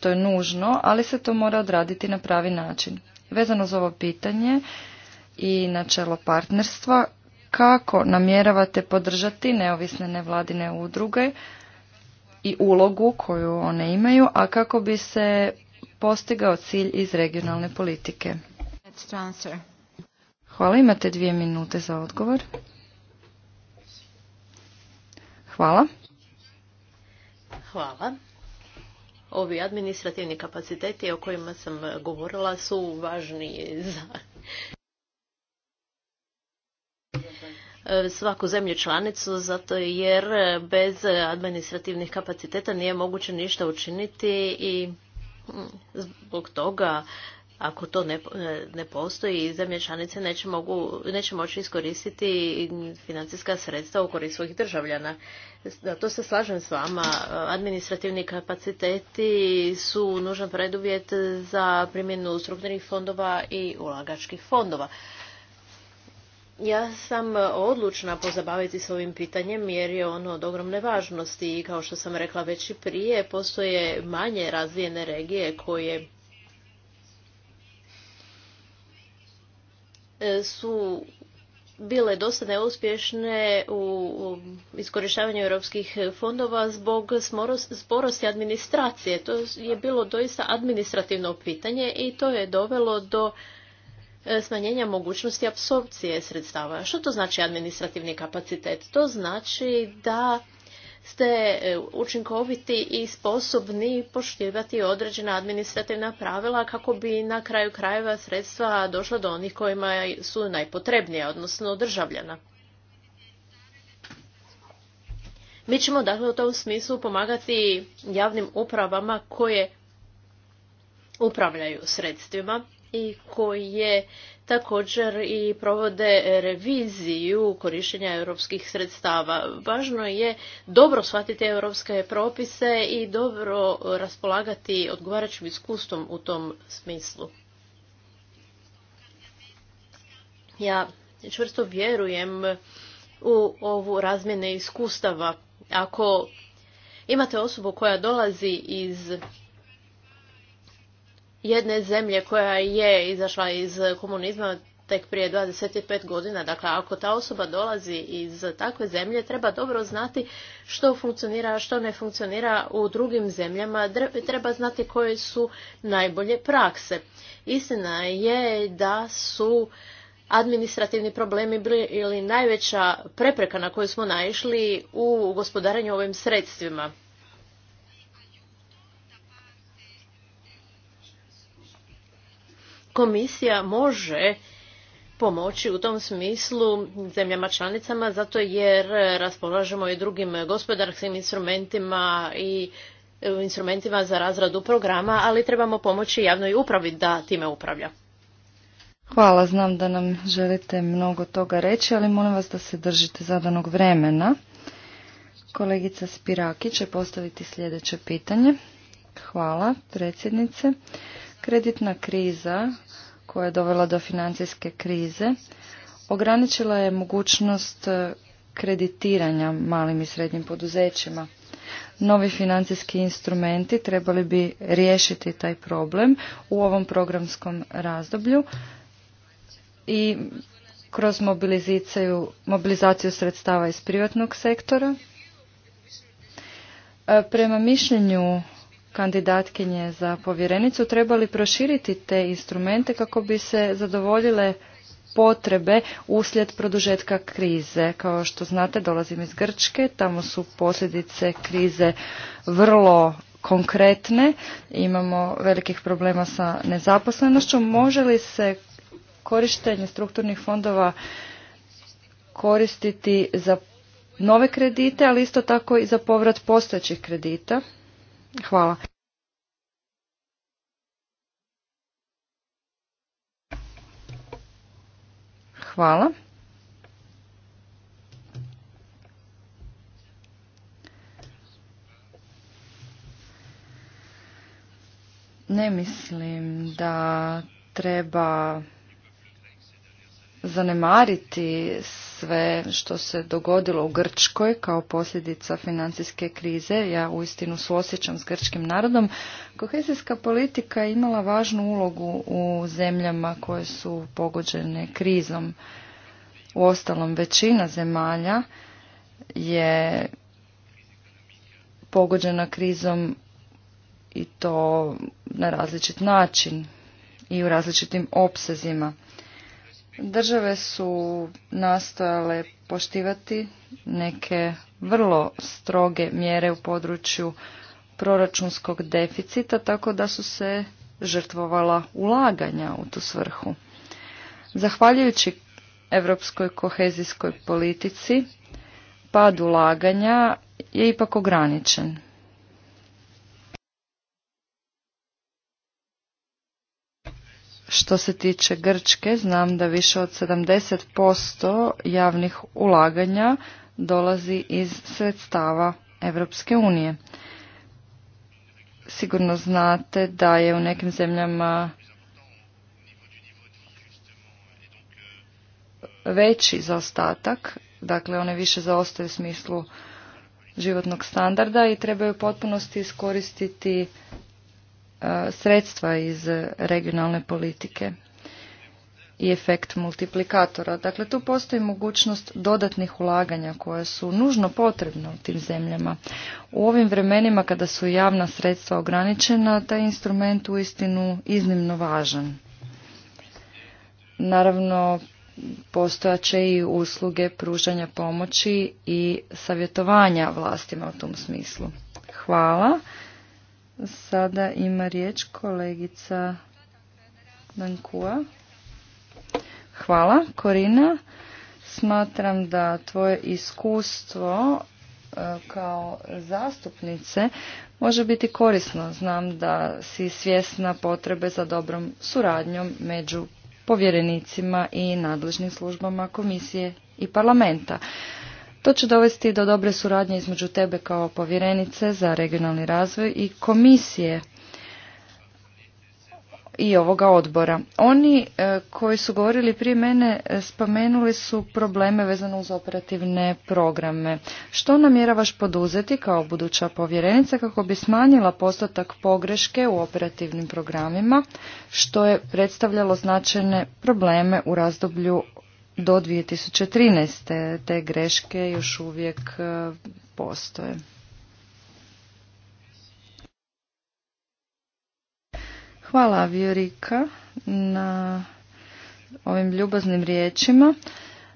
To je nužno, ali se to mora odraditi na pravi način. Vezano za ovo pitanje i načelo partnerstva, kako namjeravate podržati neovisne nevladine udruge i ulogu koju one imaju, a kako bi se postigao cilj iz regionalne politike. Hvala, imate dvije minute za odgovor. Hvala. Hvala. Ovi administrativni kapaciteti o kojima sam govorila su važni za E, svaku zemlju članicu zato jer bez administrativnih kapaciteta nije moguće ništa učiniti i mm, zbog toga ako to ne, e, ne postoji, zemlje članice neće, mogu, neće moći iskoristiti financijska sredstva u korist svojih državljana. Da, to se slažem s vama. Administrativni kapaciteti su nužan preduvjet za primjenu strukturnih fondova i ulagačkih fondova. Ja sam e, odlučna pozabaviti se ovim pitanjem jer je ono od ogromne važnosti i kao što sam rekla već i prije, postoje manje razvijene regije koje e, su bile dosta neuspješne u iskorištavanju europskih fondova zbog sporosti administracije. To je bilo doista administrativno pitanje i to je dovelo do E, smanjenja mogućnosti apsorpcije sredstava. Što to znači administrativni kapacitet? To znači da ste e, učinkoviti i sposobni poštivati određena administrativna pravila kako bi na kraju krajeva sredstva došla do onih kojima su najpotrebnija odnosno državljana. Mi ćemo dakle u tom smislu pomagati javnim upravama koje upravljaju sredstvima i koje također i provode reviziju korištenja europskih sredstava. Važno je dobro shvatiti europske propise i dobro raspolagati odgovarajućim iskustvom u tom smislu. Ja čvrsto vjerujem u ovu razmjene iskustava. Ako imate osobu koja dolazi iz jedne zemlje koja je izašla iz komunizma tek prije 25 godina. Dakle, ako ta osoba dolazi iz takve zemlje, treba dobro znati što funkcionira, što ne funkcionira u drugim zemljama. Treba znati koje su najbolje prakse. Istina je da su administrativni problemi bili ili najveća prepreka na koju smo naišli u gospodarenju ovim sredstvima. komisija može pomoći u tom smislu zemljama članicama zato jer raspolažemo i drugim gospodarskim instrumentima i e, instrumentima za razradu programa, ali trebamo pomoći javnoj upravi da time upravlja. Hvala, znam da nam želite mnogo toga reći, ali molim vas da se držite zadanog vremena. Kolegica Spiraki će postaviti sljedeće pitanje. Hvala, predsjednice. Kreditna kriza koja je dovela do financijske krize ograničila je mogućnost e, kreditiranja malim i srednjim poduzećima. Novi financijski instrumenti trebali bi riješiti taj problem u ovom programskom razdoblju i kroz mobilizaciju, mobilizaciju sredstava iz privatnog sektora. E, prema mišljenju kandidatkinje za povjerenicu trebali proširiti te instrumente kako bi se zadovoljile potrebe uslijed produžetka krize. Kao što znate, dolazim iz Grčke, tamo su posljedice krize vrlo konkretne, imamo velikih problema sa nezaposlenošću. Može li se korištenje strukturnih fondova koristiti za nove kredite, ali isto tako i za povrat postojećih kredita? Hvala. Hvala. Ne mislim da treba zanemariti sve što se dogodilo u Grčkoj kao posljedica financijske krize. Ja uistinu suosjećam s grčkim narodom. Kohezijska politika je imala važnu ulogu u zemljama koje su pogođene krizom. U ostalom većina zemalja je pogođena krizom i to na različit način i u različitim opsezima. Države su nastojale poštivati neke vrlo stroge mjere u području proračunskog deficita, tako da su se žrtvovala ulaganja u tu svrhu. Zahvaljujući europskoj kohezijskoj politici, pad ulaganja je ipak ograničen. Što se tiče Grčke, znam da više od 70% javnih ulaganja dolazi iz sredstava Europske unije. Sigurno znate da je u nekim zemljama veći zaostatak, dakle one više zaostaju u smislu životnog standarda i trebaju potpunosti iskoristiti E, sredstva iz regionalne politike i efekt multiplikatora. Dakle, tu postoji mogućnost dodatnih ulaganja koja su nužno potrebna u tim zemljama. U ovim vremenima kada su javna sredstva ograničena, taj instrument u istinu iznimno važan. Naravno, postojaće i usluge pružanja pomoći i savjetovanja vlastima u tom smislu. Hvala. Sada ima riječ kolegica Dankua. Hvala, Korina. Smatram da tvoje iskustvo e, kao zastupnice može biti korisno. Znam da si svjesna potrebe za dobrom suradnjom među povjerenicima i nadležnim službama komisije i parlamenta. To će dovesti do dobre suradnje između tebe kao povjerenice za regionalni razvoj i komisije i ovoga odbora. Oni e, koji su govorili prije mene e, spomenuli su probleme vezano uz operativne programe. Što namjeravaš poduzeti kao buduća povjerenica kako bi smanjila postotak pogreške u operativnim programima što je predstavljalo značajne probleme u razdoblju do 2013. Te greške još uvijek e, postoje. Hvala Viorika na ovim ljubaznim riječima.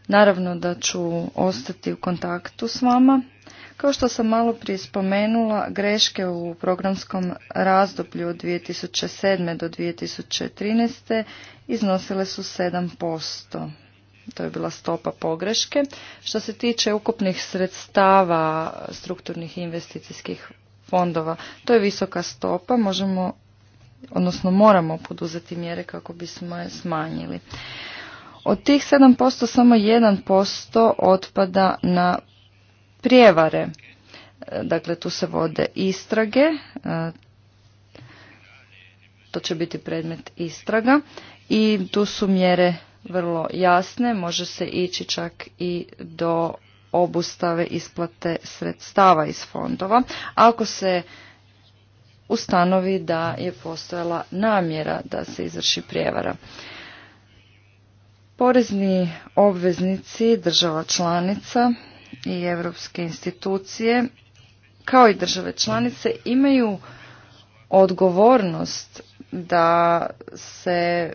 Naravno da ću ostati u kontaktu s vama. Kao što sam malo prije spomenula, greške u programskom razdoblju od 2007. do 2013. iznosile su 7% to je bila stopa pogreške. Što se tiče ukupnih sredstava strukturnih investicijskih fondova, to je visoka stopa, možemo, odnosno moramo poduzeti mjere kako bismo je smanjili. Od tih 7% samo 1% otpada na prijevare. Dakle, tu se vode istrage, e, to će biti predmet istraga i tu su mjere vrlo jasne, može se ići čak i do obustave isplate sredstava iz fondova, ako se ustanovi da je postojala namjera da se izvrši prijevara. Porezni obveznici država članica i europske institucije, kao i države članice, imaju odgovornost da se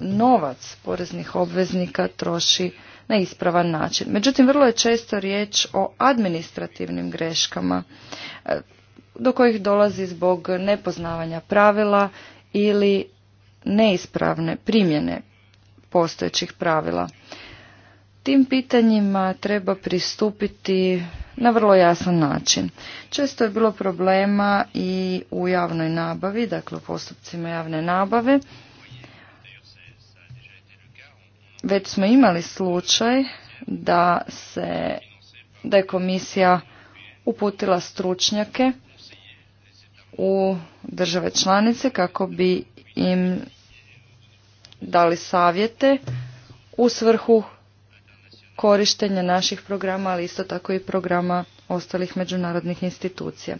novac poreznih obveznika troši na ispravan način. Međutim, vrlo je često riječ o administrativnim greškama e, do kojih dolazi zbog nepoznavanja pravila ili neispravne primjene postojećih pravila. Tim pitanjima treba pristupiti na vrlo jasan način. Često je bilo problema i u javnoj nabavi, dakle u postupcima javne nabave, već smo imali slučaj da se da je komisija uputila stručnjake u države članice kako bi im dali savjete u svrhu korištenja naših programa, ali isto tako i programa ostalih međunarodnih institucija.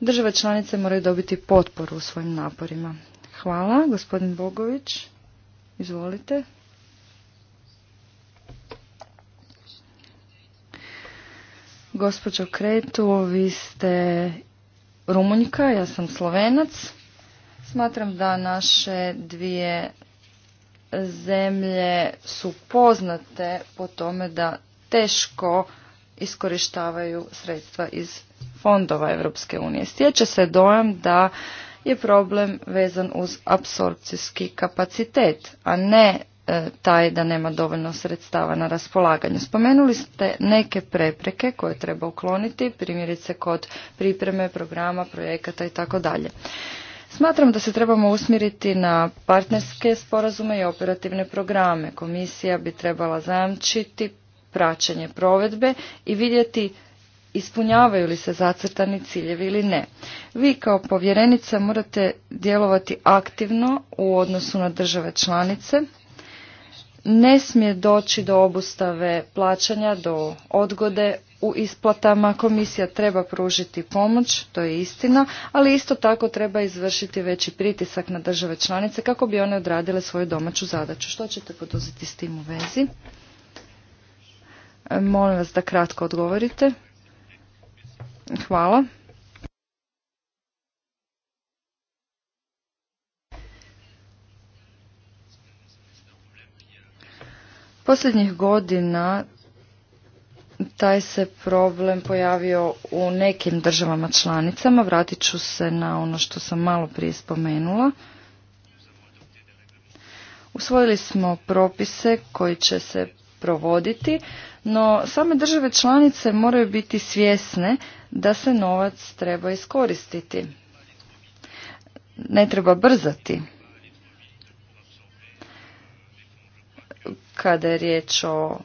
Države članice moraju dobiti potporu u svojim naporima. Hvala, gospodin Bogović. Izvolite. Gospođo Kretu, vi ste Rumunjka, ja sam Slovenac. Smatram da naše dvije zemlje su poznate po tome da teško iskorištavaju sredstva iz fondova Europske unije. Stječe se dojam da je problem vezan uz apsorpcijski kapacitet, a ne E, taj da nema dovoljno sredstava na raspolaganju. Spomenuli ste neke prepreke koje treba ukloniti, primjerice kod pripreme programa, projekata i tako dalje. Smatram da se trebamo usmjeriti na partnerske sporazume i operativne programe. Komisija bi trebala zajamčiti praćenje provedbe i vidjeti ispunjavaju li se zacrtani ciljevi ili ne. Vi kao povjerenica morate djelovati aktivno u odnosu na države članice ne smije doći do obustave plaćanja, do odgode u isplatama. Komisija treba pružiti pomoć, to je istina, ali isto tako treba izvršiti veći pritisak na države članice kako bi one odradile svoju domaću zadaću. Što ćete poduzeti s tim u vezi? E, molim vas da kratko odgovorite. Hvala. Posljednjih godina taj se problem pojavio u nekim državama članicama. Vratit ću se na ono što sam malo prije spomenula. Usvojili smo propise koji će se provoditi, no same države članice moraju biti svjesne da se novac treba iskoristiti. Ne treba brzati. kada je riječ o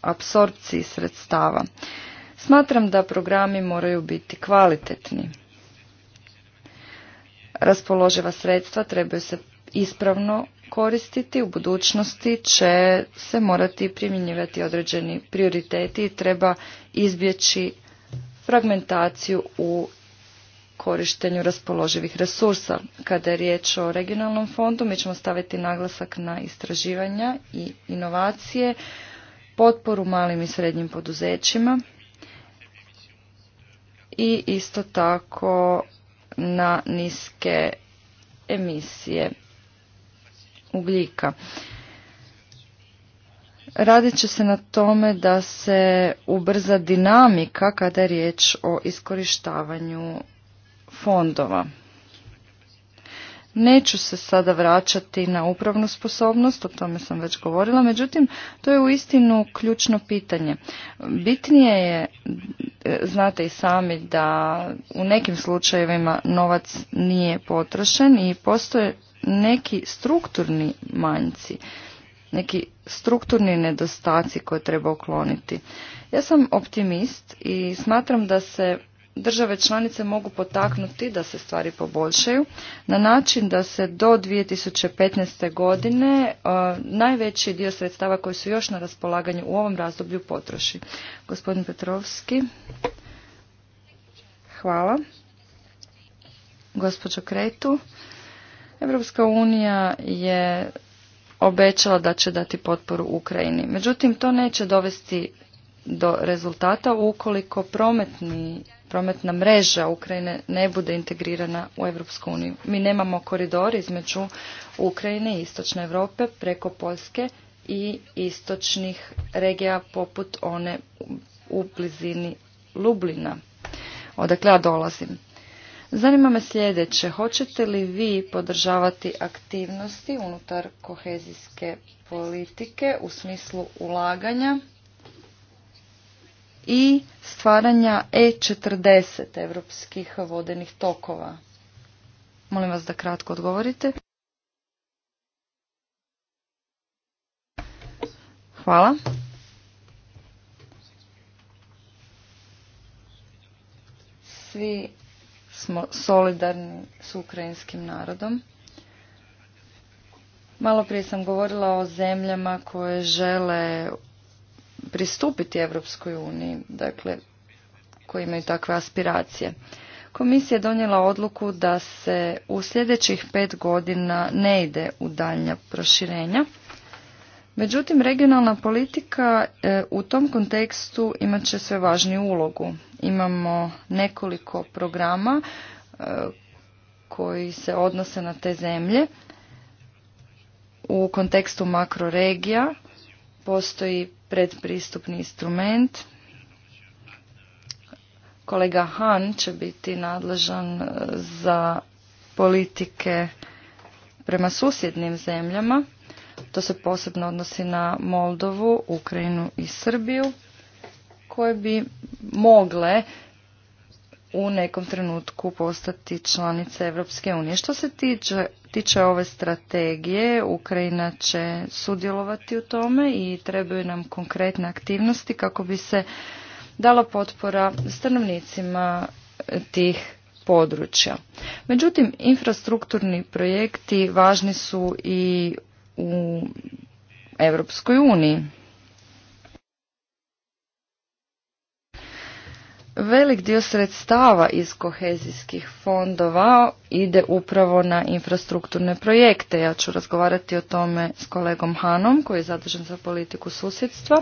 apsorpciji sredstava. Smatram da programi moraju biti kvalitetni. Raspoloživa sredstva trebaju se ispravno koristiti, u budućnosti će se morati primjenjivati određeni prioriteti i treba izbjeći fragmentaciju u korištenju raspoloživih resursa. Kada je riječ o regionalnom fondu, mi ćemo staviti naglasak na istraživanja i inovacije, potporu malim i srednjim poduzećima i isto tako na niske emisije ugljika. Radit će se na tome da se ubrza dinamika kada je riječ o iskorištavanju fondova. Neću se sada vraćati na upravnu sposobnost, o tome sam već govorila, međutim to je uistinu ključno pitanje. Bitnije je, e, znate i sami, da u nekim slučajevima novac nije potrošen i postoje neki strukturni manjci, neki strukturni nedostaci koje treba ukloniti. Ja sam optimist i smatram da se države članice mogu potaknuti da se stvari poboljšaju na način da se do 2015. godine najveći dio sredstava koji su još na raspolaganju u ovom razdoblju potroši. Gospodin Petrovski. Hvala. Gospođo Kretu. Evropska unija je obećala da će dati potporu Ukrajini. Međutim, to neće dovesti do rezultata ukoliko prometni prometna mreža Ukrajine ne bude integrirana u Europsku uniju. Mi nemamo koridor između Ukrajine i istočne Europe preko Poljske i istočnih regija poput one u blizini Lublina, odakle ja dolazim. Zanima me sljedeće, hoćete li vi podržavati aktivnosti unutar kohezijske politike u smislu ulaganja i stvaranja E40 europskih vodenih tokova. Molim vas da kratko odgovorite. Hvala. Svi smo solidarni s ukrajinskim narodom. Malo prije sam govorila o zemljama koje žele pristupiti Europskoj uniji, dakle koji imaju takve aspiracije. Komisija je donijela odluku da se u sljedećih pet godina ne ide u daljnja proširenja. Međutim, regionalna politika e, u tom kontekstu imat će sve važniju ulogu. Imamo nekoliko programa e, koji se odnose na te zemlje. U kontekstu makroregija postoji predpristupni instrument. Kolega Han će biti nadležan e, za politike prema susjednim zemljama. To se posebno odnosi na Moldovu, Ukrajinu i Srbiju koje bi mogle u nekom trenutku postati članice Europske unije. Što se tiče tiče ove strategije, Ukrajina će sudjelovati u tome i trebaju nam konkretne aktivnosti kako bi se dala potpora stanovnicima tih područja. Međutim, infrastrukturni projekti važni su i u Europskoj uniji. velik dio sredstava iz kohezijskih fondova ide upravo na infrastrukturne projekte. Ja ću razgovarati o tome s kolegom Hanom koji je zadužen za politiku susjedstva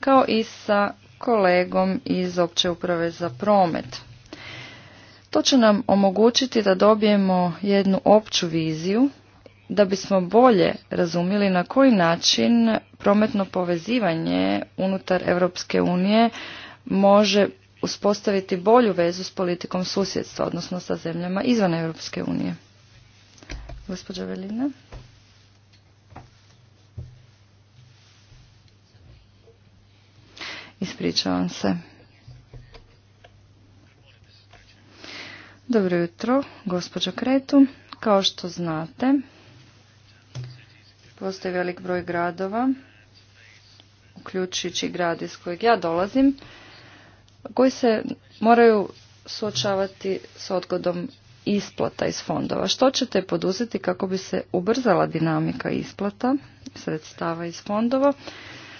kao i sa kolegom iz opće uprave za promet. To će nam omogućiti da dobijemo jednu opću viziju da bismo bolje razumjeli na koji način prometno povezivanje unutar Europske unije može uspostaviti bolju vezu s politikom susjedstva, odnosno sa zemljama izvan Europske unije. Gospođa Velina. Ispričavam se. Dobro jutro, gospođo Kretu. Kao što znate, postoji velik broj gradova, uključujući grad iz kojeg ja dolazim, koji se moraju suočavati s odgodom isplata iz fondova. Što ćete poduzeti kako bi se ubrzala dinamika isplata sredstava iz fondova?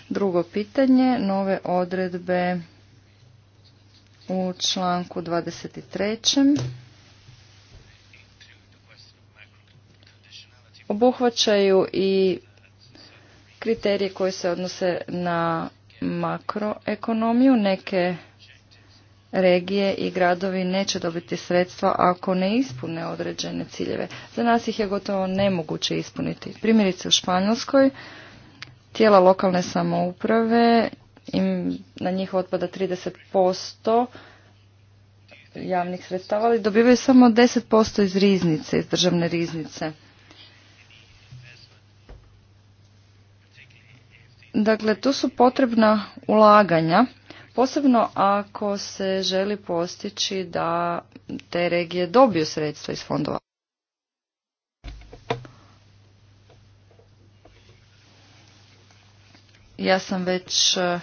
Drugo pitanje, nove odredbe u članku 23. Obuhvaćaju i kriterije koje se odnose na makroekonomiju. Neke regije i gradovi neće dobiti sredstva ako ne ispune određene ciljeve. Za nas ih je gotovo nemoguće ispuniti. Primjerice u Španjolskoj tijela lokalne samouprave im na njih otpada 30% javnih sredstava, ali dobivaju samo 10% iz riznice, iz državne riznice. Dakle, tu su potrebna ulaganja posebno ako se želi postići da te regije dobiju sredstva iz fondova. Ja sam već e,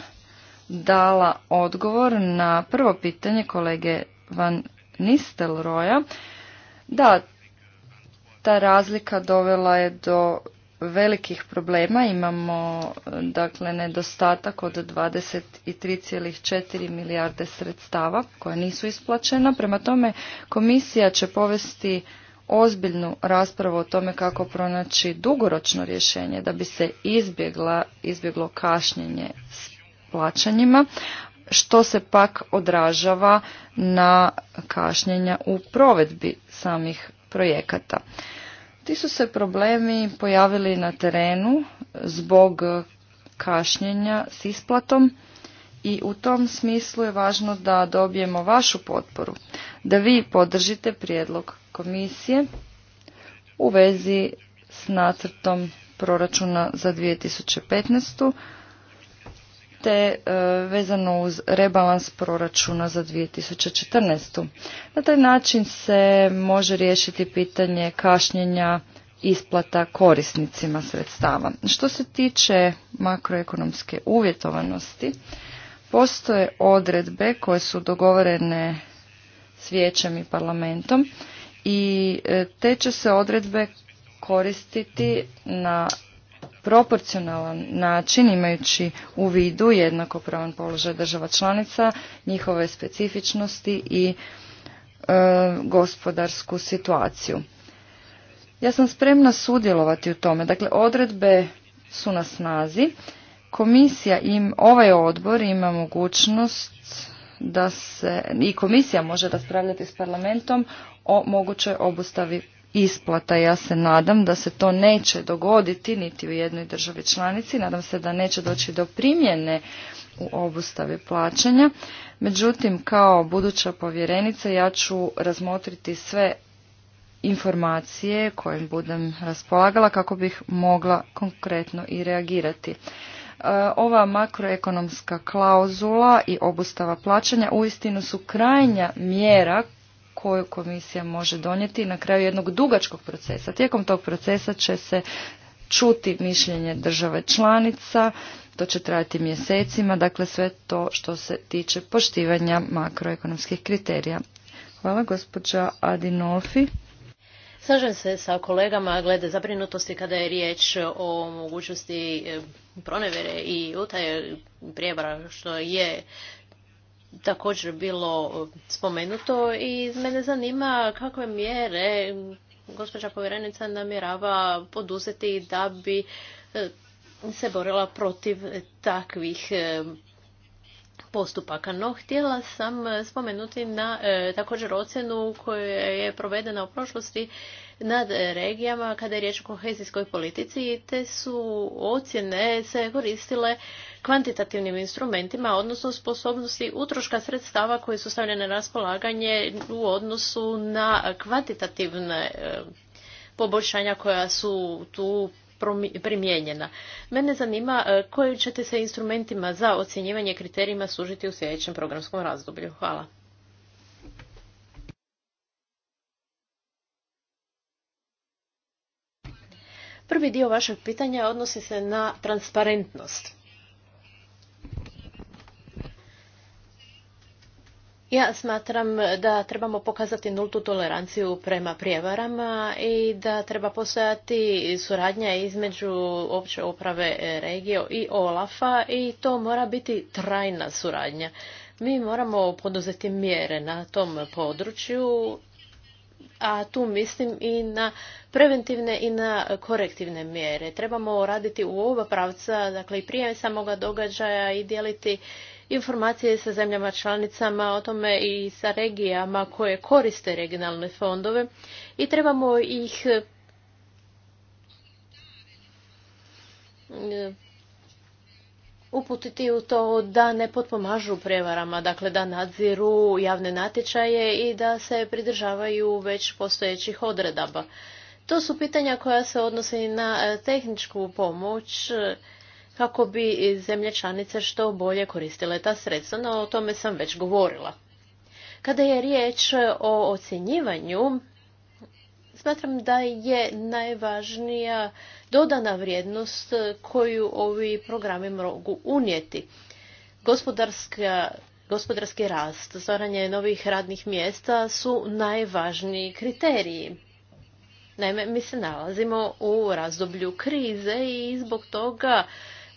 dala odgovor na prvo pitanje kolege Van Nistelroja. Da, ta razlika dovela je do velikih problema. Imamo dakle nedostatak od 23,4 milijarde sredstava koja nisu isplaćena. Prema tome komisija će povesti ozbiljnu raspravu o tome kako pronaći dugoročno rješenje da bi se izbjegla, izbjeglo kašnjenje s plaćanjima, što se pak odražava na kašnjenja u provedbi samih projekata. Ti su se problemi pojavili na terenu zbog kašnjenja s isplatom i u tom smislu je važno da dobijemo vašu potporu, da vi podržite prijedlog komisije u vezi s nacrtom proračuna za 2015 te e, vezano uz rebalans proračuna za 2014. Na taj način se može riješiti pitanje kašnjenja isplata korisnicima sredstava. Što se tiče makroekonomske uvjetovanosti, postoje odredbe koje su dogovorene s vijećem i parlamentom i e, te će se odredbe koristiti na proporcionalan način imajući u vidu jednakopravan položaj država članica, njihove specifičnosti i e, gospodarsku situaciju. Ja sam spremna sudjelovati u tome. Dakle, odredbe su na snazi. Komisija im, ovaj odbor ima mogućnost da se, i komisija može raspravljati s parlamentom o mogućoj obustavi isplata. Ja se nadam da se to neće dogoditi niti u jednoj državi članici. Nadam se da neće doći do primjene u obustavi plaćanja. Međutim, kao buduća povjerenica ja ću razmotriti sve informacije kojim budem raspolagala kako bih mogla konkretno i reagirati. E, ova makroekonomska klauzula i obustava plaćanja uistinu su krajnja mjera koju komisija može donijeti na kraju jednog dugačkog procesa. Tijekom tog procesa će se čuti mišljenje države članica, to će trajati mjesecima, dakle sve to što se tiče poštivanja makroekonomskih kriterija. Hvala gospođa Adinofi. Slažem se sa kolegama glede zabrinutosti kada je riječ o mogućnosti eh, pronevere i utaje prijevara što je također bilo eh, spomenuto i mene zanima kakve mjere gospođa povjerenica namjerava poduzeti da bi eh, se borila protiv takvih eh, postupaka. No, htjela sam spomenuti na također ocjenu koja je provedena u prošlosti nad e, regijama kada je riječ o kohezijskoj politici te su ocjene se koristile kvantitativnim instrumentima, odnosno sposobnosti utroška sredstava koje su stavljene na raspolaganje u odnosu na kvantitativne e, poboljšanja koja su tu primijenjena. Mene zanima e, koji ćete se instrumentima za ocjenjivanje kriterijima služiti u sljedećem programskom razdoblju. Hvala. Prvi dio vašeg pitanja odnosi se na transparentnost. Ja smatram da trebamo pokazati nultu toleranciju prema prijevarama i da treba postojati suradnja između opće uprave regio i OLAF-a i to mora biti trajna suradnja. Mi moramo poduzeti mjere na tom području a tu mislim i na preventivne i na korektivne mjere. Trebamo raditi u oba pravca, dakle i prije samoga događaja i dijeliti informacije sa zemljama članicama o tome i sa regijama koje koriste regionalne fondove i trebamo ih uputiti u to da ne potpomažu prevarama, dakle da nadziru javne natječaje i da se pridržavaju već postojećih odredaba. To su pitanja koja se odnose na e, tehničku pomoć e, kako bi zemlje članice što bolje koristile ta sredstva, no o tome sam već govorila. Kada je riječ e, o ocjenjivanju, smatram da je najvažnija dodana vrijednost e, koju ovi programi mogu unijeti. Gospodarska Gospodarski rast, stvaranje novih radnih mjesta su najvažniji kriteriji. Naime, mi se nalazimo u razdoblju krize i zbog toga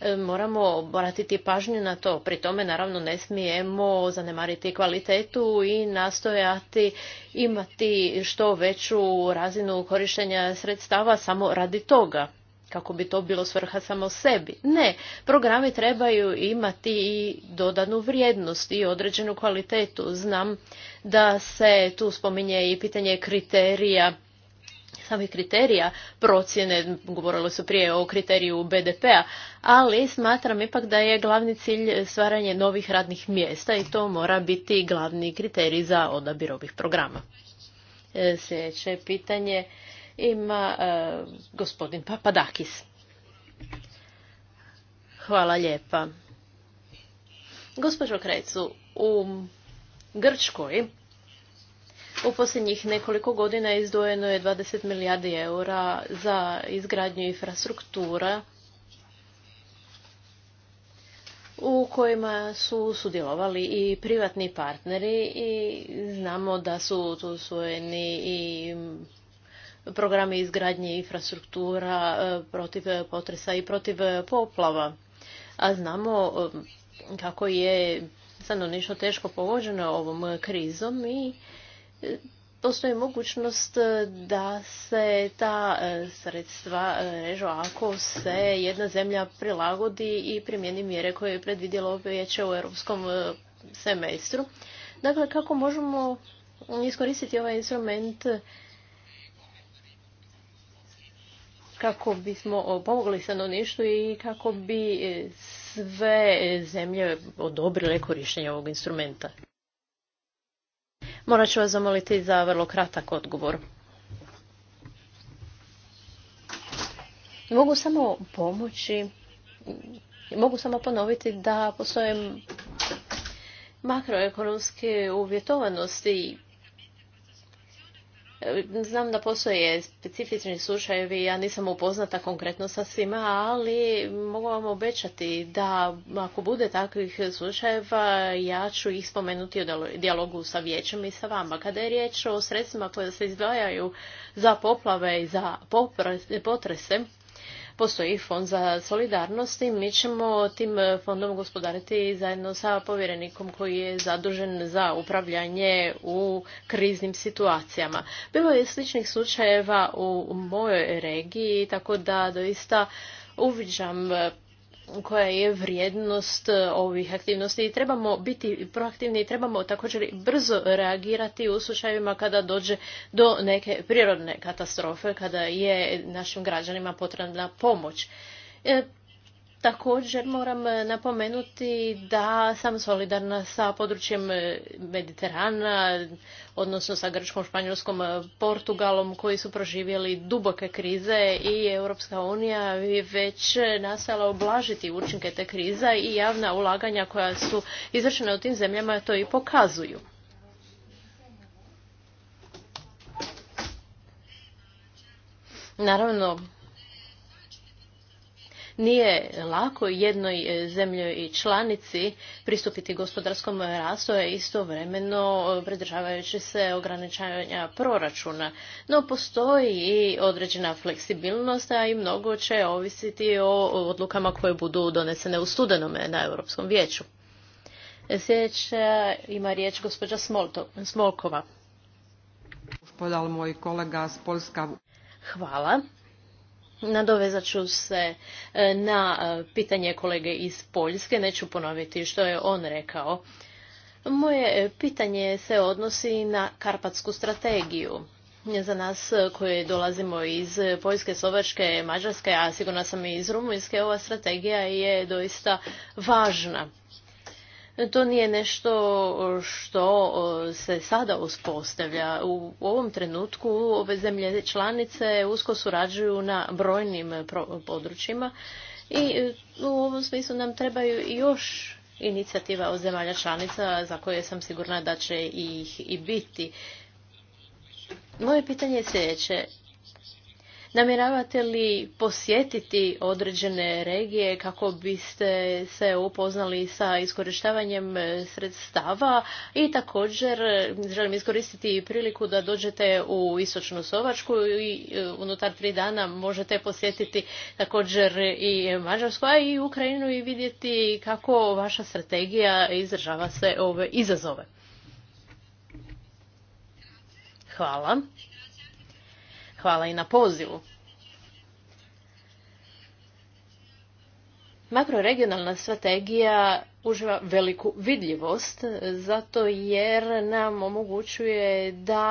e, moramo obratiti pažnju na to. Pri tome, naravno, ne smijemo zanemariti kvalitetu i nastojati imati što veću razinu korištenja sredstava samo radi toga kako bi to bilo svrha samo sebi. Ne, programi trebaju imati i dodanu vrijednost i određenu kvalitetu. Znam da se tu spominje i pitanje kriterija samih kriterija procjene, govorilo se prije o kriteriju BDP-a, ali smatram ipak da je glavni cilj stvaranje novih radnih mjesta i to mora biti glavni kriterij za odabir ovih programa. E, sljedeće pitanje ima e, gospodin Papadakis. Hvala lijepa. Gospođo Krecu, u Grčkoj u posljednjih nekoliko godina izdvojeno je 20 milijardi eura za izgradnju infrastruktura u kojima su sudjelovali i privatni partneri i znamo da su tu usvojeni i programi izgradnje infrastruktura e, protiv potresa i protiv poplava. A znamo e, kako je stanovništvo teško povođeno ovom krizom i e, postoji mogućnost da se ta sredstva režu ako se jedna zemlja prilagodi i primjeni mjere koje je predvidjelo vijeće u europskom semestru. Dakle, kako možemo iskoristiti ovaj instrument kako bismo pomogli stanovništvu i kako bi e, sve zemlje odobrile korištenje ovog instrumenta? Morat ću vas zamoliti za vrlo kratak odgovor. Mogu samo pomoći, mogu samo ponoviti da postoje makroekonomske uvjetovanosti E, znam da postoje specifični slučajevi, ja nisam upoznata konkretno sa svima, ali mogu vam obećati da ako bude takvih slučajeva, ja ću ih spomenuti u dijalogu sa vijećem i sa vama. Kada je riječ o sredstvima koje se izdvajaju za poplave i za potrese, postoji fond za solidarnost i mi ćemo tim fondom gospodariti zajedno sa povjerenikom koji je zadužen za upravljanje u kriznim situacijama. Bilo je sličnih slučajeva u mojoj regiji, tako da doista uviđam koja je vrijednost e, ovih aktivnosti i trebamo biti proaktivni i trebamo također brzo reagirati u slučajevima kada dođe do neke prirodne katastrofe, kada je našim građanima potrebna pomoć. E, Također moram e, napomenuti da sam solidarna sa područjem e, Mediterana, odnosno sa Grčkom, Španjolskom, e, Portugalom koji su proživjeli duboke krize i Europska unija već nastala oblažiti učinke te kriza i javna ulaganja koja su izvršena u tim zemljama to i pokazuju. Naravno, nije lako jednoj e, zemljoj i članici pristupiti gospodarskom rastu, a istovremeno e, pridržavajući se ograničavanja proračuna. No postoji i određena fleksibilnost, a i mnogo će ovisiti o odlukama koje budu donesene u studenome na Europskom vijeću. Sljedeća ima riječ gospođa Smolkova. moj kolega s Hvala. Nadovezat ću se e, na e, pitanje kolege iz Poljske, neću ponoviti što je on rekao. Moje e, pitanje se odnosi na karpatsku strategiju. Za nas koji dolazimo iz Poljske, Slovačke, Mađarske, a sigurno sam i iz Rumunjske, ova strategija je doista važna. To nije nešto što se sada uspostavlja. U ovom trenutku ove zemlje članice usko surađuju na brojnim područjima i e, u ovom smislu nam trebaju još inicijativa od zemalja članica za koje sam sigurna da će ih i biti. Moje pitanje je sljedeće. Namjeravate li posjetiti određene regije kako biste se upoznali sa iskorištavanjem e, sredstava i također želim iskoristiti priliku da dođete u Istočnu Sovačku i e, unutar tri dana možete posjetiti također i Mađarsku, a i Ukrajinu i vidjeti kako vaša strategija izražava se ove izazove. Hvala. Hvala i na pozivu. Makroregionalna strategija uživa veliku vidljivost zato jer nam omogućuje da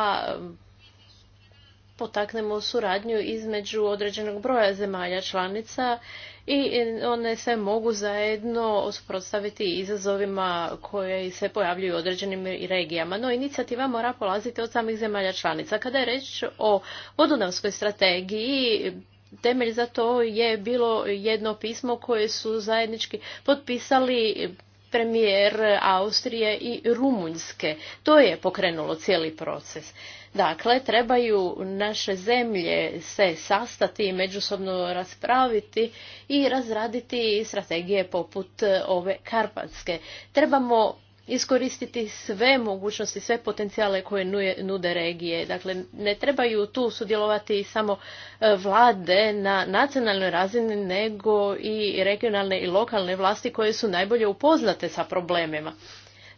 potaknemo suradnju između određenog broja zemalja članica i one se mogu zajedno suprotstaviti izazovima koje se pojavljuju u određenim regijama. No, inicijativa mora polaziti od samih zemalja članica. Kada je reč o vodunavskoj strategiji, temelj za to je bilo jedno pismo koje su zajednički potpisali premijer Austrije i Rumunjske. To je pokrenulo cijeli proces. Dakle, trebaju naše zemlje se sastati i međusobno raspraviti i razraditi strategije poput e, ove karpatske. Trebamo iskoristiti sve mogućnosti, sve potencijale koje nude regije. Dakle, ne trebaju tu sudjelovati samo e, vlade na nacionalnoj razini, nego i regionalne i lokalne vlasti koje su najbolje upoznate sa problemima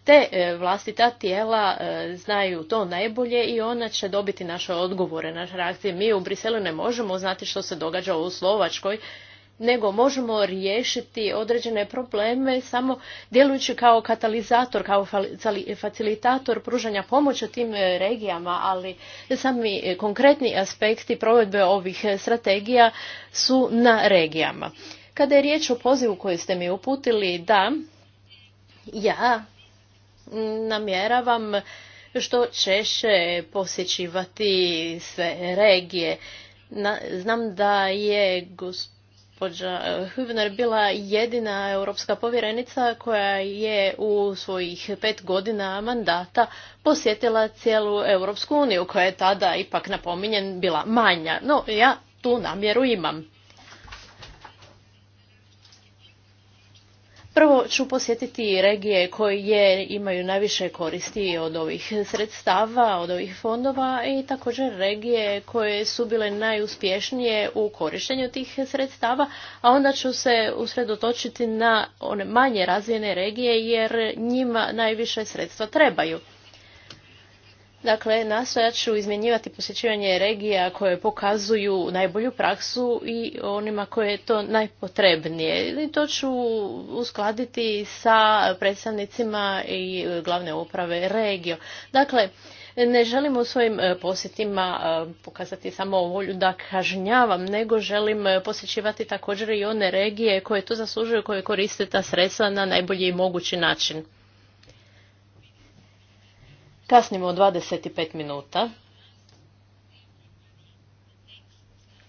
te e, vlastita tijela e, znaju to najbolje i ona će dobiti naše odgovore, naše reakcije. Mi u Briselu ne možemo znati što se događa u Slovačkoj, nego možemo riješiti određene probleme samo djelujući kao katalizator, kao facilitator pružanja pomoći tim e, regijama, ali sami konkretni aspekti provedbe ovih strategija su na regijama. Kada je riječ o pozivu koji ste mi uputili, da, ja namjeravam što češće posjećivati sve regije. znam da je gospođa Hübner bila jedina europska povjerenica koja je u svojih pet godina mandata posjetila cijelu Europsku uniju koja je tada ipak napominjen bila manja. No ja tu namjeru imam. Prvo ću posjetiti regije koje imaju najviše koristi od ovih sredstava, od ovih fondova i također regije koje su bile najuspješnije u korištenju tih sredstava, a onda ću se usredotočiti na one manje razvijene regije jer njima najviše sredstva trebaju. Dakle, nastojat ću izmjenjivati posjećivanje regija koje pokazuju najbolju praksu i onima koje je to najpotrebnije. I to ću uskladiti sa predstavnicima i glavne uprave regio. Dakle, ne želim u svojim e, posjetima e, pokazati samo volju da kažnjavam, nego želim e, posjećivati također i one regije koje to zaslužuju, koje koriste ta sredstva na najbolji mogući način. Kasnimo 25 minuta.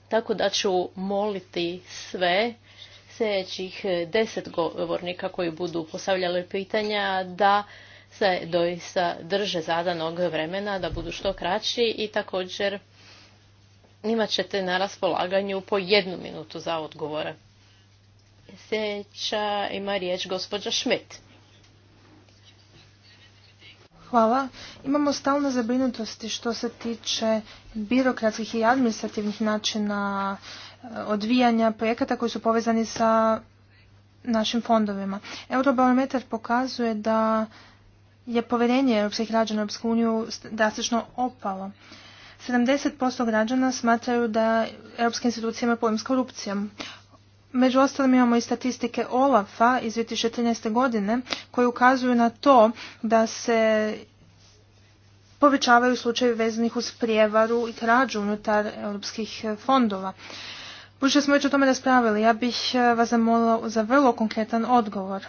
Tako da ću moliti sve sljedećih deset govornika koji budu postavljali pitanja da se doista drže zadanog vremena, da budu što kraći i također imat ćete na raspolaganju po jednu minutu za odgovore. Sljedeća ima riječ gospođa Šmit. Hvala. Imamo stalno zabrinutosti što se tiče birokratskih i administrativnih načina eh, odvijanja projekata koji su povezani sa našim fondovima. Eurobarometar pokazuje da je povjerenje europskih građana u Europsku uniju drastično opalo. 70% građana smatraju da europske institucije imaju pojem s korupcijom. Među ostalim imamo i statistike OLAF-a iz 2013. godine koje ukazuju na to da se povećavaju slučajevi vezanih uz prijevaru i krađu unutar europskih fondova. Budući smo već o tome raspravili, ja bih e, vas zamolila za vrlo konkretan odgovor.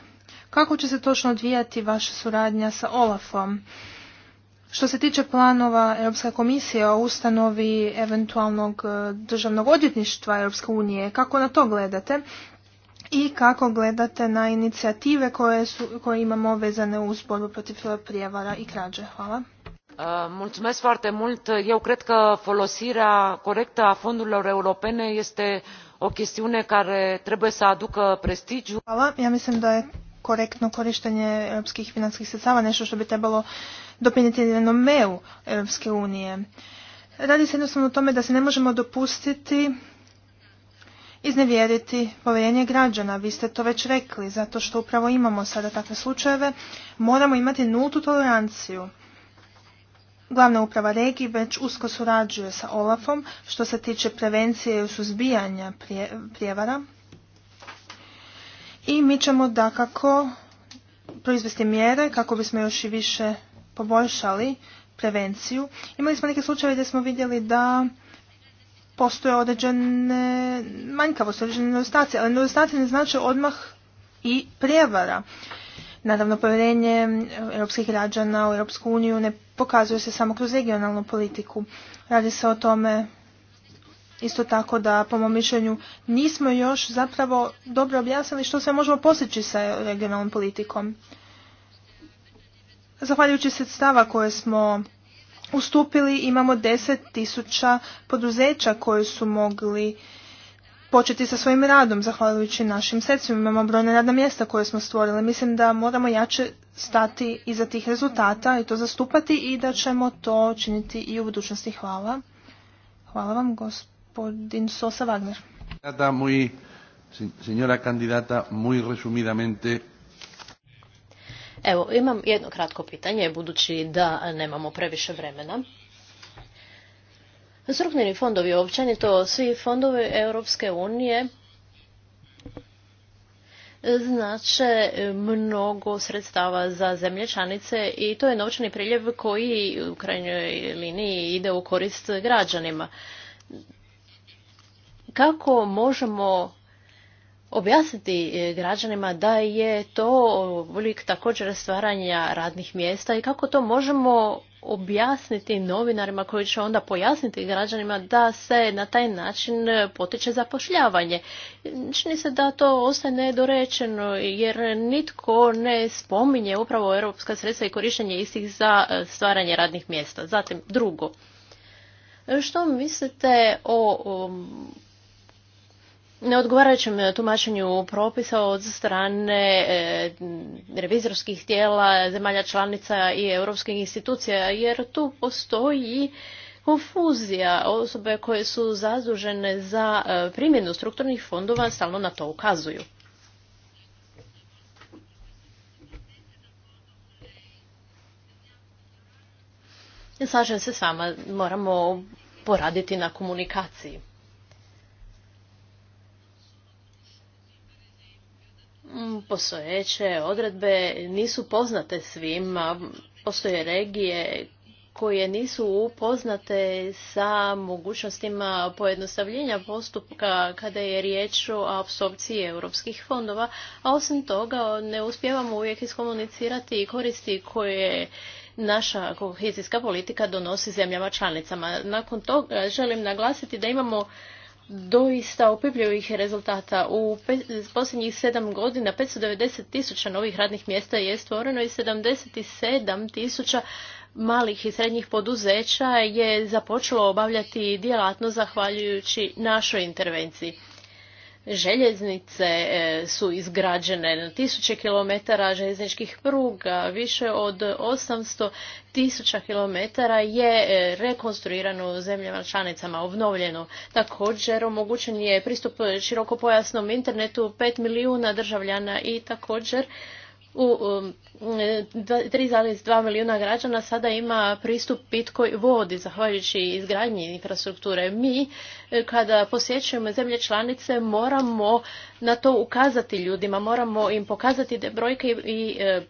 Kako će se točno odvijati vaša suradnja sa OLAF-om? Što se tiče planova Europska komisija o ustanovi eventualnog e, državnog odvjetništva Europske unije, kako na to gledate i kako gledate na inicijative koje, su, koje imamo vezane uz borbu protiv prijevara i krađe? Hvala. Uh, mulțumesc foarte mult. Eu cred că folosirea corectă a fondurilor europene este o chestiune care trebuie să aducă prestigiu. Hvala. Ja mislim da je korektno korištenje europskih financijskih sredstava nešto što bi trebalo doprinijeti renomeu Europske unije. Radi se jednostavno o tome da se ne možemo dopustiti iznevjeriti povjerenje građana. Vi ste to već rekli, zato što upravo imamo sada takve slučajeve. Moramo imati nultu toleranciju. Glavna uprava regiji već usko surađuje sa Olafom što se tiče prevencije i suzbijanja prijevara. I mi ćemo dakako proizvesti mjere kako bismo još i više poboljšali prevenciju. Imali smo neke slučajeve gdje smo vidjeli da postoje određene manjkavosti, određene nedostacije, ali nedostacije ne znači odmah i prijevara. Naravno, povjerenje europskih građana u Europsku uniju ne pokazuje se samo kroz regionalnu politiku. Radi se o tome isto tako da, po mom mišljenju, nismo još zapravo dobro objasnili što sve možemo postići sa regionalnom politikom. Zahvaljujući sredstava koje smo ustupili imamo tisuća poduzeća koji su mogli početi sa svojim radom zahvaljujući našim sredstvima. Imamo brojne radna mjesta koje smo stvorili. Mislim da moramo jače stati iza tih rezultata i to zastupati i da ćemo to činiti i u budućnosti. Hvala. Hvala vam, gospodin Sosa Wagner. Evo, imam jedno kratko pitanje, budući da nemamo previše vremena. Strukturni fondovi općenito, svi fondovi Europske unije znače mnogo sredstava za zemlje članice i to je novčani priljev koji u krajnjoj liniji ide u korist građanima. Kako možemo objasniti e, građanima da je to oblik također stvaranja radnih mjesta i kako to možemo objasniti novinarima koji će onda pojasniti građanima da se na taj način potiče zapošljavanje. Čini se da to ostaje nedorečeno jer nitko ne spominje upravo europska sredstva i korištenje istih za e, stvaranje radnih mjesta. Zatim drugo, što mislite o neodgovarajućem e, tumačenju propisa od strane e, revizorskih tijela, zemalja članica i europskih institucija, jer tu postoji konfuzija. Osobe koje su zadužene za e, primjenu strukturnih fondova stalno na to ukazuju. Slažem se s vama, moramo poraditi na komunikaciji. Mm, postojeće odredbe nisu poznate svima. Postoje regije koje nisu upoznate sa mogućnostima pojednostavljenja postupka kada je riječ o apsorpciji europskih fondova, a osim toga ne uspjevamo uvijek iskomunicirati i koristi koje naša kohezijska politika donosi zemljama članicama. Nakon toga želim naglasiti da imamo doista opipljivih rezultata. U posljednjih sedam godina 590 tisuća novih radnih mjesta je stvoreno i 77 tisuća malih i srednjih poduzeća je započelo obavljati djelatnost zahvaljujući našoj intervenciji. Željeznice e, su izgrađene na tisuće kilometara željezničkih pruga, više od 800 tisuća kilometara je e, rekonstruirano u zemljama članicama, obnovljeno. Također omogućen je pristup širokopojasnom internetu 5 milijuna državljana i također u 3,2 um, milijuna građana sada ima pristup pitkoj vodi zahvaljujući izgradnji infrastrukture. Mi e, kada posjećujemo zemlje članice moramo na to ukazati ljudima, moramo im pokazati te brojke i e,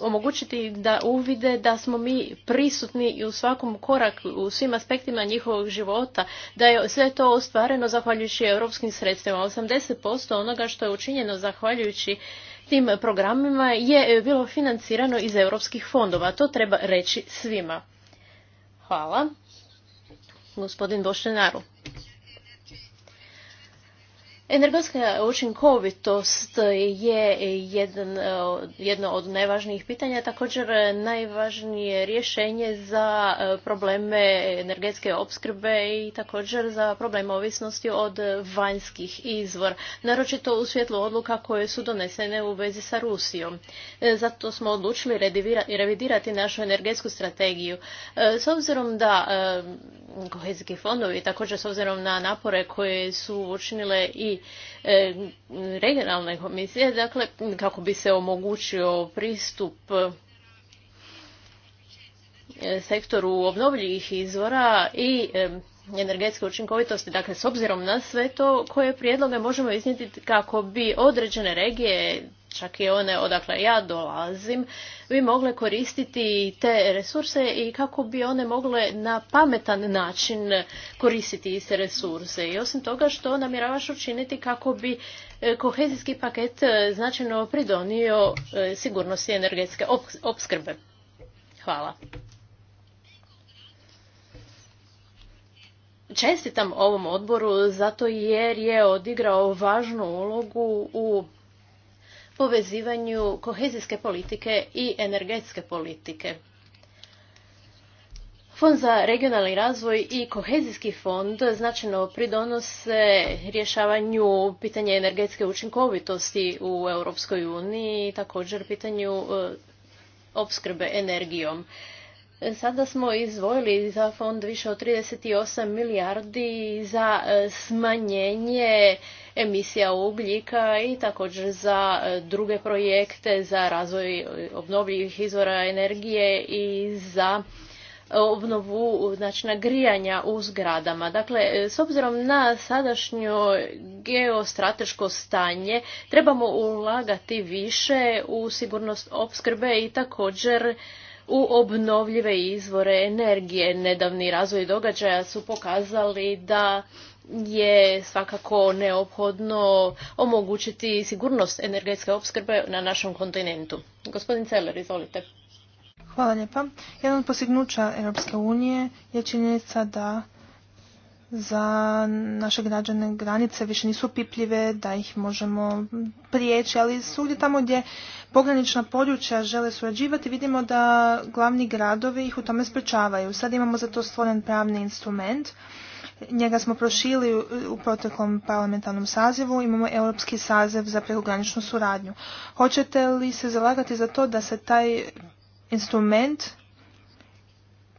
omogućiti da uvide da smo mi prisutni i u svakom koraku, u svim aspektima njihovog života, da je sve to ostvareno zahvaljujući europskim sredstvima. 80% onoga što je učinjeno zahvaljujući tim programima je e, bilo financirano iz europskih fondova. To treba reći svima. Hvala. Gospodin Bošenaru. Energetska učinkovitost je jedno od najvažnijih pitanja, također najvažnije rješenje za probleme energetske opskrbe i također za problem ovisnosti od vanjskih izvor, naročito u svjetlu odluka koje su donesene u vezi sa Rusijom. E, zato smo odlučili revidirati našu energetsku strategiju. E, s obzirom da e, kohezijski fondovi, također s obzirom na napore koje su učinile i i e, regionalne komisije, dakle, kako bi se omogućio pristup e, sektoru obnovljivih izvora i e, energetske učinkovitosti. Dakle, s obzirom na sve to, koje prijedloge možemo iznijeti kako bi određene regije čak i one odakle ja dolazim, bi mogle koristiti te resurse i kako bi one mogle na pametan način koristiti iste resurse. I osim toga što namjeravaš učiniti kako bi e, kohezijski paket e, značajno pridonio e, sigurnosti energetske opskrbe. Hvala. Čestitam ovom odboru zato jer je odigrao važnu ulogu u povezivanju kohezijske politike i energetske politike. Fond za regionalni razvoj i kohezijski fond značajno pridonose rješavanju pitanja energetske učinkovitosti u Europskoj uniji i također pitanju e, opskrbe energijom. Sada smo izdvojili za fond više od 38 milijardi za e, smanjenje emisija ugljika i također za e, druge projekte, za razvoj obnovljivih izvora energije i za e, obnovu načina grijanja u zgradama. Dakle, s obzirom na sadašnjo geostrateško stanje, trebamo ulagati više u sigurnost opskrbe i također u obnovljive izvore energije. Nedavni razvoj događaja su pokazali da je svakako neophodno omogućiti sigurnost energetske opskrbe na našem kontinentu. Gospodin Celer, izvolite. Hvala lijepa. Jedan od postignuća Europske unije je činjenica da za naše građane granice više nisu pipljive, da ih možemo prijeći, ali svugdje tamo gdje pogranična područja žele surađivati vidimo da glavni gradovi ih u tome sprečavaju. Sad imamo za to stvoren pravni instrument. Njega smo prošili u proteklom parlamentarnom sazivu, imamo Europski saziv za prekograničnu suradnju. Hoćete li se zalagati za to da se taj instrument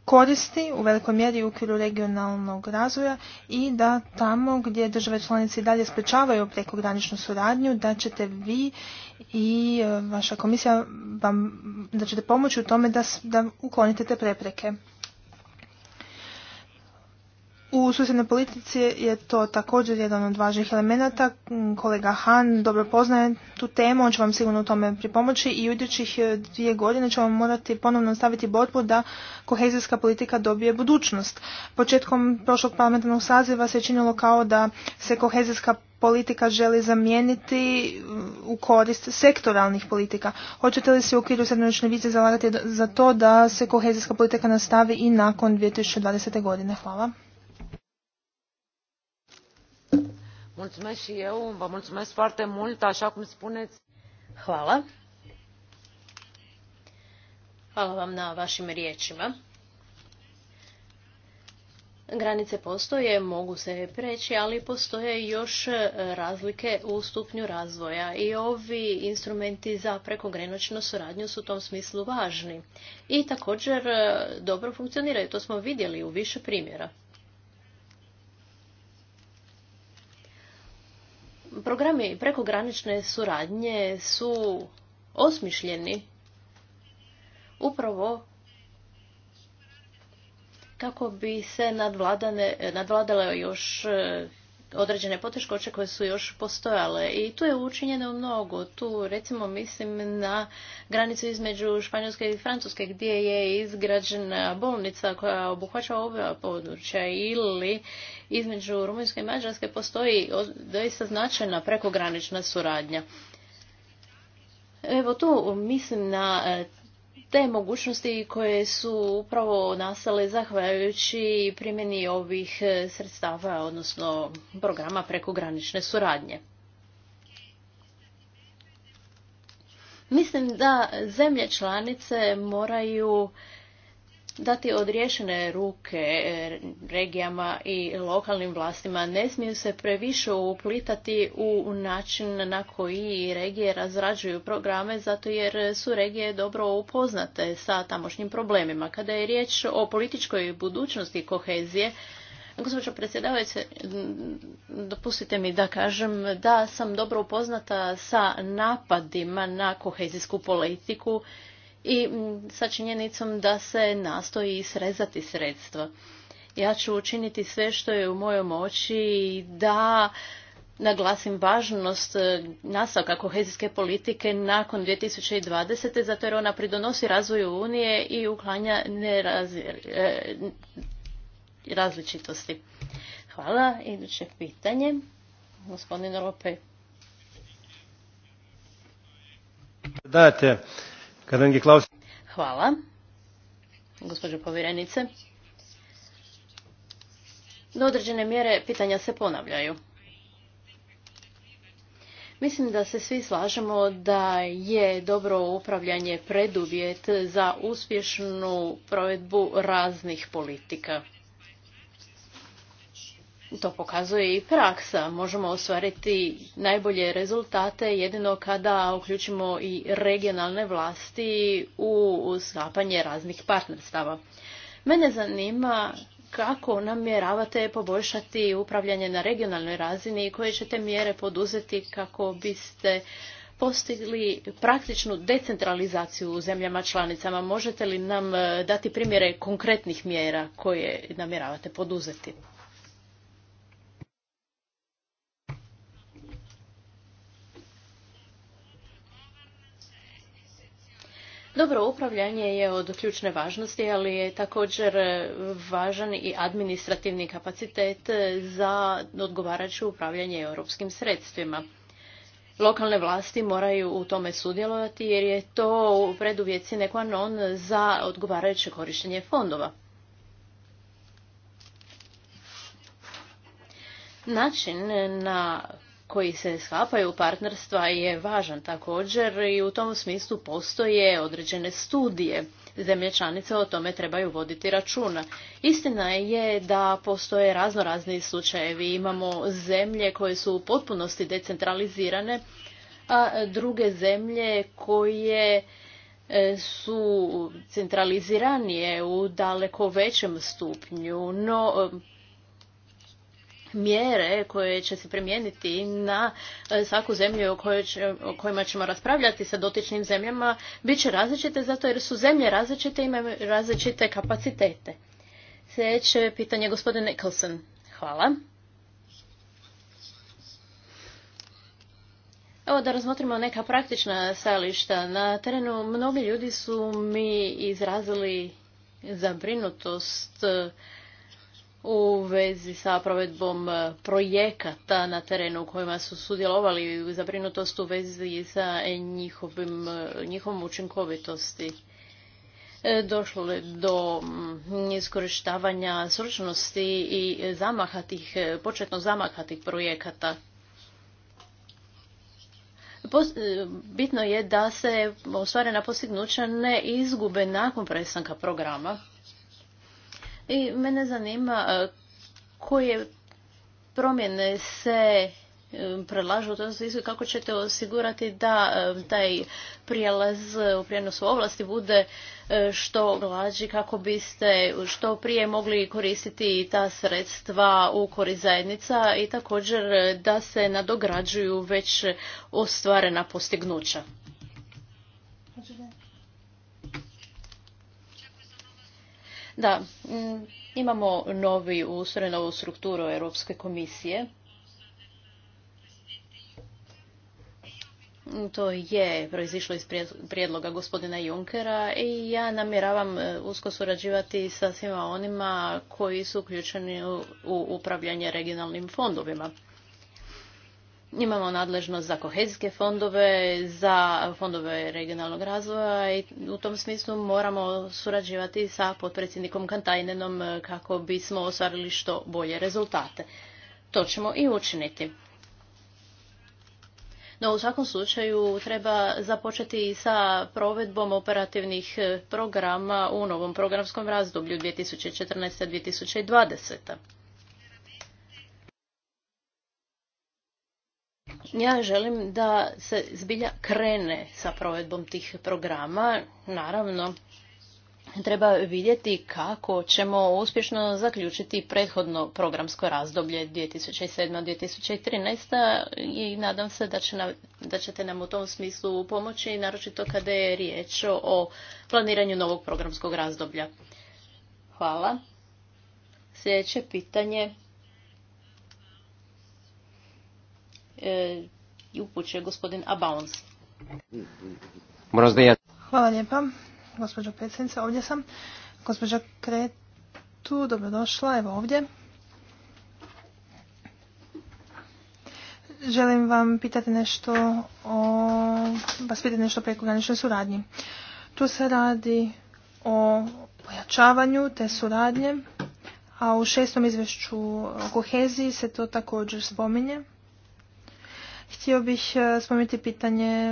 koristi u velikoj mjeri u okviru regionalnog razvoja i da tamo gdje države članice i dalje sprečavaju prekograničnu suradnju, da ćete vi i e, vaša komisija vam, da ćete pomoći u tome da, da uklonite te prepreke. U susjednoj politici je to također jedan od važnih elemenata. Mm, Kolega Han dobro poznaje tu temu, on će vam sigurno u tome pripomoći i u idućih e, dvije godine ćemo morati ponovno staviti borbu da kohezijska politika dobije budućnost. Početkom prošlog parlamentarnog saziva se činilo kao da se kohezijska politika želi zamijeniti mm, u korist sektoralnih politika. Hoćete li se u okviru srednjoročne vize zalagati za to da se kohezijska politika nastavi i nakon 2020. godine? Hvala. Mulțumesc eu, vă Hvala. Hvala vam na vašim riječima. Granice postoje, mogu se preći, ali postoje još razlike u stupnju razvoja i ovi instrumenti za prekogrenočnu suradnju su u tom smislu važni i također dobro funkcioniraju, to smo vidjeli u više primjera. programi prekogranične suradnje su osmišljeni upravo kako bi se nadvladale još određene poteškoće koje su još postojale i tu je učinjeno mnogo. Tu recimo mislim na granicu između Španjolske i Francuske gdje je izgrađena bolnica koja obuhvaća oba područja ili između Rumunjske i Mađarske postoji doista značajna prekogranična suradnja. Evo tu mislim na e, te mogućnosti koje su upravo nastale zahvaljujući primjeni ovih e, sredstava, odnosno programa prekogranične suradnje. Mislim da zemlje članice moraju dati odriješene ruke e, regijama i lokalnim vlastima. Ne smiju se previše uplitati u način na koji regije razrađuju programe, zato jer su regije dobro upoznate sa tamošnjim problemima. Kada je riječ o političkoj budućnosti kohezije, Gospođo predsjedavajuće, dopustite mi da kažem da sam dobro upoznata sa napadima na kohezijsku politiku i sa činjenicom da se nastoji srezati sredstva. Ja ću učiniti sve što je u mojoj moći da naglasim važnost nastavka kohezijske politike nakon 2020. zato jer ona pridonosi razvoju Unije i uklanja e, različitosti. Hvala. Iduće pitanje. Gospodin Rope. Date, Hvala, gospođo povjerenice. Do određene mjere pitanja se ponavljaju. Mislim da se svi slažemo da je dobro upravljanje preduvjet za uspješnu provedbu raznih politika to pokazuje i praksa. Možemo ostvariti najbolje rezultate jedino kada uključimo i regionalne vlasti u sklapanje raznih partnerstava. Mene zanima kako namjeravate poboljšati upravljanje na regionalnoj razini i koje ćete mjere poduzeti kako biste postigli praktičnu decentralizaciju u zemljama članicama. Možete li nam dati primjere konkretnih mjera koje namjeravate poduzeti? Dobro upravljanje je od ključne važnosti, ali je također važan i administrativni kapacitet za odgovarajuće upravljanje europskim sredstvima. Lokalne vlasti moraju u tome sudjelovati jer je to u preduvjeci neko non za odgovarajuće korištenje fondova. Način na koji se sklapaju partnerstva je važan također i u tom smislu postoje određene studije. Zemlje članice o tome trebaju voditi računa. Istina je da postoje razno razni slučajevi. Imamo zemlje koje su u potpunosti decentralizirane, a druge zemlje koje e, su centraliziranije u daleko većem stupnju, no mjere koje će se primijeniti na e, svaku zemlju o, kojima ćemo raspravljati sa dotičnim zemljama bit će različite zato jer su zemlje različite i imaju različite kapacitete. Sljedeće pitanje gospodin Nicholson. Hvala. Evo da razmotrimo neka praktična stajališta. Na terenu mnogi ljudi su mi izrazili zabrinutost u vezi sa provedbom e, projekata na terenu u kojima su sudjelovali u zabrinutost u vezi sa njihovim, e, njihovom učinkovitosti. E, došlo je do mm, iskorištavanja sručnosti i zamahatih početno zamahatih projekata. Bitno je da se ostvarena postignuća ne izgube nakon prestanka programa i mene zanima e, koje promjene se e, prelažu u tom kako ćete osigurati da e, taj prijelaz u prijenosu ovlasti bude što glađi kako biste što prije mogli koristiti ta sredstva u kori zajednica i također da se nadograđuju već ostvarena postignuća. Da, mm, imamo novi ustroj, novu strukturu Europske komisije. Mm, to je proizišlo iz prijedloga gospodina Junkera i ja namjeravam e, usko surađivati sa svima onima koji su uključeni u upravljanje regionalnim fondovima. Imamo nadležnost za kohezijske fondove, za fondove regionalnog razvoja i u tom smislu moramo surađivati sa potpredsjednikom Kantajnenom kako bismo ostvarili što bolje rezultate. To ćemo i učiniti. No u svakom slučaju treba započeti i sa provedbom operativnih programa u novom programskom razdoblju 2014-2020. Ja želim da se zbilja krene sa provedbom tih programa. Naravno, treba vidjeti kako ćemo uspješno zaključiti prethodno programsko razdoblje 2007-2013 i nadam se da, će da ćete nam u tom smislu pomoći, naročito kada je riječ o planiranju novog programskog razdoblja. Hvala. Sljedeće pitanje E, i upućuje gospodin Abaons. Hvala lijepa, gospođo predsjednice, ovdje sam. Gospođa Kretu, dobrodošla, evo ovdje. Želim vam pitati nešto o, vas pitati nešto preko prekograničnoj suradnji. Tu se radi o pojačavanju te suradnje, a u šestom izvješću o koheziji se to također spominje. Htio bih e, spomenuti pitanje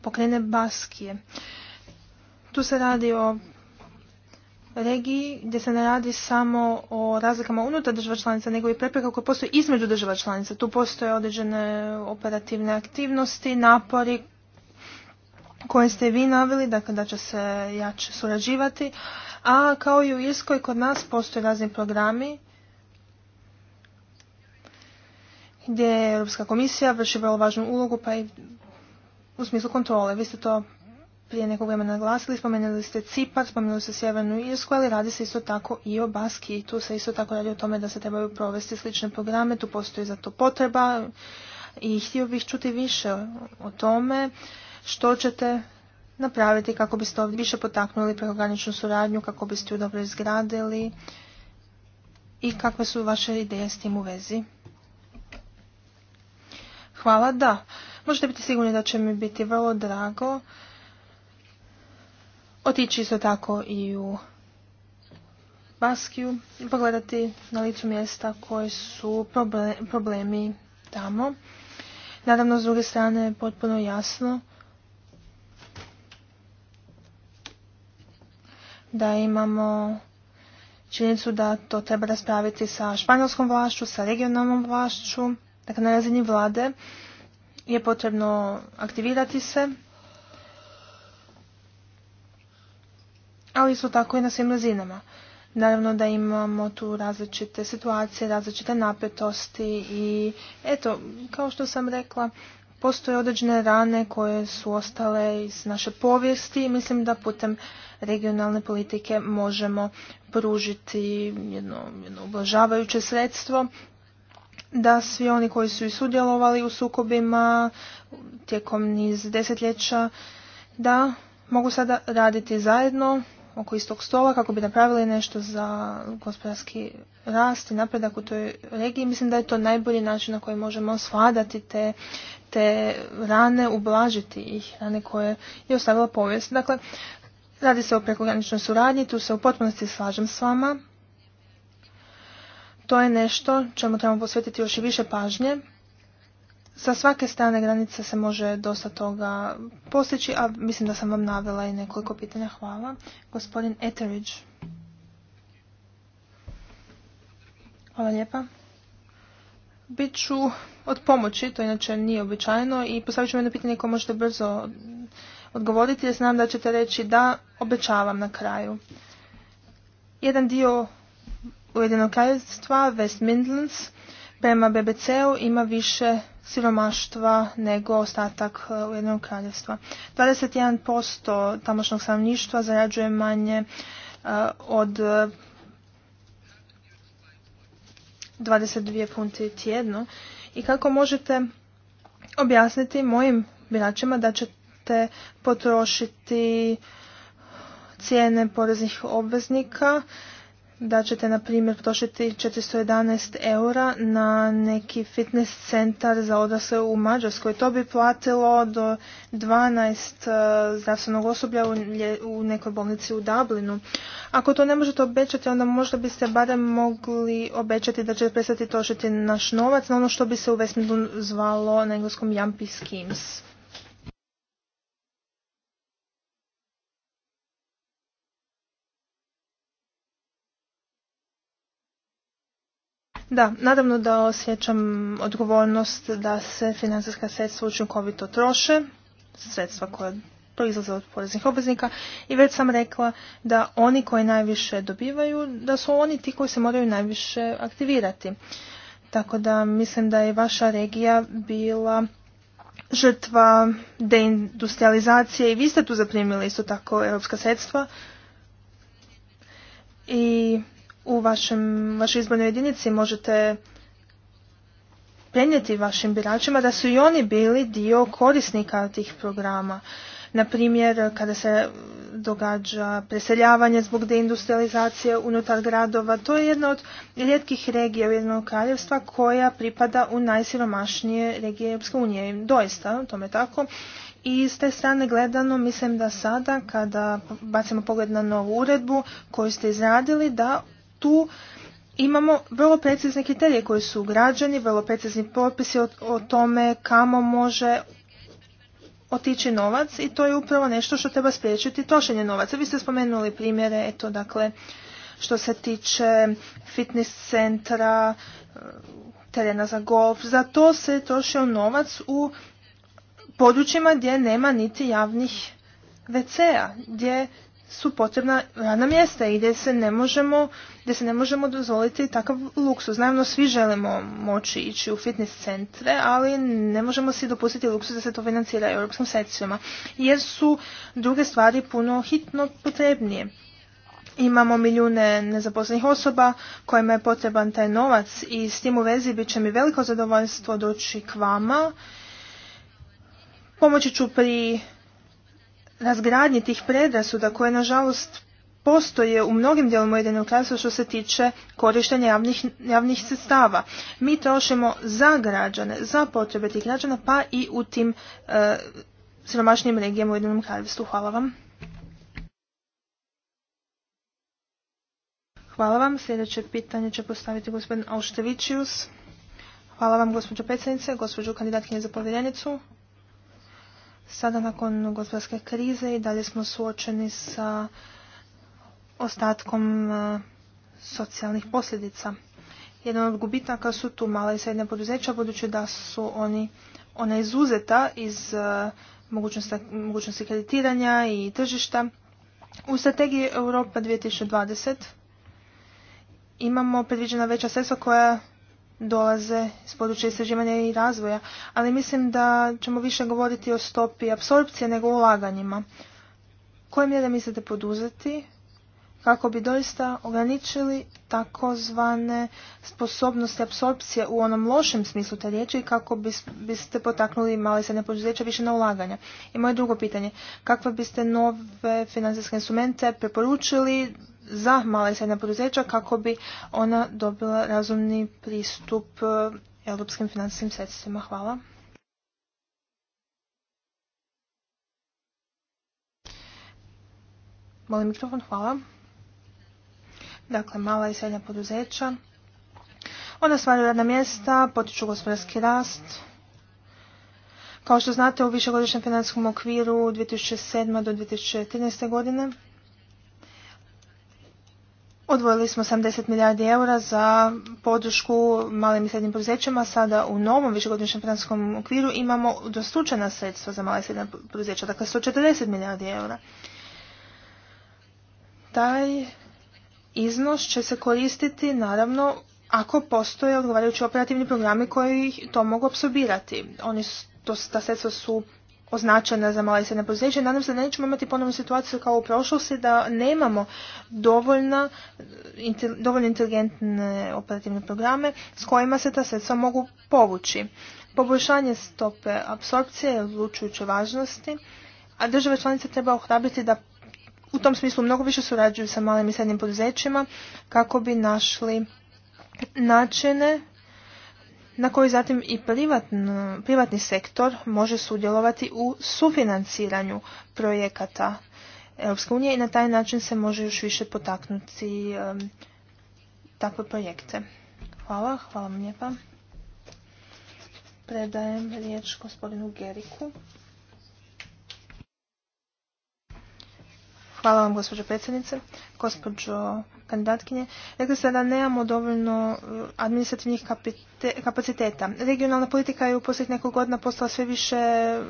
pokrene Baskije. Tu se radi o regiji gdje se ne radi samo o razlikama unutar država članica, nego i prepreka koje postoje između država članica. Tu postoje određene operativne aktivnosti, napori koje ste vi naveli, dakle da će se jače surađivati, a kao i u Irskoj kod nas postoje razni programi gdje je Europska komisija vrši vrlo važnu ulogu pa i u smislu kontrole. Vi ste to prije nekog vremena naglasili, spomenuli ste Cipar, spomenuli ste Sjevernu Irsku, ali radi se isto tako i o Baski i tu se isto tako radi o tome da se trebaju provesti slične programe, tu postoji za to potreba i htio bih čuti više o tome što ćete napraviti kako biste ovdje više potaknuli prekograničnu suradnju, kako biste ju dobro izgradili i kakve su vaše ideje s tim u vezi. Hvala, da. Možete biti sigurni da će mi biti vrlo drago otići isto tako i u Baskiju i pogledati na licu mjesta koje su problemi tamo. Naravno, s druge strane je potpuno jasno da imamo činjenicu da to treba raspraviti sa španjolskom vlašću, sa regionalnom vlašću Dakle, na razini vlade je potrebno aktivirati se, ali isto tako i na svim razinama. Naravno da imamo tu različite situacije, različite napetosti i eto, kao što sam rekla, postoje određene rane koje su ostale iz naše povijesti i mislim da putem regionalne politike možemo pružiti jedno, jedno ublažavajuće sredstvo da svi oni koji su i sudjelovali u sukobima tijekom niz desetljeća, da mogu sada raditi zajedno oko istog stola kako bi napravili nešto za gospodarski rast i napredak u toj regiji. Mislim da je to najbolji način na koji možemo svadati te, te rane, ublažiti ih, rane koje je ostavila povijest. Dakle, radi se o prekograničnoj suradnji, tu se u potpunosti slažem s vama. To je nešto čemu trebamo posvetiti još i više pažnje. Sa svake strane granice se može dosta toga postići, a mislim da sam vam navela i nekoliko pitanja. Hvala. Gospodin Etheridge. Hvala lijepa. Biću od pomoći, to inače nije običajno, i postavit ću jedno pitanje koje možete brzo odgovoriti, jer znam da ćete reći da obećavam na kraju. Jedan dio Ujedinog kraljevstva West Midlands prema BBC-u ima više siromaštva nego ostatak e, Ujedinog kraljevstva. 21% tamošnog stanovništva zarađuje manje e, od 22 e, funti tjedno. I kako možete objasniti mojim biračima da ćete potrošiti cijene poreznih obveznika da ćete na primjer potrošiti 411 eura na neki fitness centar za odrasle u Mađarskoj. To bi platilo do 12 e, zdravstvenog osoblja u nekoj bolnici u Dublinu. Ako to ne možete obećati, onda možda biste barem mogli obećati da ćete prestati trošiti naš novac na ono što bi se u Vesmidu zvalo na engleskom Jumpy Schemes. Da, naravno da osjećam odgovornost da se financijska sredstva učinkovito troše, sredstva koja proizlaze od poreznih obveznika i već sam rekla da oni koji najviše dobivaju, da su oni ti koji se moraju najviše aktivirati. Tako da mislim da je vaša regija bila žrtva deindustrializacije i vi ste tu zaprimili isto tako europska sredstva i u vašem, vašoj izbornoj jedinici možete prenijeti vašim biračima da su i oni bili dio korisnika tih programa. Na primjer, kada se događa preseljavanje zbog deindustrializacije unutar gradova, to je jedna od rijetkih regija jednog kraljevstva koja pripada u najsiromašnije regije Europske unije. Doista, tome tako. I s te strane gledano mislim da sada kada bacimo pogled na novu uredbu koju ste izradili da tu imamo vrlo precizne kriterije koji su ugrađeni, vrlo precizni propisi o, tome kamo može otići novac i to je upravo nešto što treba spriječiti trošenje novaca. Vi ste spomenuli primjere, eto dakle, što se tiče fitness centra, terena za golf, za to se trošio novac u područjima gdje nema niti javnih WC-a, gdje su potrebna radna mjesta i gdje se ne možemo, gdje se ne možemo dozvoliti takav luksus. Naravno, svi želimo moći ići u fitness centre, ali ne možemo si dopustiti luksuz da se to financira europskim sredstvima, jer su druge stvari puno hitno potrebnije. Imamo milijune nezaposlenih osoba kojima je potreban taj novac i s tim u vezi bit će mi veliko zadovoljstvo doći k vama. Pomoći ću pri razgradnji tih predrasuda koje nažalost postoje u mnogim dijelovima ujedinjenog kraljevstva što se tiče korištenja javnih, javnih sredstava. Mi trošimo za građane, za potrebe tih građana, pa i u tim e, regijama u Ujedinom kraljevstvu. Hvala vam. Hvala vam. Sljedeće pitanje će postaviti gospodin Auštevičius. Hvala vam gospođo predsjednice, gospođo kandidatkinje za povjerenicu. Sada nakon gospodarske krize i dalje smo suočeni sa ostatkom e, socijalnih posljedica. Jedan od gubitaka su tu mala i srednja poduzeća, budući da su oni, ona izuzeta iz e, mogućnosti, mogućnosti kreditiranja i tržišta. U strategiji Europa 2020 imamo predviđena veća sredstva koja dolaze iz područja istraživanja i razvoja, ali mislim da ćemo više govoriti o stopi apsorpcije nego o ulaganjima. Koje mjere mislite poduzeti kako bi doista ograničili takozvane sposobnosti apsorpcije u onom lošem smislu te riječi i kako biste potaknuli male i srednje poduzeća više na ulaganja. I moje drugo pitanje, kakve biste nove financijske instrumente preporučili za mala i srednja poduzeća kako bi ona dobila razumni pristup e, europskim financijskim sredstvima. Hvala. Molim mikrofon, hvala. Dakle, mala i srednja poduzeća. Ona stvaraju radna mjesta, potiču gospodarski rast. Kao što znate, u višegodišnjem financijskom okviru 2007. do 2013. godine Odvojili smo 70 milijardi eura za podršku malim i srednjim poduzećima. Sada u novom višegodišnjem financijskom okviru imamo dostučena sredstva za male i srednje poduzeća, dakle 140 milijardi eura. Taj iznos će se koristiti naravno ako postoje odgovarajući operativni programi koji to mogu apsorbirati. Oni, to, ta sredstva su označena za mala i srednja poduzeća. Nadam se da nećemo imati ponovnu situaciju kao u prošlosti, da nemamo dovoljno inteligentne operativne programe s kojima se ta sredstva mogu povući. Poboljšanje stope apsorpcije je odlučujuće važnosti, a države članice treba ohrabriti da u tom smislu mnogo više surađuju sa malim i srednjim poduzećima kako bi našli načine na koji zatim i privatni sektor može sudjelovati u sufinanciranju projekata Europske unije i na taj način se može još više potaknuti takve projekte. Hvala, hvala vam lijepa. Predajem riječ gospodinu Geriku. Hvala vam gospođo predsjednice. Gospođo kandidatkinje, rekli ste da nemamo dovoljno eh, administrativnih kapaciteta. Regionalna politika je u posljednjih nekoliko godina postala sve više eh,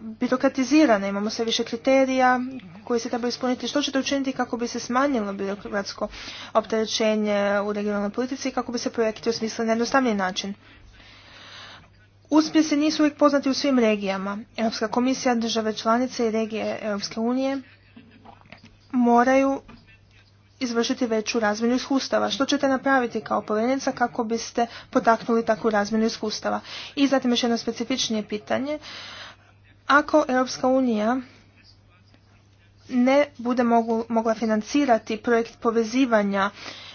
birokratizirana, imamo sve više kriterija koji se treba ispuniti. Što ćete učiniti kako bi se smanjilo birokratsko opterećenje u regionalnoj politici i kako bi se projekti osmislili na jednostavniji način? Uspjesi nisu uvijek poznati u svim regijama. Europska komisija, države članice i regije Europske unije moraju izvršiti veću razmjenu iskustava. Što ćete napraviti kao povjerenica kako biste potaknuli takvu razmjenu iskustava? I zatim još jedno specifičnije pitanje. Ako Europska unija ne bude mogla financirati projekt povezivanja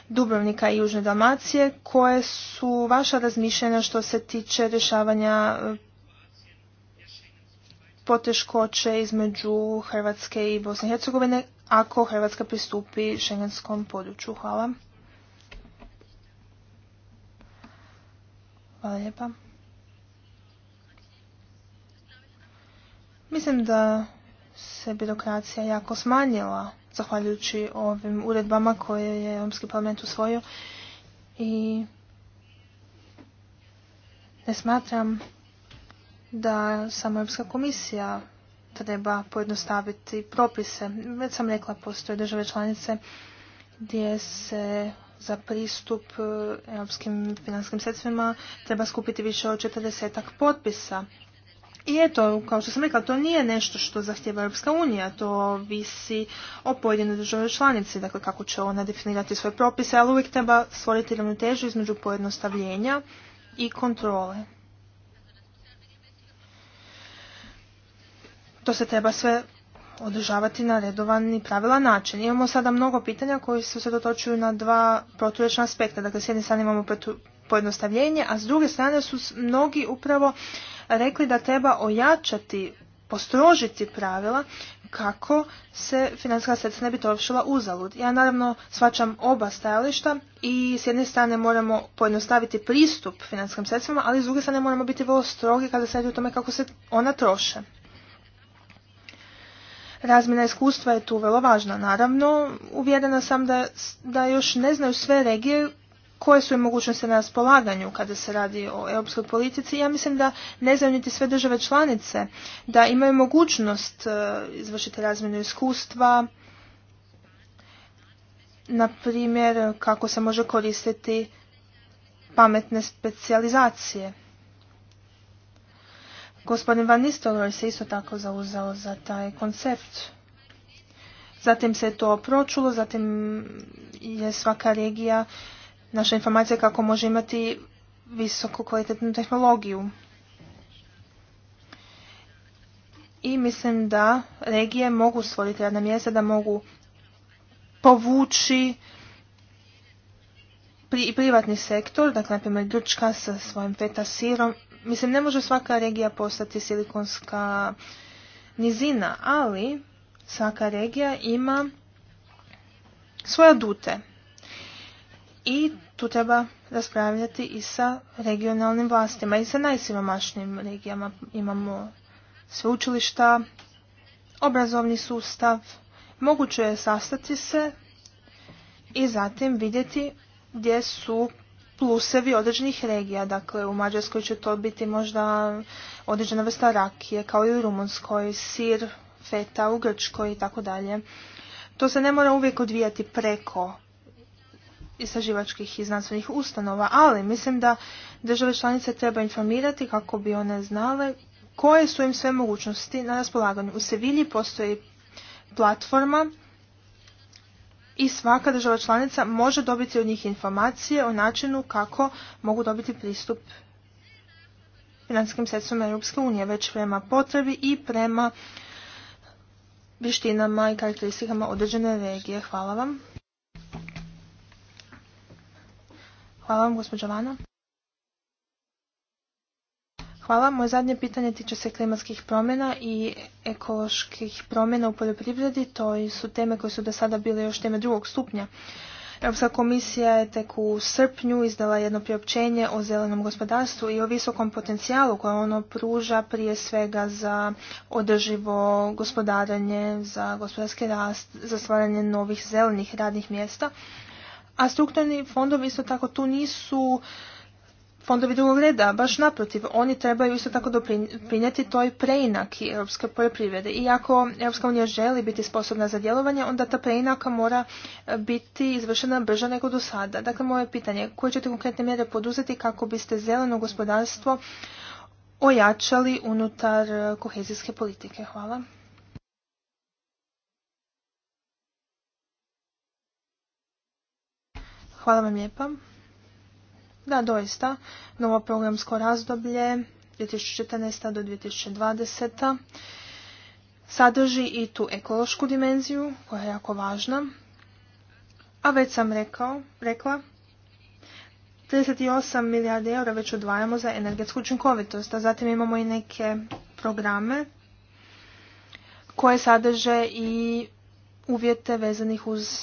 Dubrovnika i Južne Dalmacije, koje su vaša razmišljanja što se tiče rješavanja e, poteškoće između Hrvatske i Bosne i Hercegovine ako Hrvatska pristupi šengenskom području. Hvala. Hvala lijepa. Mislim da se birokracija jako smanjila zahvaljujući ovim uredbama koje je Europski parlament usvojio i ne smatram da samo Europska komisija treba pojednostaviti propise. Već sam rekla, postoje države članice gdje se za pristup e, europskim finanskim sredstvima treba skupiti više od 40 potpisa. I eto, kao što sam rekla, to nije nešto što zahtjeva Europska unija, to visi o pojedinoj državi članici, dakle kako će ona definirati svoje propise, ali uvijek treba stvoriti ravnotežu između pojednostavljenja i kontrole. se treba sve održavati na redovan i pravilan način. Imamo sada mnogo pitanja koji se dotočuju na dva proturečna aspekta. Dakle, s jedne strane imamo pojednostavljenje, a s druge strane su mnogi upravo rekli da treba ojačati, postrožiti pravila kako se financijska sredstva ne bi trošila uzalud. Ja naravno svačam oba stajališta i s jedne strane moramo pojednostaviti pristup financijskim sredstvima, ali s druge strane moramo biti vrlo strogi kada se radi o tome kako se ona troše. Razmjena iskustva je tu vrlo važna. Naravno, uvjerena sam da, da još ne znaju sve regije koje su im mogućnosti na raspolaganju kada se radi o europskoj politici. Ja mislim da ne znaju niti sve države članice da imaju mogućnost e, izvršiti razmjenu iskustva, na primjer kako se može koristiti pametne specijalizacije. Gospodin Van Nistelrooy se isto tako zauzao za taj koncept. Zatim se je to pročulo, zatim je svaka regija naša informacija kako može imati visoko kvalitetnu tehnologiju. I mislim da regije mogu stvoriti radna mjesta, da mogu povući pri, privatni sektor, dakle, na primjer, Grčka sa svojim feta sirom mislim ne može svaka regija postati silikonska nizina, ali svaka regija ima svoje dute. I tu treba raspravljati i sa regionalnim vlastima i sa najsiromašnijim regijama. Imamo sveučilišta, obrazovni sustav. Moguće je sastati se i zatim vidjeti gdje su plusevi određenih regija. Dakle, u Mađarskoj će to biti možda određena vrsta rakije, kao i u Rumunskoj, sir, feta u Grčkoj i tako dalje. To se ne mora uvijek odvijati preko istraživačkih i znanstvenih ustanova, ali mislim da države članice treba informirati kako bi one znale koje su im sve mogućnosti na raspolaganju. U Sevilji postoji platforma i svaka država članica može dobiti od njih informacije o načinu kako mogu dobiti pristup financijskim sredstvima Europske unije, već prema potrebi i prema vještinama i karakteristikama određene regije. Hvala vam. Hvala vam, Hvala. Moje zadnje pitanje tiče se klimatskih promjena i ekoloških promjena u poljoprivredi. To su teme koje su do sada bile još teme drugog stupnja. Europska komisija je tek u srpnju izdala jedno priopćenje o zelenom gospodarstvu i o visokom potencijalu koje ono pruža prije svega za održivo gospodaranje, za gospodarski rast, za stvaranje novih zelenih radnih mjesta. A strukturni fondovi isto tako tu nisu fondovi drugog reda, baš naprotiv, oni trebaju isto tako doprinijeti toj preinaki europske poljoprivrede. I ako Europska unija želi biti sposobna za djelovanje, onda ta preinaka mora e, biti izvršena brža nego do sada. Dakle, moje pitanje, koje ćete konkretne mjere poduzeti kako biste zeleno gospodarstvo ojačali unutar e, kohezijske politike? Hvala. Hvala vam lijepa. Da, doista, novo programsko razdoblje 2014. do 2020. sadrži i tu ekološku dimenziju koja je jako važna. A već sam rekao, rekla 38 milijardi eura već odvajamo za energetsku učinkovitost, a zatim imamo i neke programe koje sadrže i uvjete vezanih uz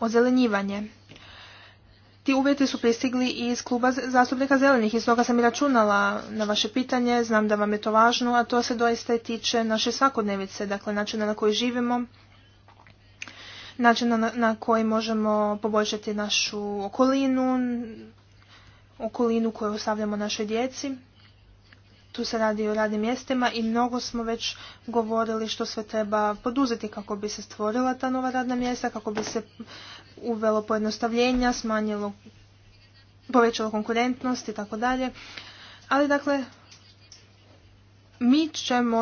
ozelenjivanje ti uvjeti su pristigli iz kluba zastupnika zelenih i stoga sam i računala na vaše pitanje, znam da vam je to važno, a to se doista i tiče naše svakodnevice, dakle načina na koji živimo, načina na, koji možemo poboljšati našu okolinu, okolinu koju ostavljamo našoj djeci. Tu se radi o radnim mjestima i mnogo smo već govorili što sve treba poduzeti kako bi se stvorila ta nova radna mjesta, kako bi se uvelo pojednostavljenja, smanjilo, povećalo konkurentnost i tako dalje. Ali dakle, mi ćemo